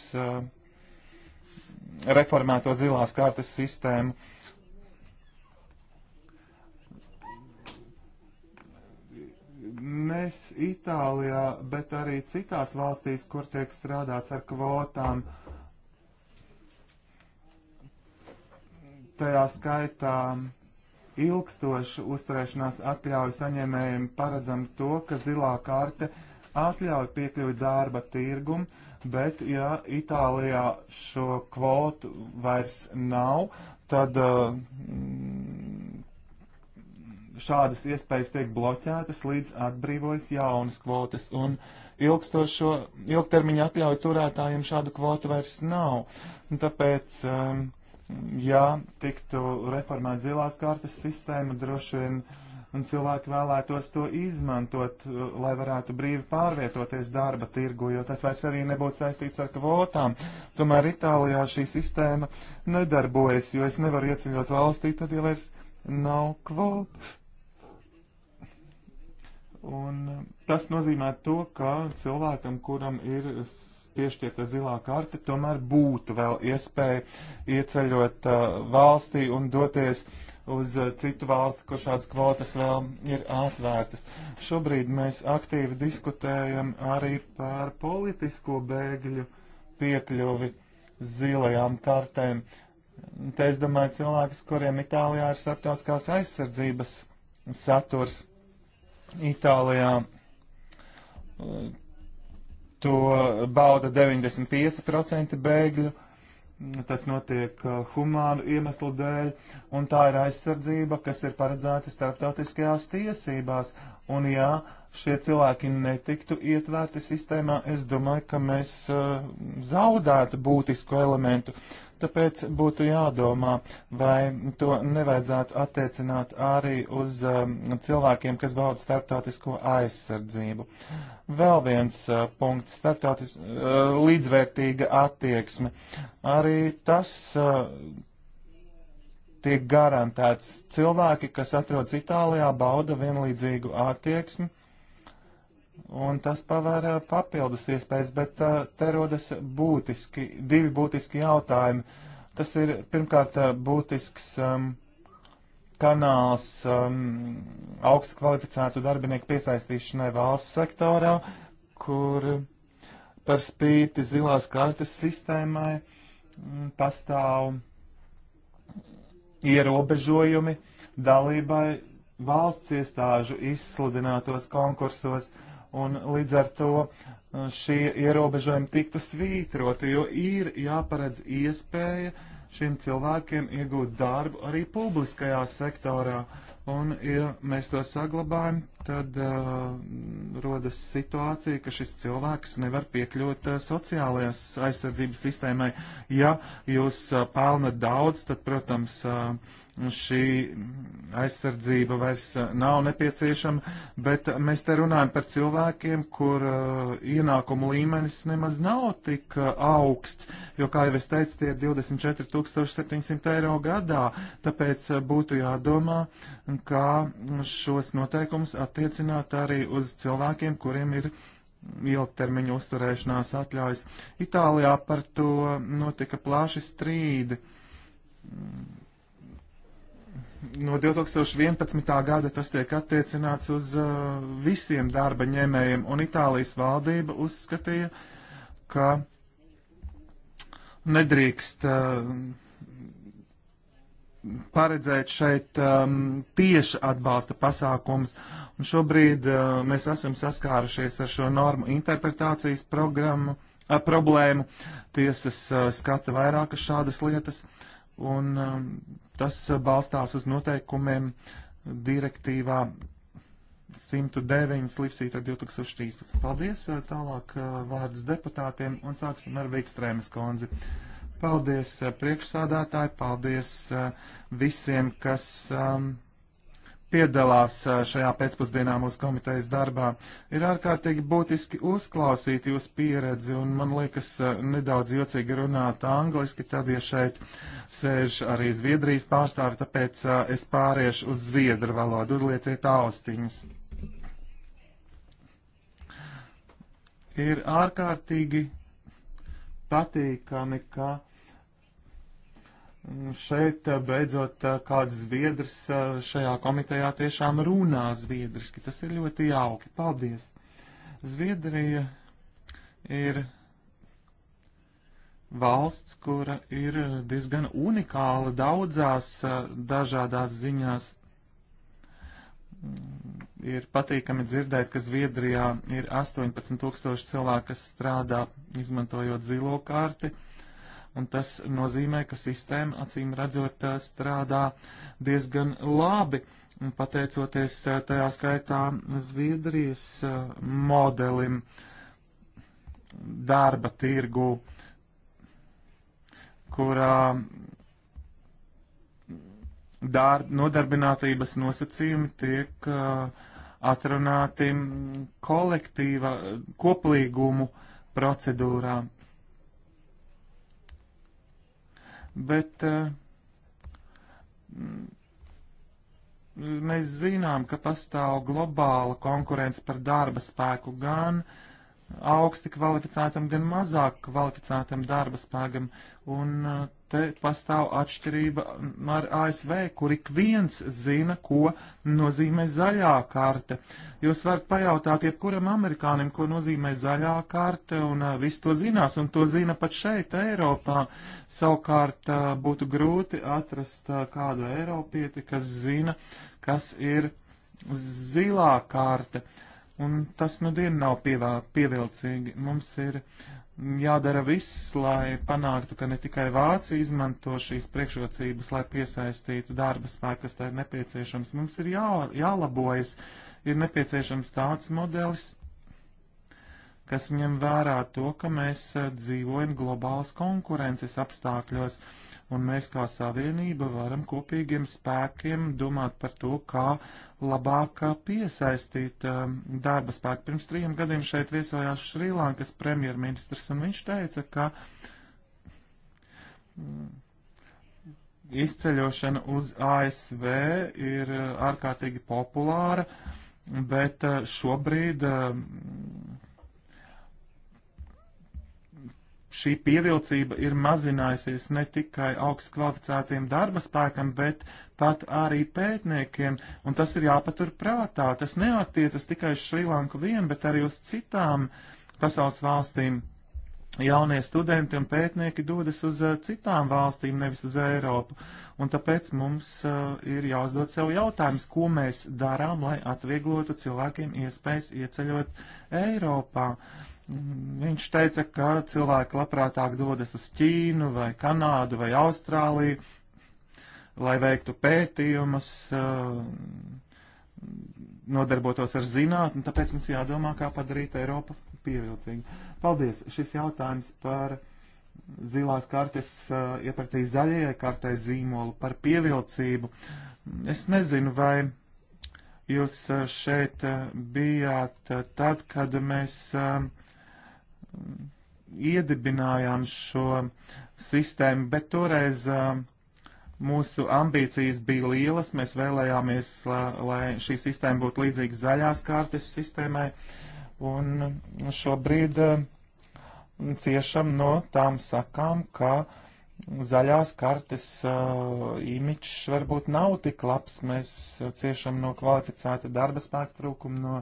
reformēto zilās kārtas sistēmu. Mēs Itālijā, bet arī citās valstīs, kur tiek strādāts ar kvotām, uh, tajā skaitā ilgstošu uzturēšanās atļauju saņēmējiem paredzam to, ka zilā karte atļauj piekļuvi darba tirgumu, bet ja Itālijā šo kvotu vairs nav, tad uh, šādas iespējas tiek bloķētas, līdz atbrīvojas jaunas kvotas. Un ilgstošo ilgtermiņa atļauju turētājiem šādu kvotu vairs nav. Un tāpēc um, uh, ja tiktu reformēt zilās kartes sistēmu, droši vien un cilvēki vēlētos to izmantot, lai varētu brīvi pārvietoties darba tirgu, jo tas vairs arī nebūtu saistīts ar kvotām. Tomēr Itālijā šī sistēma nedarbojas, jo es nevaru ieceļot valstī, tad jau vairs nav kvotu. Un tas nozīmē to, ka cilvēkam, kuram ir piešķirta zilā karte, tomēr būtu vēl iespēja ieceļot uh, valstī un doties uz uh, citu valsti, kur šādas kvotas vēl ir atvērtas. Šobrīd mēs aktīvi diskutējam arī par politisko bēgļu piekļuvi zilajām kartēm. Te es domāju cilvēkus, kuriem Itālijā ir starptautiskās aizsardzības saturs. Itālijā To bauda 95% bēgļu. Tas notiek uh, humānu iemeslu dēļ, un tā ir aizsardzība, kas ir paredzēta starptautiskajās tiesībās. Un ja šie cilvēki netiktu ietvērti sistēmā, es domāju, ka mēs uh, zaudētu būtisku elementu. Tāpēc būtu jādomā, vai to nevajadzētu attiecināt arī uz um, cilvēkiem, kas bauda starptautisko aizsardzību. Vēl viens uh, punkts starptautis, uh, - līdzvērtīga attieksme. Arī tas uh, tiek garantēts. Cilvēki, kas atrodas Itālijā, bauda vienlīdzīgu attieksmi un tas pavēr papildus iespējas, bet te rodas būtiski, divi būtiski jautājumi. Tas ir pirmkārt būtisks um, kanāls um, augstu kvalificētu darbinieku piesaistīšanai valsts sektorā, kur par spīti zilās kartes sistēmai pastāv ierobežojumi dalībai valsts iestāžu izsludinātos konkursos. Uh, un līdz ar to uh, šie ierobežojumi tiktu svītroti, jo ir jāparedz iespēja šiem cilvēkiem iegūt darbu arī publiskajā sektorā. Un, ja mēs to saglabājam, tad uh, rodas situācija, ka šis cilvēks nevar piekļūt uh, sociālajās aizsardzības sistēmai. Ja jūs uh, pelnat daudz, tad, protams, uh, šī aizsardzība vairs eh, nav nepieciešama, bet mēs te runājam par cilvēkiem, kur uh, ienākumu līmenis nemaz nav tik eh, augsts, jo, kā jau es teicu, tie ir 24 700 eiro gadā, tāpēc būtu jādomā, kā šos noteikumus attiecināt arī uz cilvēkiem, kuriem ir ilgtermiņa uzturēšanās atļaujas. Itālijā par to notika plaši strīdi no 2011. gada tas tiek attiecināts uz uh, visiem darba ņēmējiem, un Itālijas valdība uzskatīja, ka nedrīkst uh, paredzēt šeit um, tieši atbalsta pasākums. Un šobrīd uh, mēs esam saskārušies ar šo normu interpretācijas programmu, uh, problēmu. Tiesas uh, skata vairākas šādas lietas. Uh, un um, tas balstās uz noteikumiem direktīvā 109 slipsīta 2013. Paldies, uh, tālāk uh, vārds deputātiem un sāksim ar Vikstrēmas kundzi. Paldies uh, priekšsādātāji, paldies visiem, kas um, piedalās šajā pēcpusdienā mūsu komitejas darbā. Ir ārkārtīgi būtiski uzklausīt jūsu pieredzi, un man liekas nedaudz jocīgi runāt angliski, tad, ja šeit sēž arī Zviedrijas pārstāvi, tāpēc es pāriešu uz Zviedru valodu. Uzlieciet austiņas. Ir ārkārtīgi patīkami, ka šeit eh, beidzot eh, kāds zviedrs eh, šajā komitejā tiešām runā zviedriski. Tas ir ļoti jauki. Paldies! Zviedrija ir valsts, kura ir diezgan unikāla daudzās dažādās ziņās. Mm, ir patīkami dzirdēt, ka Zviedrijā ir 18 tūkstoši cilvēku, kas strādā izmantojot zilo karti un tas nozīmē, ka sistēma acīm redzot strādā diezgan labi, pateicoties tajā skaitā Zviedrijas modelim darba tirgu, kurā darb, nodarbinātības nosacījumi tiek uh, atrunāti kolektīva koplīgumu procedūrā. bet eh, mēs zinām, ka pastāv globāla konkurence par darba spēku gan uh, augsti kvalificētam, gan mazāk kvalificētam darba spēkam. Un uh, te pastāv atšķirība ar ASV, kur ik viens zina, ko nozīmē zaļā karte. Jūs varat pajautāt jebkuram amerikānim, ko nozīmē zaļā karte, un uh, viss to zinās, un to zina pat šeit, Eiropā. Savukārt uh, būtu grūti atrast uh, kādu Eiropieti, kas zina, kas ir zilā karte. Uh, un tas nu dienu nav pievā, pievilcīgi. Mums ir jādara viss, lai panāktu, ka ne tikai Vācija izmanto šīs priekšrocības, lai piesaistītu darba spēku, kas tā ir nepieciešams. Mums ir jā, jālabojas, ir nepieciešams tāds modelis, kas ņem vērā to, ka mēs eh, dzīvojam globālas konkurences apstākļos. Uh, un mēs kā savienība varam kopīgiem spēkiem domāt par to, kā labāk piesaistīt um, darba spēku. Pirms trim gadiem šeit viesojās Šrilankas premjerministrs, un viņš teica, ka mm, izceļošana uz ASV ir uh, ārkārtīgi populāra, bet uh, šobrīd um, šī pievilcība ir mazinājusies ne tikai augst kvalificētiem darba spēkam, bet pat arī pētniekiem, un tas ir jāpatur prātā. Tas neatiecas tikai uz Šrilanku vien, bet arī uz citām pasaules valstīm. Jaunie studenti un pētnieki dodas uz uh, citām valstīm, nevis uz Eiropu, un tāpēc mums uh, ir jāuzdod sev jautājums, ko mēs darām, lai atvieglotu cilvēkiem iespējas ieceļot Eiropā. Uh, Viņš teica, ka cilvēki labprātāk dodas uz Ķīnu vai Kanādu vai Austrāliju, lai veiktu pētījumus, eh, nodarbotos ar zinātni, tāpēc mums jādomā, kā padarīt Eiropu pievilcīgu. Paldies! Šis jautājums par zilās kartes eh, iepratīja zaļajai kartai zīmolu par pievilcību. Es nezinu, vai jūs eh, šeit bijāt tad, kad mēs uh, iedibinājām šo sistēmu, bet toreiz uh, mūsu ambīcijas bija lielas. Mēs vēlējāmies, lai, lai šī sistēma būtu līdzīga zaļās kārtas sistēmai, un šobrīd uh, ciešam no tām sakām, ka zaļās kartes uh, imičs varbūt nav tik labs. Mēs ciešam no kvalificēta darba spēka trūkuma, no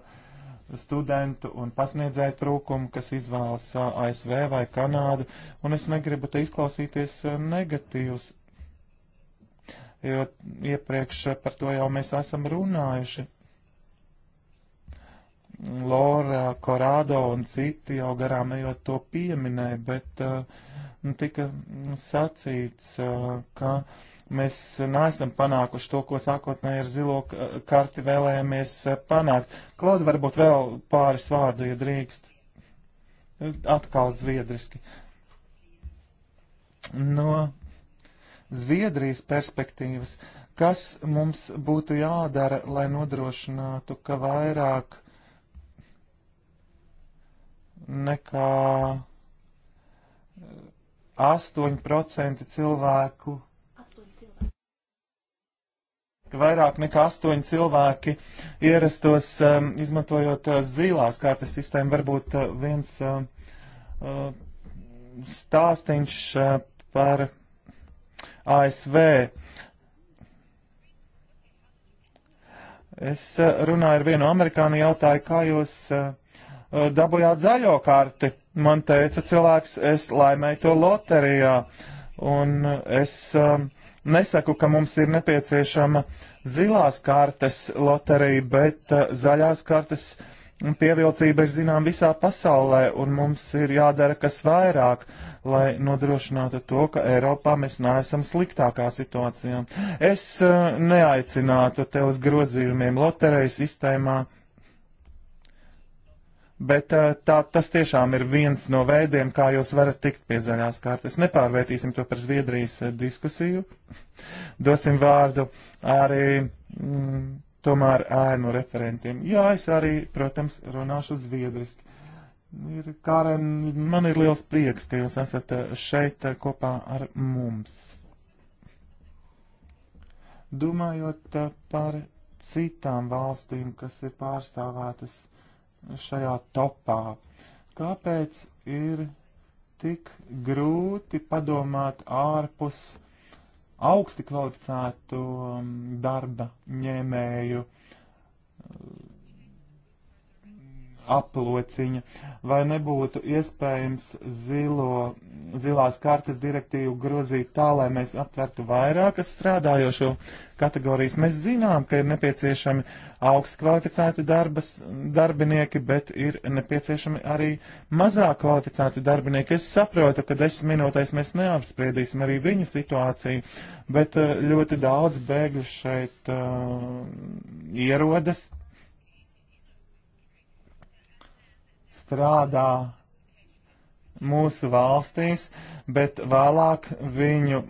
studentu un pasniedzēju trūkumu, kas izvēlas ASV vai Kanādu, un es negribu te izklausīties negatīvs, jo iepriekš par to jau mēs esam runājuši. Lora, Korādo un citi jau garām ejot to pieminēja, bet uh, tika sacīts, uh, ka uh, Mēs neesam panākuši to, ko sākotnēji ar zilo karti vēlējāmies eh, panākt. Klauda, varbūt vēl pāris vārdu, ja drīkst. Atkal zviedriski. No Zviedrijas perspektīvas, kas mums būtu jādara, lai nodrošinātu, ka vairāk nekā 8% eh, cilvēku ka vairāk nekā astoņi cilvēki ierastos, um, izmantojot uh, zilās kartes sistēmu. Varbūt uh, viens uh, uh stāstīņš uh, par ASV. Es uh, runāju ar vienu amerikānu, jautāju, kā jūs uh, uh dabujāt zaļo karti. Man teica cilvēks, es laimēju to loterijā. Un uh, es uh, Nesaku, ka mums ir nepieciešama zilās kartes loterija, bet eh, zaļās kartes pievilcība ir zinām visā pasaulē, un mums ir jādara kas vairāk, lai nodrošinātu to, ka Eiropā mēs neesam sliktākā situācijā. Es eh, neaicinātu tev uz grozījumiem loterijas sistēmā Bet eh, tā, tas tiešām ir viens no veidiem, kā jūs varat tikt pie zaļās kārtas. Nepārvērtīsim to par Zviedrijas eh, diskusiju. Dosim vārdu arī mm, tomēr ēnu referentiem. Jā, es arī, protams, runāšu zviedriski. Ir, Kāren, man ir liels prieks, ka jūs esat eh, šeit kopā ar mums. Domājot par citām valstīm, kas ir pārstāvētas šajā topā. Kāpēc ir tik grūti padomāt ārpus augsti kvalificētu darba ņēmēju aplociņa, vai nebūtu iespējams zilo, zilās kartes direktīvu grozīt tā, lai mēs aptvertu vairākas strādājošo kategorijas. Mēs zinām, ka ir nepieciešami augst kvalificēti darbas, darbinieki, bet ir nepieciešami arī mazāk kvalificēti darbinieki. Es saprotu, ka desmit minūtēs mēs neapspriedīsim arī viņu situāciju, bet eh, ļoti daudz bēgļu šeit uh, ierodas strādā mūsu valstīs, bet vēlāk viņu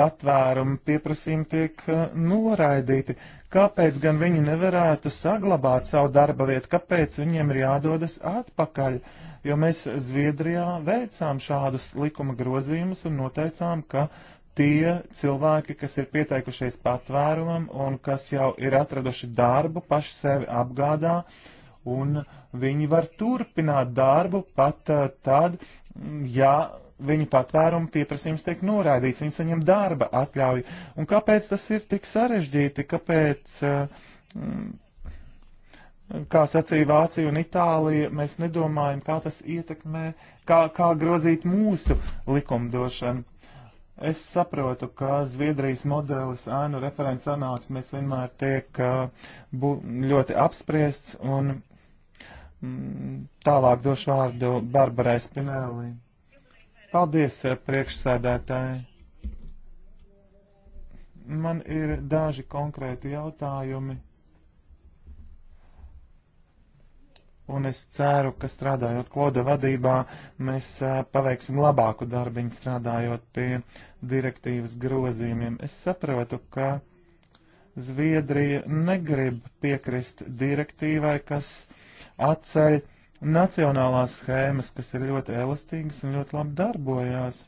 patvērumu pieprasījumi tiek eh, noraidīti. Kāpēc gan viņi nevarētu saglabāt savu darba vietu? Kāpēc viņiem ir jādodas atpakaļ? Jo mēs Zviedrijā veicām šādus likuma grozījumus un noteicām, ka tie cilvēki, kas ir pieteikušies patvērumam un kas jau ir atraduši darbu, paši sevi apgādā un uh, viņi var turpināt darbu pat eh, tad, ja viņu patvērumu pieprasījums tiek noraidīts, viņi saņem darba atļauju. Un kāpēc tas ir tik sarežģīti? Kāpēc, eh, mm, kā sacīja Vācija un Itālija, mēs nedomājam, kā tas ietekmē, kā, kā grozīt mūsu likumdošanu? Es saprotu, ka Zviedrijas modelis ēnu referents sanāksmēs vienmēr tiek eh, bū, ļoti apspriests un Mm, tālāk došu vārdu Barbarai Spinelli. Paldies, eh, priekšsēdētāji. Man ir daži konkrēti jautājumi. un es ceru, ka strādājot kloda vadībā, mēs a, eh, paveiksim labāku darbiņu strādājot pie direktīvas grozījumiem. Es saprotu, ka Zviedrija negrib piekrist direktīvai, kas atceļ nacionālās schēmas, kas ir ļoti elastīgas un ļoti labi darbojās.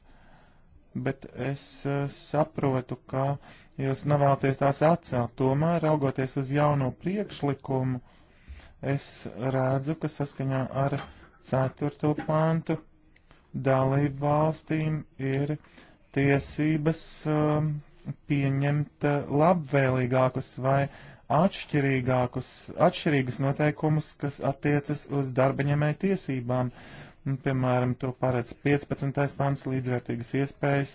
Bet es uh, saprotu, ka jūs nevēlaties tās atcelt. Tomēr, raugoties uz jauno priekšlikumu, es redzu, ka saskaņā ar 4. pāntu dalību valstīm ir tiesības um, pieņemt eh, labvēlīgākus vai uh, atšķirīgus noteikumus, kas attiecas uz darbaņemēju tiesībām. Un, piemēram, to paredz 15. pants līdzvērtīgas iespējas,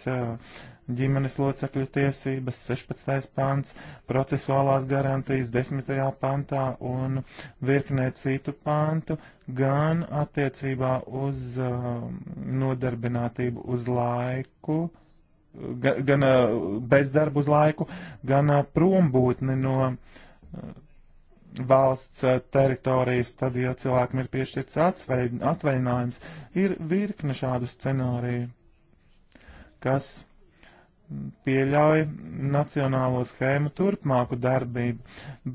ģimenes locekļu tiesības, 16. pants, procesuālās garantijas 10. pantā un virknē citu pantu, gan attiecībā uz nodarbinātību uz laiku, uh, gan, gan bezdarbu uz laiku, gan prombūtni no valsts teritorijas, tad, ja cilvēkam ir piešķirts atvaļinājums, ir virkne šādu scenāriju, kas pieļauj nacionālo schēmu turpmāku darbību,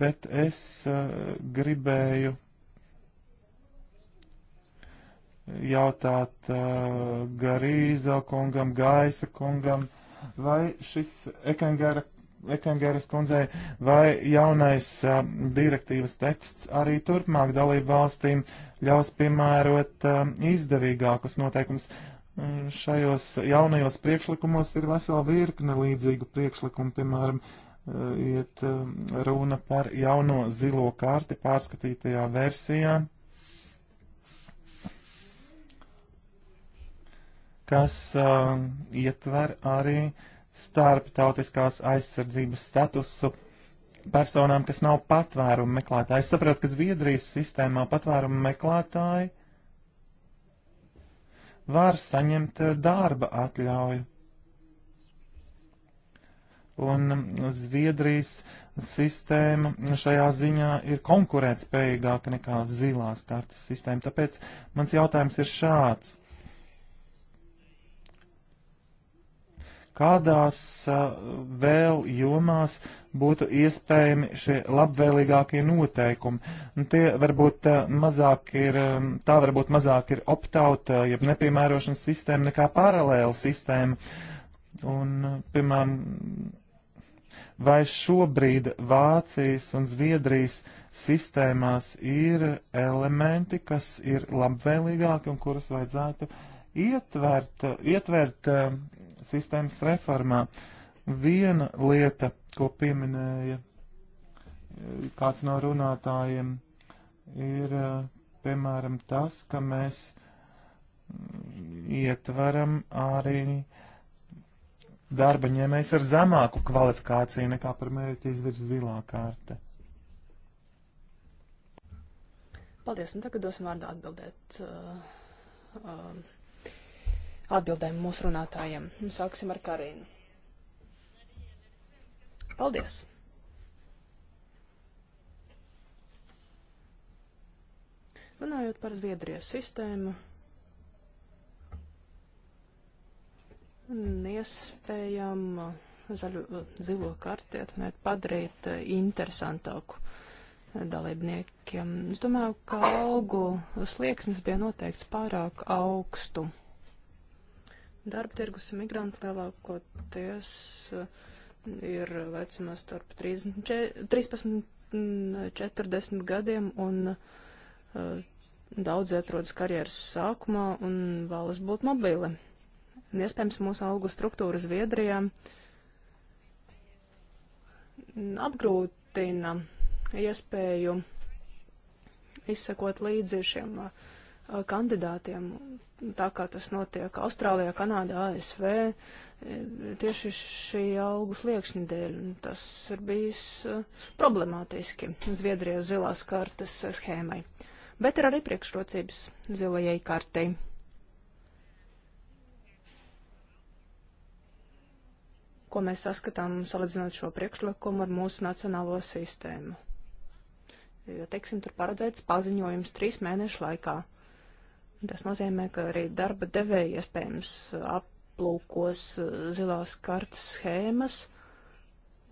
bet es uh, gribēju jautāt uh, eh, Garīzo kungam, Gaisa kungam, vai šis Ekengara, Ekengaras kundzei, vai jaunais uh, direktīvas teksts arī turpmāk dalību valstīm ļaus piemērot uh, izdevīgākus noteikumus. Mm, šajos jaunajos priekšlikumos ir vesela virkne līdzīgu priekšlikumu, piemēram, iet runa par jauno zilo karti pārskatītajā versijā kas uh, ietver arī starptautiskās aizsardzības statusu personām, kas nav patvērumu meklētāji. Es saprotu, ka Zviedrijas sistēmā patvērumu meklētāji var saņemt uh, darba atļauju. Un um, Zviedrijas sistēma šajā ziņā ir konkurētspējīgāka nekā zilās kartas sistēma. Tāpēc mans jautājums ir šāds kādās vēl jomās būtu iespējami šie labvēlīgākie noteikumi. Un tie varbūt mazāk ir, tā varbūt mazāk ir optauta, jeb nepiemērošanas sistēma nekā paralēla sistēma. Un, piemēram, vai šobrīd Vācijas un Zviedrijas sistēmās ir elementi, kas ir labvēlīgāki un kurus vajadzētu ietvert, ietvert sistēmas reformā. Viena lieta, ko pieminēja eh, kāds no runātājiem, ir eh, piemēram tas, ka mēs mm, ietveram arī darba ņēmējs ar zemāku kvalifikāciju nekā par mērķi izvirs zilā kārta. Paldies, un tagad dosim vārdu atbildēt uh, uh, atbildēm mūsu runātājiem. Nu, sāksim ar Karīnu. Paldies! Runājot par Zviedrijas sistēmu, iespējama zaļu, zilo karti atmiet, padarīt interesantāku dalībniekiem. Es domāju, ka algu slieksnis bija noteikts pārāk augstu. Darba tirgus migranti lielākoties eh, ir vecumā starp 13 40 mm, gadiem un eh, daudz atrodas karjeras sākumā un vēlas būt mobili. Un iespējams, mūsu algu struktūra Zviedrijā apgrūtina iespēju izsekot līdzi šiem uh, Uh, kandidātiem, tā kā tas notiek Austrālijā, Kanādā, ASV, e, tieši šī algas liekšņa dēļ. Tas ir bijis uh, problemātiski Zviedrijas zilās kartas schēmai. Bet ir arī priekšrocības zilajai kartei. Ko mēs saskatām, salīdzinot šo priekšlikumu ar mūsu nacionālo sistēmu? Jo, teiksim, tur paredzēts paziņojums trīs mēnešu laikā Tas nozīmē, ka arī darba devēja iespējams aplūkos uh, zilās kartas schēmas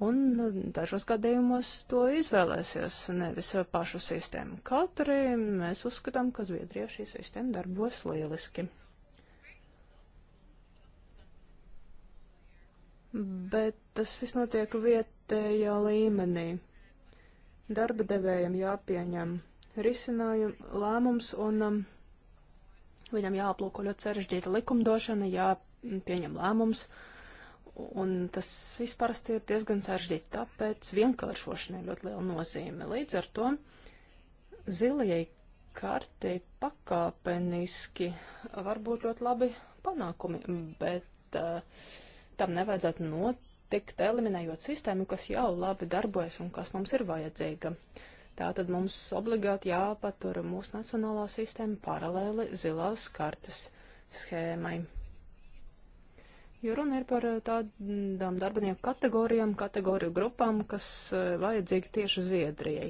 un uh, dažos gadījumos to izvēlēsies, nevis uh, pašu sistēmu. Kaut arī mēs uzskatām, ka Zviedrijā šī sistēma darbos lieliski. bet tas viss notiek vietējā līmenī. Darba devējiem jāpieņem risinājumu lēmums un um, Viņam jāaplūko ļoti sarežģīta likumdošana, jāpieņem lēmums, un tas viss parasti ir diezgan sarežģīti, tāpēc vienkāršošanai ļoti liela nozīme. Līdz ar to zilajai kartei pakāpeniski var būt ļoti labi panākumi, bet uh, tam nevajadzētu notikt, eliminējot sistēmu, kas jau labi darbojas un kas mums ir vajadzīga. Uh, Tātad mums obligāti jāpatur mūsu nacionālā sistēma paralēli zilās kartas schēmai. Jo runa ir par eh, tādām darbinieku kategorijām, kategoriju grupām, kas eh, vajadzīgi tieši Zviedrijai.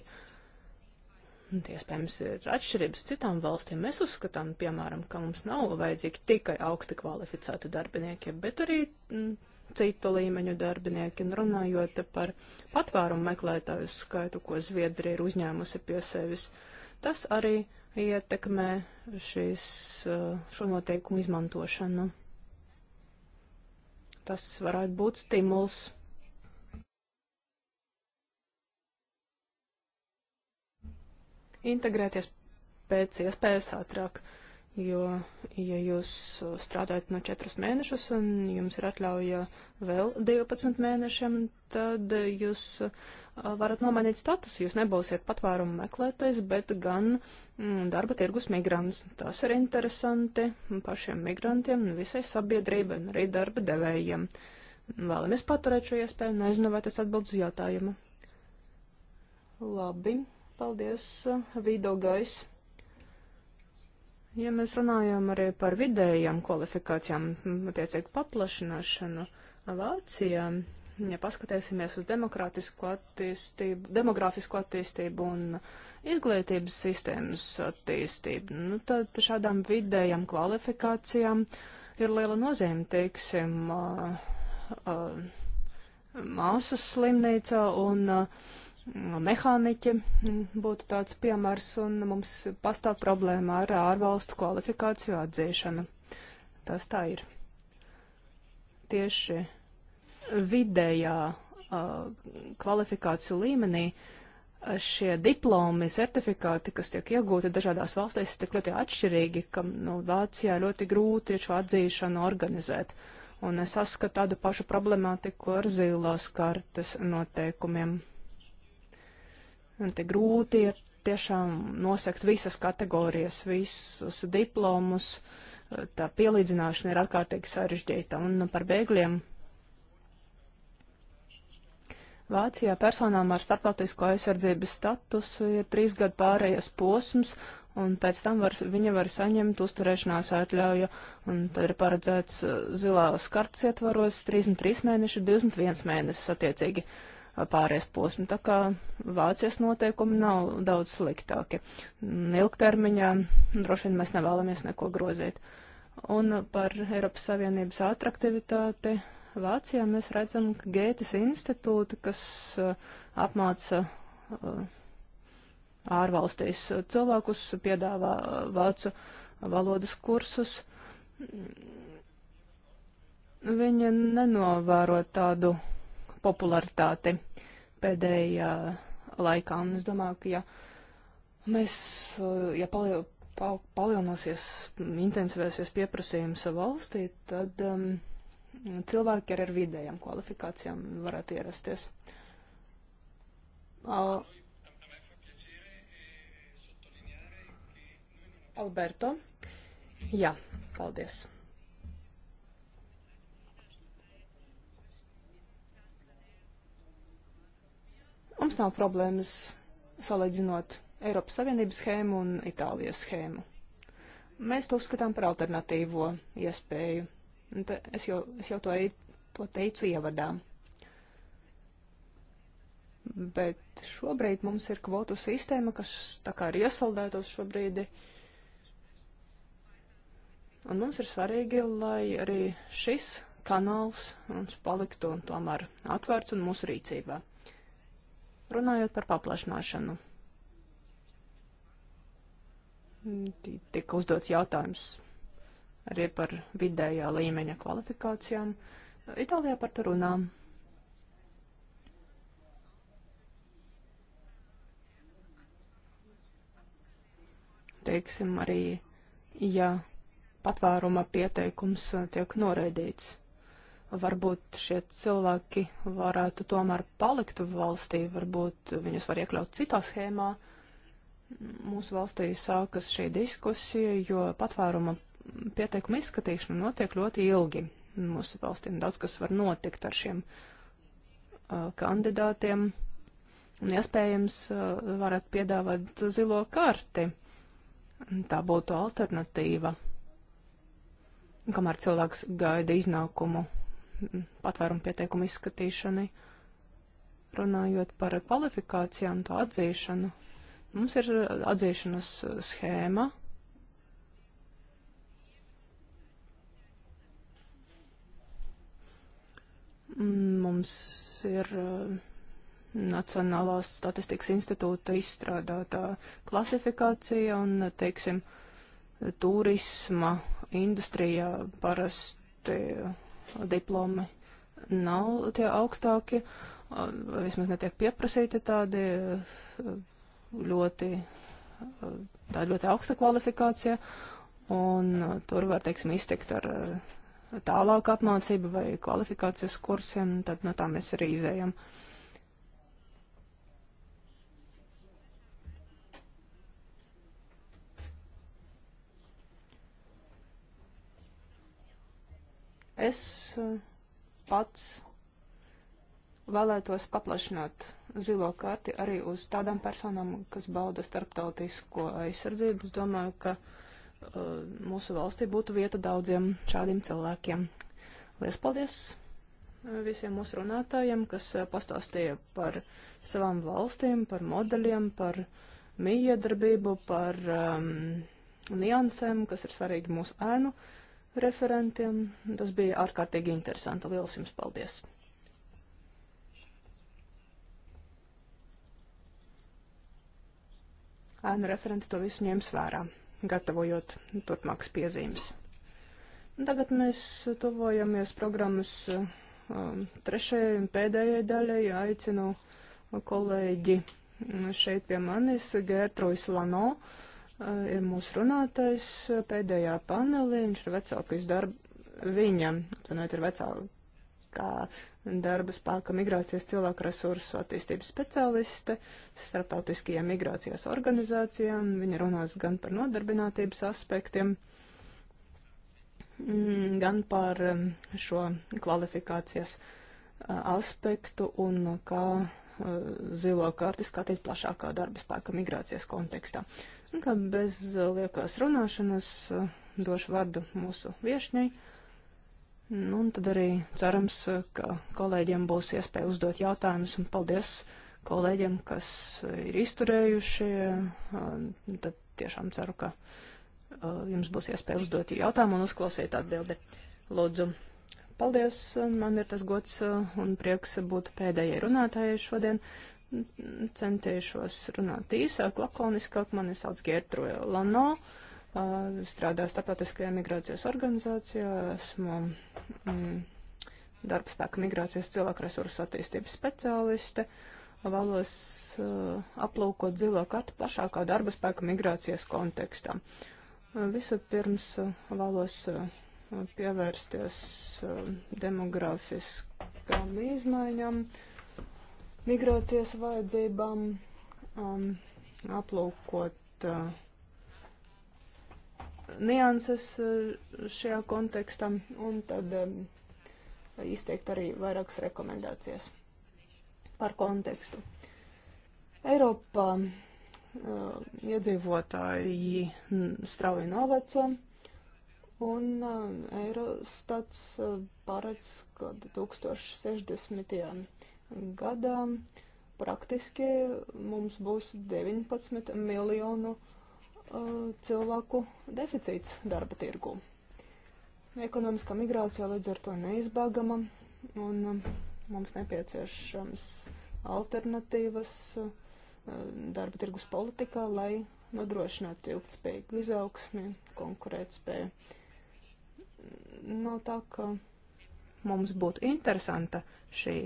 Un, iespējams, ir atšķirības citām valstīm. Mēs uzskatām, piemēram, ka mums nav vajadzīgi tikai augsti kvalificēti darbinieki, bet arī mm, citu līmeņu darbinieki, un runājot par patvērumu meklētāju skaitu, ko Zviedrija ir uzņēmusi pie sevis, tas arī ietekmē šīs, uh, šo noteikumu izmantošanu. Tas varētu būt stimuls. Integrēties pēc iespējas ātrāk. Uh, Jo, ja jūs strādājat no 4 mēnešus un jums ir atļauja vēl 12 mēnešiem, tad jūs uh, varat nomainīt statusu. Jūs nebūsiet patvērumu meklētais, bet gan mm, darba tirgus migrants. Tas ir interesanti pašiem migrantiem, visai sabiedrībai un arī darba devējiem. Vēlamies paturēt šo iespēju, nezinu, vai tas atbild uz jautājumu. Labi, paldies, Vido Gais. Ja mēs runājam arī par vidējām kvalifikācijām, attiecīgi paplašināšanu Vācijā, ja paskatīsimies uz demokrātisku attīstību, demografisku attīstību un izglītības sistēmas attīstību, nu, tad šādām vidējām kvalifikācijām ir liela nozīme, teiksim, māsas slimnīca un uh, mehāniķi būtu tāds piemērs, un mums pastāv problēma ar ārvalstu kvalifikāciju atzīšanu. Tas tā ir. Tieši vidējā uh, kvalifikāciju līmenī šie diplomi, certifikāti, kas tiek iegūti dažādās valstīs, ir tik ļoti atšķirīgi, ka nu, Vācijā ļoti grūti šo atzīšanu organizēt. Un es saskatu tādu pašu problemātiku ar zilās kartes noteikumiem. Un te grūti ir tiešām nosakt visas kategorijas, visus diplomus. Tā pielīdzināšana ir ārkārtīgi sarežģīta. Un nu, par bēgļiem. Vācijā personām ar starptautisko aizsardzības statusu ir trīs gadu pārējais posms, un pēc tam var, viņa var saņemt uzturēšanās atļauju, un tad ir paredzēts uh, zilās kartas ietvaros 33 mēneši, 21 mēnesis attiecīgi. Uh, pārējais posmu. Tā kā Vācijas noteikumi nav daudz sliktāki. Mm, Ilgtermiņā droši vien mēs nevēlamies neko grozīt. Un par Eiropas Savienības atraktivitāti Vācijā mēs redzam, ka Gētas institūti, kas uh, apmāca uh, ārvalstīs cilvēkus, piedāvā uh, vācu valodas kursus, mm, viņi nenovēro tādu popularitāti pēdējā laikā. Un es domāju, ka ja mēs, ja pali, pa, palielināsies, intensivēsies pieprasījums valstī, tad um, cilvēki ar, ar vidējām kvalifikācijām varētu ierasties. Al Alberto. Jā, paldies. Mums nav problēmas salīdzinot Eiropas Savienības schēmu un Itālijas schēmu. Mēs to uzskatām par alternatīvo iespēju. Te, es jau, es jau to, to teicu ievadā. Bet šobrīd mums ir kvotu sistēma, kas tā kā ir iesaldētos šobrīd. Un mums ir svarīgi, lai arī šis kanāls mums paliktu un tomēr atvērts un mūsu rīcībā. Runājot par paplašināšanu. Tika uzdots jautājums arī par vidējā līmeņa kvalifikācijām. Itālijā par to runām. Teiksim, arī, ja patvēruma pieteikums tiek noraidīts Varbūt šie cilvēki varētu tomēr palikt valstī, varbūt viņus var iekļaut citā schēmā. Mūsu valstī sākas šī diskusija, jo patvēruma pieteikuma izskatīšana notiek ļoti ilgi. Mūsu valstīm daudz kas var notikt ar šiem uh, kandidātiem, un iespējams uh, varētu piedāvāt zilo karti. Tā būtu alternatīva, kamēr cilvēks gaida iznākumu patvērumu pieteikumu izskatīšanai. Runājot par kvalifikācijām, to atzīšanu, mums ir atzīšanas schēma. Mums ir uh, Nacionālās statistikas institūta izstrādātā klasifikācija un, teiksim, turisma industrijā parasti diplomi nav tie augstākie, vismaz netiek pieprasīti tādi eh, ļoti, eh, tā ļoti augsta kvalifikācija, un eh, tur var, teiksim, iztikt ar tālāku apmācību vai kvalifikācijas kursiem, tad no nu, tā mēs arī izējam. Uh, Es eh, pats vēlētos paplašināt zilo karti arī uz tādām personām, kas bauda starptautisko aizsardzību. Es domāju, ka uh, mūsu valstī būtu vieta daudziem šādiem cilvēkiem. Lies paldies eh, visiem mūsu runātājiem, kas pastāstīja par savām valstīm, par modeļiem, par mījiedarbību, par um, niansēm, kas ir svarīgi mūsu ēnu. Uh, referentiem. Tas bija ārkārtīgi interesanti. Lielas jums paldies! Ēnu referenti to visu ņems vērā, gatavojot turpmākas piezīmes. Tagad mēs tuvojamies programmas um, trešajai un pēdējai daļai. Aicinu kolēģi šeit pie manis Gertruis Lano. Uh, Eh, ir mūsu runātais eh, pēdējā panelī. Viņš ir vecākais darba, viņa, atvainojiet, ir vecākā darba spēka migrācijas cilvēku resursu attīstības specialiste starptautiskajā migrācijas organizācijā. Viņa runās gan par nodarbinātības aspektiem, mm, gan par eh, šo kvalifikācijas aspektu un kā zilo karti skatīt plašākā darba spēka migrācijas kontekstā. Uh, Un kā bez eh, liekās runāšanas eh, došu vārdu mūsu viešņai. Nu, un tad arī cerams, eh, ka kolēģiem būs iespēja uzdot jautājumus un paldies kolēģiem, kas ir izturējuši. Tad tiešām ceru, ka jums būs iespēja uzdot jautājumu un uzklausīt atbildi. Lūdzu, paldies, man ir tas gods un prieks būt pēdējai runātājai šodien centīšos runāt īsāk, lakoniskāk. Mani sauc Gertruja Lano, strādāju starptautiskajā migrācijas organizācijā, esmu mm, darbspēka migrācijas cilvēku resursu attīstības speciāliste. Vēlos uh, aplūkot dzīvo katu plašākā darba spēka migrācijas kontekstā. Vispirms vēlos pievērsties demografiskām izmaiņām. Uh, migrācijas vajadzībām, um, aplūkot uh, nianses uh, šajā kontekstā un tad um, izteikt arī vairākas rekomendācijas par kontekstu. Eiropā uh, iedzīvotāji strauji noveco, un uh, um, Eirostats uh, paredz, ka 2060 gadā praktiski mums būs 19 miljonu uh, cilvēku deficīts darba tirgū. Ekonomiskā migrācija līdz ar to neizbēgama, un uh, mums nepieciešams alternatīvas uh, darba tirgus politikā, lai nodrošinātu ilgtspējīgu izaugsmi, konkurētspēju. Nav no tā, ka mums būtu interesanta šī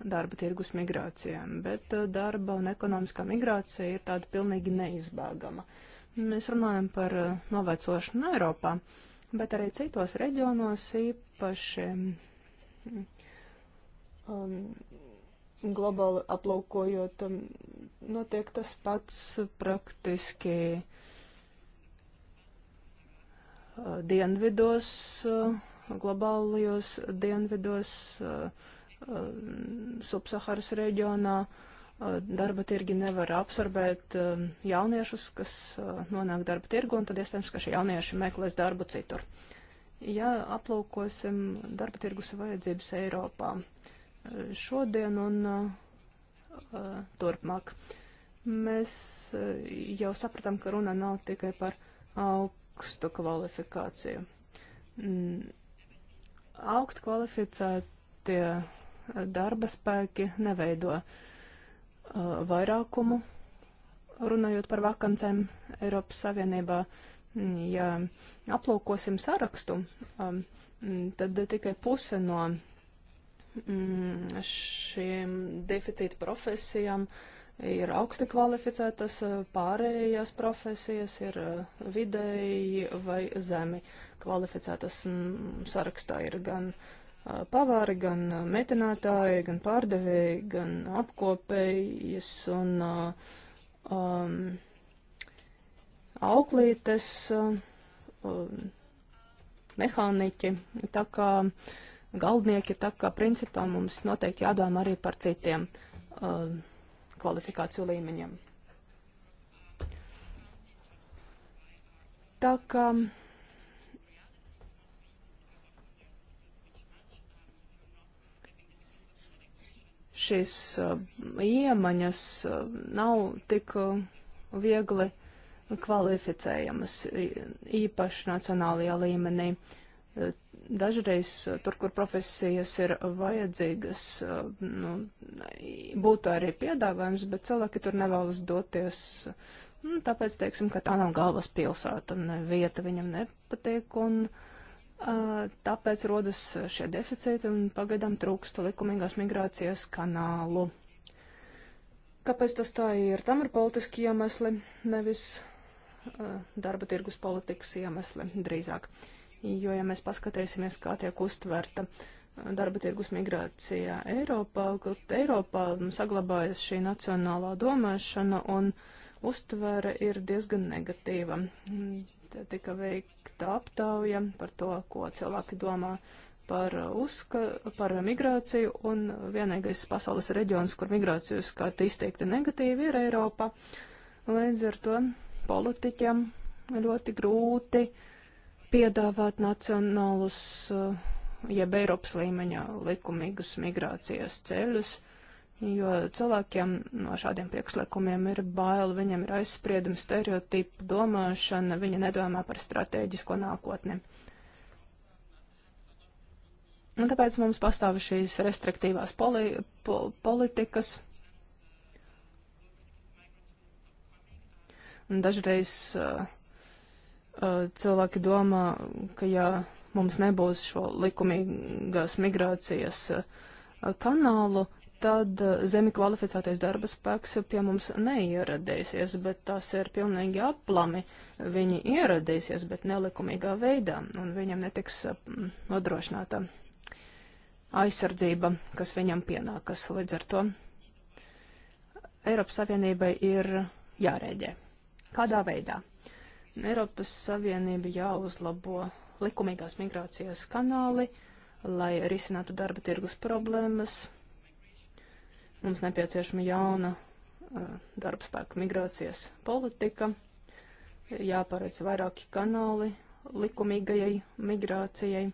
darba tirgus migrācijām, bet uh, darba un ekonomiskā migrācija ir tāda pilnīgi neizbēgama. Mēs runājam par uh, novecošanu Eiropā, bet arī citos reģionos īpaši um, globāli aplaukojot, um, notiek tas pats praktiski uh, dienvidos, uh, globālajos dienvidos. Uh, Ehm, subsaharas reģionā. Ehm, darba tirgi nevar absorbēt ehm, jauniešus, kas nonāk darba tirgu, un tad iespējams, ka šie jaunieši meklēs darbu citur. Ja aplūkosim darba tirgus vajadzības Eiropā šodien un turpmāk, mēs jau sapratām, ka runa nav tikai par augstu kvalifikāciju augstu kvalificētie darba spēki neveido uh, vairākumu. Runājot par vakancēm Eiropas Savienībā, ja aplūkosim sarakstu, um, tad tikai puse no mm, šiem deficīta profesijām ir augsti kvalificētas, uh, pārējās profesijas ir uh, vidēji vai zemi kvalificētas. Mm, sarakstā ir gan uh, pavāri, gan metinātāji, gan pārdevēji, gan apkopējas un um, auklītes, um, mehāniķi, tā kā galdnieki, tā kā principā mums noteikti jādomā arī par citiem um, kvalifikāciju līmeņiem. Tā kā. Um, šīs uh, iemaņas uh, nav tik uh, viegli kvalificējamas, īpaši nacionālajā līmenī. Dažreiz tur, kur profesijas ir vajadzīgas, nu, būtu arī piedāvājums, bet cilvēki tur nevēlas doties. Nu, tāpēc teiksim, ka tā nav galvaspilsēta, ne vieta viņam nepatīk. Un, uh, Tāpēc rodas šie deficīti un pagaidām trūkst likumīgās migrācijas kanālu. Kāpēc tas tā ir? Tam ir politiski iemesli, nevis darba tirgus politikas iemesli drīzāk. Jo, ja mēs paskatīsimies, kā tiek uztverta darba tirgus migrācija Eiropā, tad Eiropā saglabājas šī nacionālā domāšana un uztvere ir diezgan negatīva šeit tika veikta aptauja par to, ko cilvēki domā par, uh, uzska, par migrāciju, un vienīgais pasaules reģions, kur migrāciju skata izteikti negatīvi, ir Eiropa. Līdz ar to politiķiem ļoti grūti piedāvāt nacionālus, uh, jeb Eiropas līmeņā likumīgus migrācijas ceļus jo cilvēkiem no šādiem priekšlikumiem ir bail, viņiem ir aizspriedumi, stereotipu domāšana, viņi nedomā par strateģisko nākotni. Un tāpēc mums pastāv šīs restriktīvās poli, po, politikas. Un dažreiz uh, uh, cilvēki domā, ka ja mums nebūs šo likumīgās migrācijas uh, kanālu, uh, tad eh, zemi kvalificētais darba spēks pie mums neieradīsies, bet tas ir pilnīgi aplami. Viņi ieradīsies, bet nelikumīgā veidā, un viņam netiks eh, nodrošināta aizsardzība, kas viņam pienākas. Līdz ar to Eiropas Savienībai ir jārēģē. Kādā veidā? Eiropas Savienība jāuzlabo likumīgās migrācijas kanāli, lai risinātu darba tirgus problēmas, Mums nepieciešama jauna eh, darba spēka migrācijas politika, jāparedz vairāki kanāli likumīgajai migrācijai,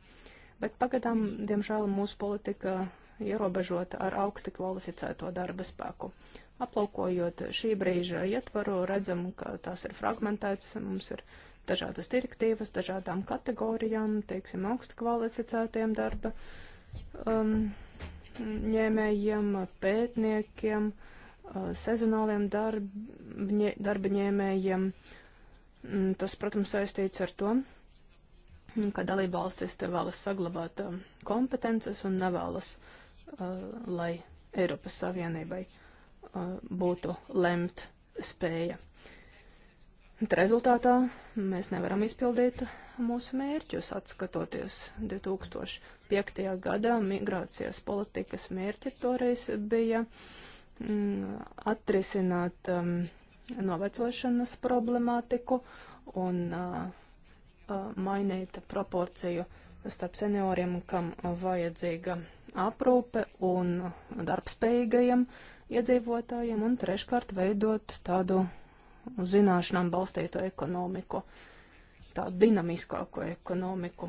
bet pagadām, diemžēl, mūsu politika ierobežota ar augsti kvalificēto darba spēku. Aplaukojot šī brīža ietvaru, redzam, ka tās ir fragmentētas, mums ir dažādas direktīvas, dažādām kategorijām, teiksim, augsti kvalificētiem darba um, ņēmējiem, pētniekiem, sezonāliem darbņē, darbaņēmējiem. Mm, tas, protams, saistīts ar to, ka dalībvalstis te vēlas saglabāt kompetences un nevēlas, lai Eiropas Savienībai būtu lemt spēja. Tā rezultātā mēs nevaram izpildīt mūsu mērķus atskatoties 2005. gadā migrācijas politikas mērķi toreiz bija mm, atrisināt um, novecošanas problemātiku un uh, uh, mainīt proporciju starp senioriem, kam vajadzīga aprūpe un darbspējīgajiem iedzīvotājiem un treškārt veidot tādu zināšanām balstītu ekonomiku. Uh, tādu dinamiskāko ekonomiku.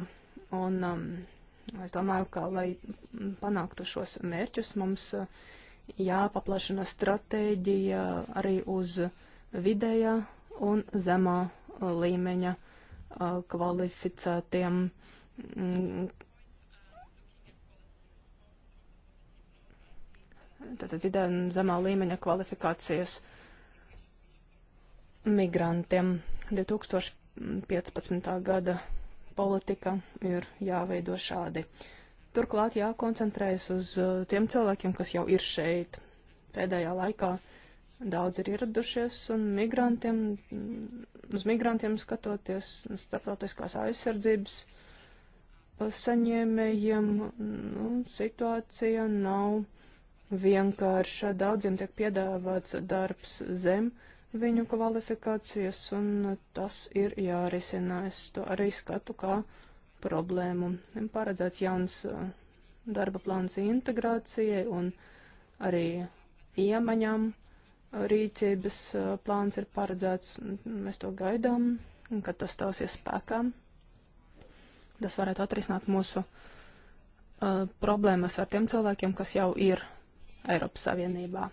Un um, es domāju, ka, lai panāktu šos mērķus, mums uh, jāpaplašina stratēģija arī uz vidējā un zemā uh, līmeņa uh, kvalificētiem mm, tātad vidē un zemā līmeņa kvalifikācijas migrantiem. 2015. 15. gada politika ir jāveido šādi. Turklāt jākoncentrējas uz uh, tiem cilvēkiem, kas jau ir šeit. Pēdējā laikā daudz ir ieradušies un migrantiem, uz migrantiem skatoties starptautiskās aizsardzības saņēmējiem, nu, situācija nav vienkārša. Daudziem tiek piedāvāts darbs zem viņu kvalifikācijas, un tas ir jārisina. Es to arī skatu kā problēmu. Ir paredzēts jauns uh, darba plāns integrācijai un arī iemaņām rīcības uh, plāns ir paredzēts. Mēs to gaidām, kad tas stāsies spēkā. Tas varētu atrisināt mūsu uh, problēmas ar tiem cilvēkiem, kas jau ir Eiropas Savienībā.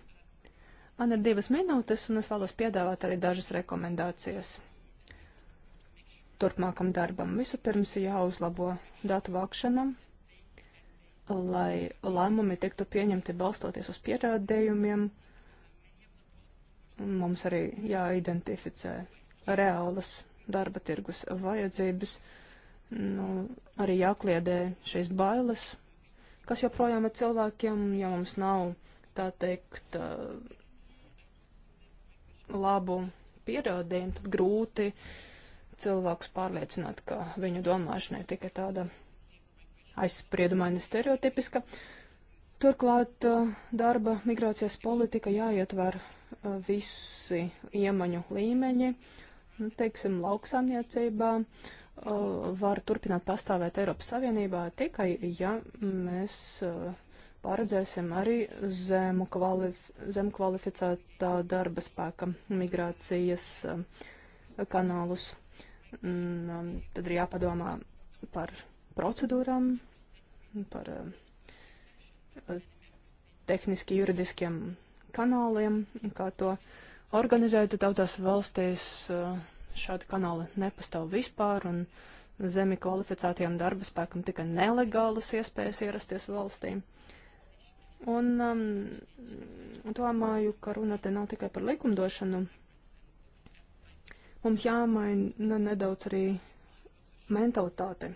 Man ir divas minūtes, un es vēlos piedāvāt arī dažas rekomendācijas turpmākam darbam. Vispirms jāuzlabo datu vākšana, lai lēmumi tiktu pieņemti balstoties uz pierādījumiem. Mums arī jāidentificē reālas darba tirgus vajadzības, nu, arī jākliedē šīs bailes, kas joprojām ir cilvēkiem, ja mums nav, tā teikt, uh, labu pierādījumu, tad grūti cilvēkus pārliecināt, ka viņu domāšana ir tikai tāda aizspriedumaina stereotipiska. Turklāt eh, darba migrācijas politika jāietver eh, visi iemaņu līmeņi, nu, teiksim, lauksāmniecībā eh, var turpināt pastāvēt Eiropas Savienībā tikai, ja mēs paredzēsim arī zemu, kvalif zem kvalificētā darba spēka migrācijas eh, kanālus. Mm, un, um, tad ir jāpadomā par procedūrām, par eh, tehniski juridiskiem kanāliem, kā to organizēt. Daudzās valstīs eh, šādi kanāli nepastāv vispār, un zemi kvalificētiem darba spēkam tikai nelegālas iespējas ierasties valstīm. Un um, domāju, ka runa te nav tikai par likumdošanu. Mums jāmaina nedaudz arī mentalitāte,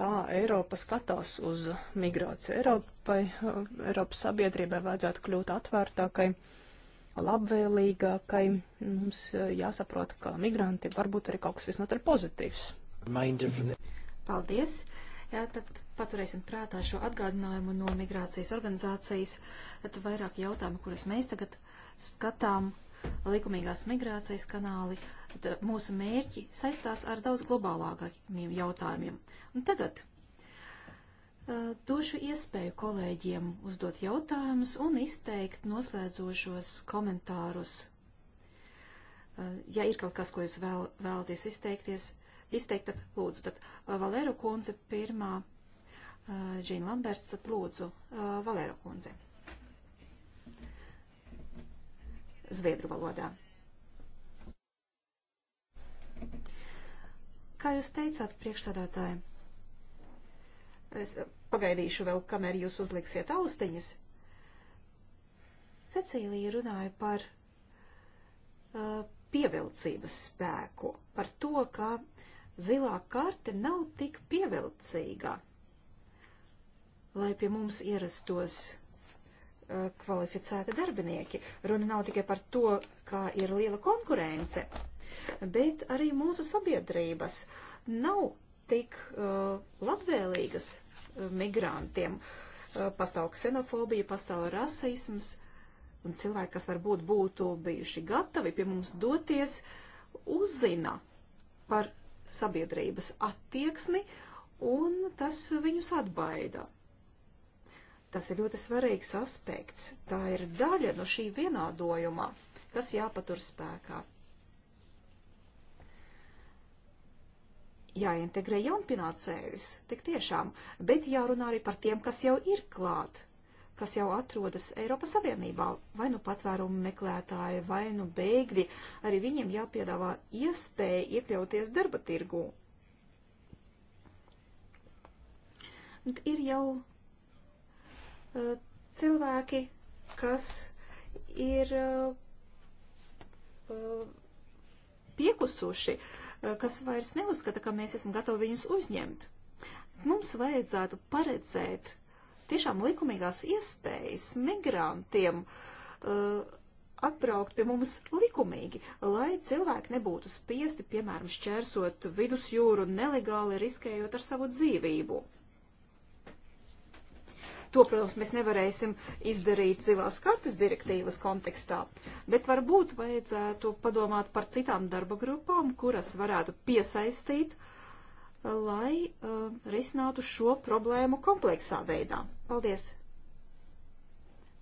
kā Eiropa skatās uz migrāciju. Eiropai, Eiropas sabiedrībai vajadzētu kļūt atvērtākai, labvēlīgākai. Mums jāsaprot, ka migranti varbūt arī kaut kas visnotaļ pozitīvs. Paldies! Jā, tad paturēsim prātā šo atgādinājumu no migrācijas organizācijas. Tad vairāk jautājumu, kurus mēs tagad skatām, likumīgās migrācijas kanāli, tad mūsu mērķi saistās ar daudz globālākiem jautājumiem. Un tagad uh, došu iespēju kolēģiem uzdot jautājumus un izteikt noslēdzošos komentārus. Uh, ja ir kaut kas, ko jūs vēl, vēlaties izteikties, izteikt, tad lūdzu. Tad uh, Valēru kundze pirmā, uh, Džīna Lamberts, tad lūdzu uh, Valēru kundze. Zviedru valodā. Kā jūs teicāt, priekšsādātāji? Es pagaidīšu vēl, kamēr jūs uzliksiet austiņas. Cecīlija runāja par uh, pievilcības spēku, par to, ka zilā karte nav tik pievilcīga, lai pie mums ierastos uh, kvalificēti darbinieki. Runa nav tikai par to, kā ir liela konkurence, bet arī mūsu sabiedrības nav tik uh, labvēlīgas uh, migrantiem. Uh, pastāv ksenofobija, pastāv rasisms, un cilvēki, kas varbūt būtu bijuši gatavi pie mums doties, uzzina par sabiedrības attieksmi, un tas viņus atbaida. Tas ir ļoti svarīgs aspekts. Tā ir daļa no šī vienādojuma, kas jāpatur spēkā. Jāintegrē jaunpienācējus, tik tiešām, bet jārunā arī par tiem, kas jau ir klāt kas jau atrodas Eiropas Savienībā, vai nu patvērumu meklētāji, vai nu bēgļi, arī viņiem jāpiedāvā iespēja iekļauties darba tirgū. Ir jau uh, cilvēki, kas ir uh, piekusuši, uh, kas vairs neuzskata, ka mēs esam gatavi viņus uzņemt. Mums vajadzētu paredzēt tiešām likumīgās iespējas migrantiem uh, atbraukt pie mums likumīgi, lai cilvēki nebūtu spiesti, piemēram, šķērsot vidusjūru nelegāli, riskējot ar savu dzīvību. To, protams, mēs nevarēsim izdarīt zilās kartes direktīvas kontekstā, bet varbūt vajadzētu padomāt par citām darba grupām, kuras varētu piesaistīt, lai uh, risinātu šo problēmu kompleksā veidā. Paldies!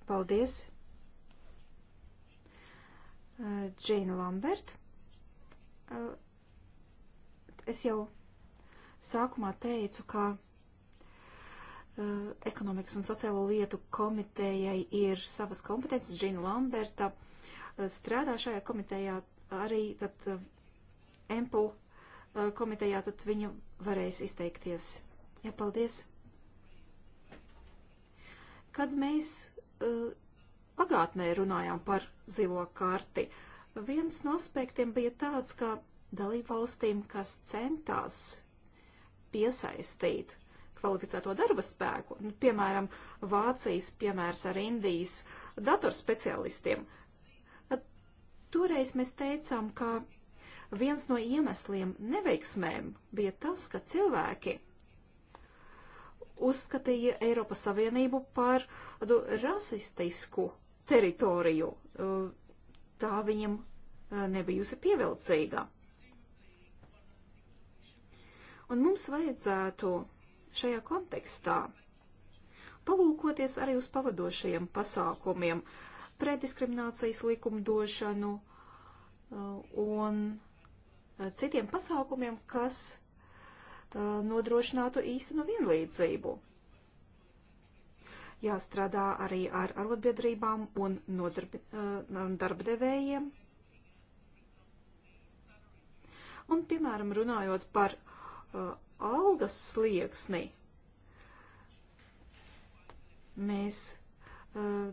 Paldies! Uh, Džeina Lambert. Uh, es jau sākumā teicu, ka uh, ekonomikas un sociālo lietu komitejai ir savas kompetences. Džina Lamberta strādā šajā komitejā arī tad Empul komitejā, tad viņa varēs izteikties. Jā, paldies! Kad mēs uh, pagātnē runājām par zilo karti, viens no aspektiem bija tāds, ka dalībvalstīm, kas centās piesaistīt kvalificēto darba spēku, nu, piemēram, Vācijas piemērs ar Indijas datorspecialistiem, toreiz mēs teicām, ka viens no iemesliem neveiksmēm bija tas, ka cilvēki uzskatīja Eiropas Savienību par tādu rasistisku teritoriju. Uh, tā viņam uh, nebijusi pievilcīga. Un mums vajadzētu šajā kontekstā palūkoties arī uz pavadošajiem pasākumiem, prediskriminācijas likumdošanu uh, un citiem pasākumiem, kas Uh, nodrošinātu īstenu vienlīdzību. Jāstrādā arī ar arotbiedrībām un nodarbi, uh, darbdevējiem. Un, piemēram, runājot par uh, algas slieksni, mēs uh,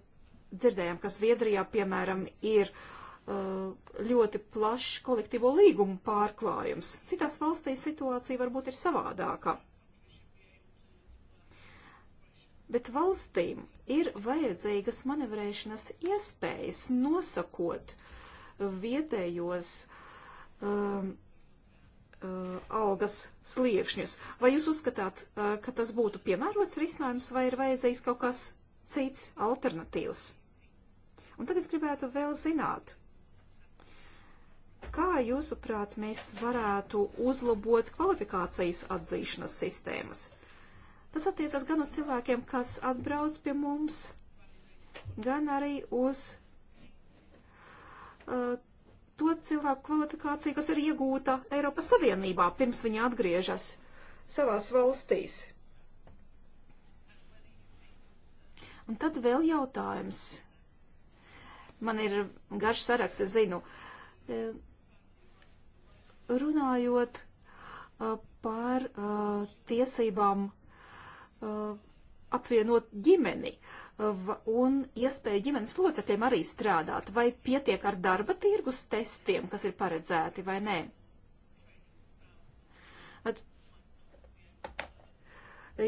dzirdējām, ka Zviedrijā, piemēram, ir uh, Uh, ļoti plašs kolektīvo līgumu pārklājums. Citās valstīs situācija varbūt ir savādāka. Bet valstīm ir vajadzīgas manevrēšanas iespējas nosakot vietējos um, uh, algas sliekšņus. Vai jūs uzskatāt, uh, ka tas būtu piemērots risinājums, vai ir vajadzīgs kaut kas cits, alternatīvs? Un tad es gribētu vēl zināt, Kā jūsuprāt, mēs varētu uzlabot kvalifikācijas atzīšanas sistēmas? Tas attiecas gan uz cilvēkiem, kas atbrauc pie mums, gan arī uz uh, to cilvēku kvalifikāciju, kas ir iegūta Eiropas Savienībā, pirms viņi atgriežas savās valstīs. Un tad vēl jautājums. Man ir garš saraksts, es zinu. Uh, Runājot uh, par uh, tiesībām uh, apvienot ģimeni un iespēju ģimenes locekļiem arī strādāt, vai pietiek ar darba tirgus testiem, kas ir paredzēti vai nē. At,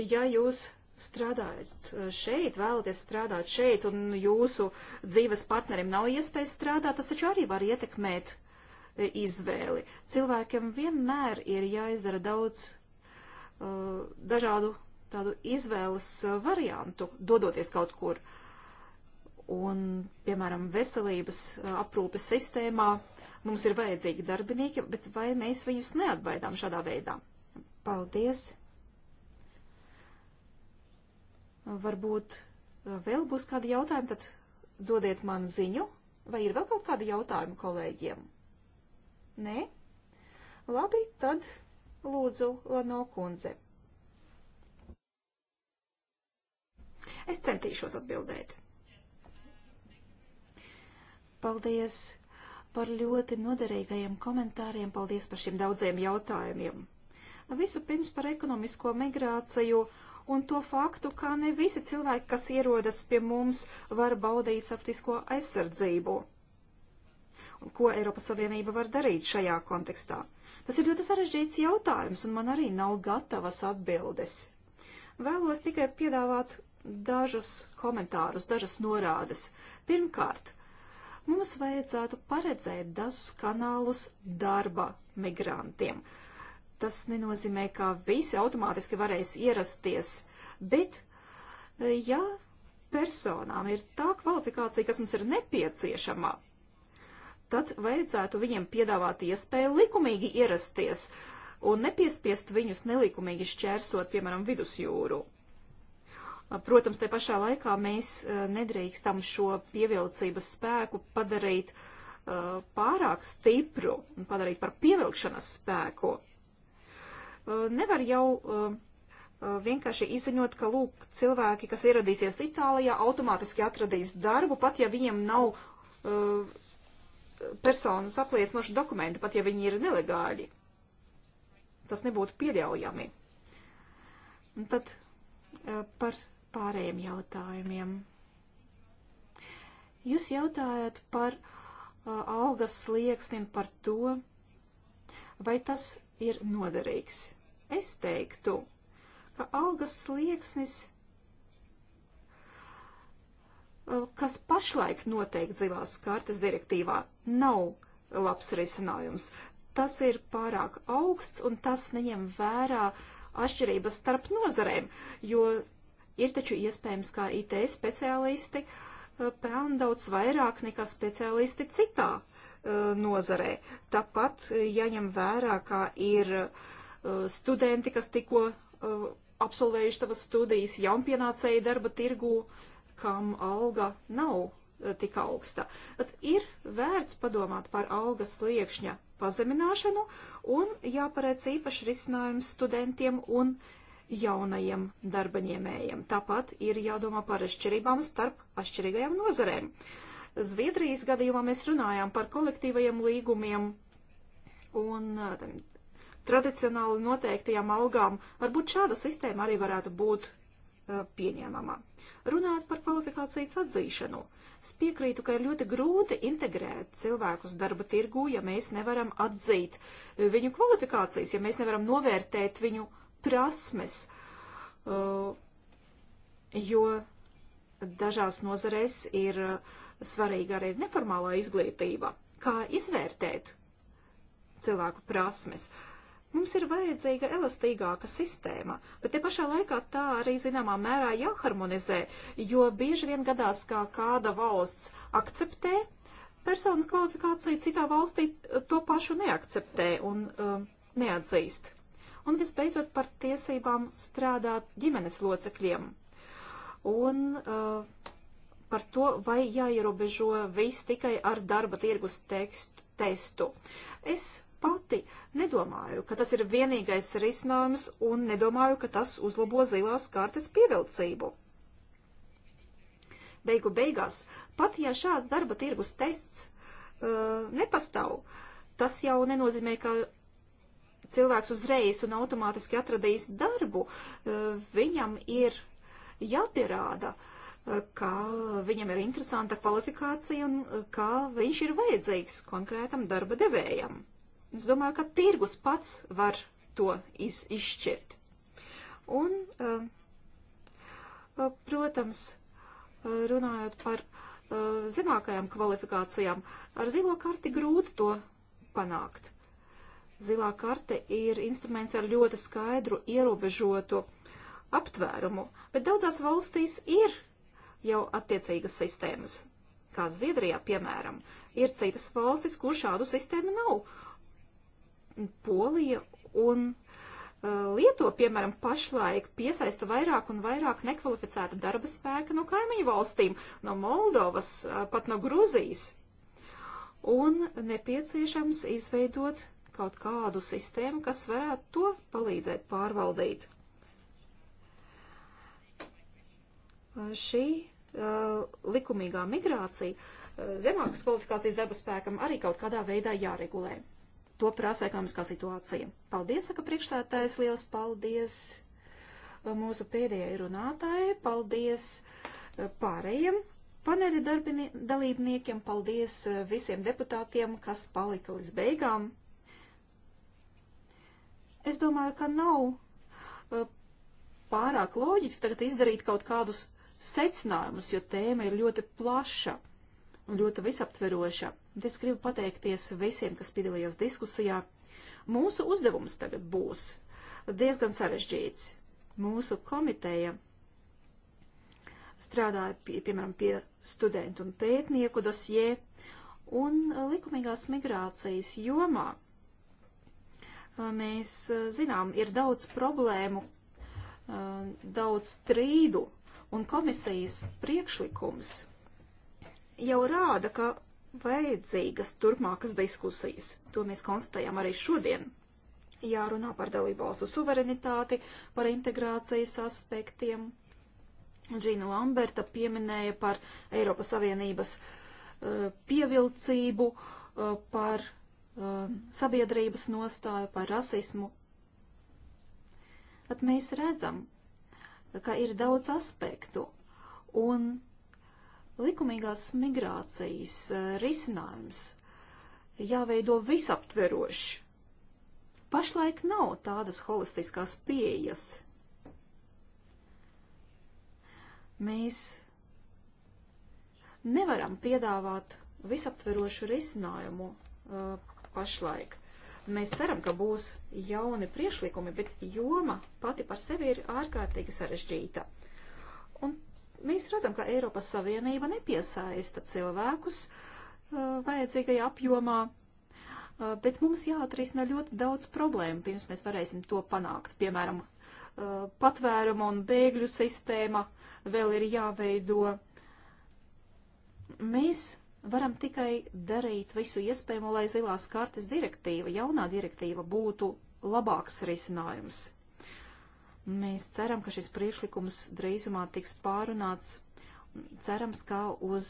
ja jūs strādājat šeit, vēlaties strādāt šeit, un jūsu dzīves partnerim nav iespējas strādāt, tas taču arī var ietekmēt izvēli. Cilvēkiem vienmēr ir jāizdara daudz uh, dažādu tādu izvēles uh, variantu, dodoties kaut kur. Un, piemēram, veselības uh, aprūpes sistēmā mums ir vajadzīgi darbinieki, bet vai mēs viņus neatbaidām šādā veidā? Paldies! Varbūt uh, vēl būs kādi jautājumi, tad dodiet man ziņu, vai ir vēl kaut kādi jautājumi kolēģiem? Nē? Labi, tad lūdzu, Lano kundze. Es centīšos atbildēt. Paldies par ļoti noderīgajiem komentāriem, paldies par šiem daudziem jautājumiem. Visu pirms par ekonomisko migrāciju un to faktu, kā ne visi cilvēki, kas ierodas pie mums, var baudīt saptisko aizsardzību ko Eiropas Savienība var darīt šajā kontekstā? Tas ir ļoti sarežģīts jautājums, un man arī nav gatavas atbildes. Vēlos tikai piedāvāt dažus komentārus, dažas norādes. Pirmkārt, mums vajadzētu paredzēt dažus kanālus darba migrantiem. Tas nenozīmē, ka visi automātiski varēs ierasties, bet ja personām ir tā kvalifikācija, kas mums ir nepieciešama, tad vajadzētu viņiem piedāvāt iespēju likumīgi ierasties un nepiespiest viņus nelikumīgi šķērsot, piemēram, vidusjūru. Protams, te pašā laikā mēs eh, nedrīkstam šo pievilcības spēku padarīt uh, pārāk stipru un padarīt par pievilkšanas spēku. Uh, nevar jau uh, vienkārši izziņot, ka lūk, cilvēki, kas ieradīsies Itālijā, automātiski atradīs darbu, pat ja viņiem nav personas apliecinoši dokumenti, pat ja viņi ir nelegāļi. Tas nebūtu pieļaujami. Un tad eh, par pārējiem jautājumiem. Jūs jautājat par uh, algas slieksnim, par to, vai tas ir noderīgs. Es teiktu, ka algas slieksnis Uh, kas pašlaik noteikti zilās kartes direktīvā, nav labs risinājums. Tas ir pārāk augsts un tas neņem vērā atšķirības starp nozarēm, jo ir taču iespējams, kā IT speciālisti uh, pelna daudz vairāk nekā speciālisti citā uh, nozarē. Tāpat jaņem vērā, kā ir studenti, kas tikko absolvējuši tavas studijas, jaunpienācēji darba tirgū, uh, kam alga nav e, tik augsta. Tad ir vērts padomāt par algas liekšņa pazemināšanu un jāparedz īpaši risinājums studentiem un jaunajiem darbaņēmējiem. Tāpat ir jādomā par atšķirībām starp atšķirīgajām nozarēm. Zviedrijas gadījumā mēs runājām par kolektīvajiem līgumiem un e, tam, tradicionāli noteiktajām algām. Varbūt šāda sistēma arī varētu būt E, pieņēmama. Runājot par kvalifikācijas atzīšanu, es piekrītu, ka ir ļoti grūti integrēt cilvēkus darba tirgū, ja mēs nevaram atzīt viņu kvalifikācijas, ja mēs nevaram novērtēt viņu prasmes, e, jo dažās nozarēs ir svarīga arī neformālā izglītība. Kā izvērtēt cilvēku prasmes? Uh, Mums ir vajadzīga elastīgāka sistēma, bet te pašā laikā tā arī zināmā mērā jāharmonizē, jo bieži vien gadās, kā kāda valsts akceptē personas kvalifikāciju, citā valstī to pašu neakceptē un um, neatzīst. Un visbeidzot par tiesībām strādāt ģimenes locekļiem. Un uh, par to, vai jāierobežo viss tikai ar darba tirgus tekstu, testu. Es pati nedomāju, ka tas ir vienīgais risinājums un nedomāju, ka tas uzlabo zilās kartes pievilcību. Beigu beigās, pat ja šāds darba tirgus tests uh, nepastāv, tas jau nenozīmē, ka cilvēks uzreiz un automātiski atradīs darbu. Uh, viņam ir jāpierāda, uh, ka viņam ir interesanta kvalifikācija un uh, ka viņš ir vajadzīgs konkrētam darba devējam. Es domāju, ka tirgus pats var to iz, izšķirt. Un, eh, eh, protams, eh, runājot par zemākajām kvalifikācijām, ar zilo karti grūti to panākt. Zilā karte ir instruments ar ļoti skaidru ierobežotu aptvērumu, bet daudzās valstīs ir jau attiecīgas sistēmas. Kā Zviedrijā, piemēram, ir citas valstis, kur šādu sistēmu nav, Polija un uh, Lietuva, piemēram, pašlaik piesaista vairāk un vairāk nekvalificēta darba spēka no kaimiņu valstīm, no Moldovas, uh, pat no Gruzijas. Un nepieciešams izveidot kaut kādu sistēmu, kas varētu to palīdzēt pārvaldīt. Uh, šī uh, likumīgā migrācija uh, zemākas kvalifikācijas darba spēkam arī kaut kādā veidā jāregulē to prasa ekonomiskā situācija. Paldies, saka priekšstādātājs, liels paldies uh, mūsu pēdējai runātājai, paldies uh, pārējiem paneļa darbini, dalībniekiem, paldies uh, visiem deputātiem, kas palika līdz beigām. Es domāju, ka nav pārāk loģiski tagad izdarīt kaut kādus secinājumus, jo tēma ir ļoti plaša un ļoti visaptveroša. Bet es gribu pateikties visiem, kas piedalījās diskusijā. Mūsu uzdevums tagad būs diezgan sarežģīts. Mūsu komiteja strādāja, pie, piemēram, pie studentu un pētnieku dosjē un likumīgās migrācijas jomā. Mēs zinām, ir daudz problēmu, daudz strīdu, un komisijas priekšlikums jau rāda, ka vajadzīgas turpmākas diskusijas. To mēs konstatējam arī šodien. Jārunā par dalību valstu suverenitāti, par integrācijas aspektiem. Džīna Lamberta pieminēja par Eiropas Savienības uh, pievilcību, uh, par uh, sabiedrības nostāju, par rasismu. Tad mēs redzam, ka ir daudz aspektu, un likumīgās migrācijas eh, risinājums jāveido visaptveroši. Pašlaik nav tādas holistiskās pieejas. Mēs nevaram piedāvāt visaptverošu risinājumu uh, pašlaik. Mēs ceram, ka būs jauni priešlikumi, bet joma pati par sevi ir ārkārtīgi sarežģīta. Un Mēs redzam, ka Eiropas Savienība nepiesaista cilvēkus uh, vajadzīgajā apjomā, uh, bet mums jāatrisina ļoti daudz problēmu, pirms mēs varēsim to panākt. Piemēram, uh, patvērumu un bēgļu sistēma vēl ir jāveido. Mēs varam tikai darīt visu iespējamo, lai zilās kartes direktīva, jaunā direktīva būtu labāks risinājums. Mēs ceram, ka šis priekšlikums drīzumā tiks pārunāts. Cerams, ka uz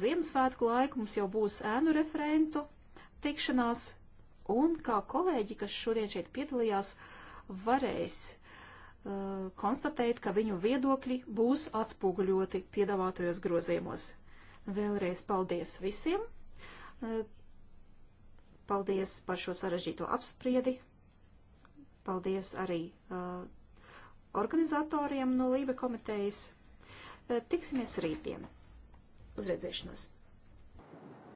Ziemassvētku laiku mums jau būs ēnu referentu tikšanās, un kā kolēģi, kas šodien šeit piedalījās, varēs uh, konstatēt, ka viņu viedokļi būs atspoguļoti piedāvātajos grozījumos. Vēlreiz paldies visiem! Uh, paldies par šo sarežģīto apspriedi! Paldies arī uh, organizatoriem no Lība komitejas. Uh, tiksimies rītdien. Uz redzēšanos!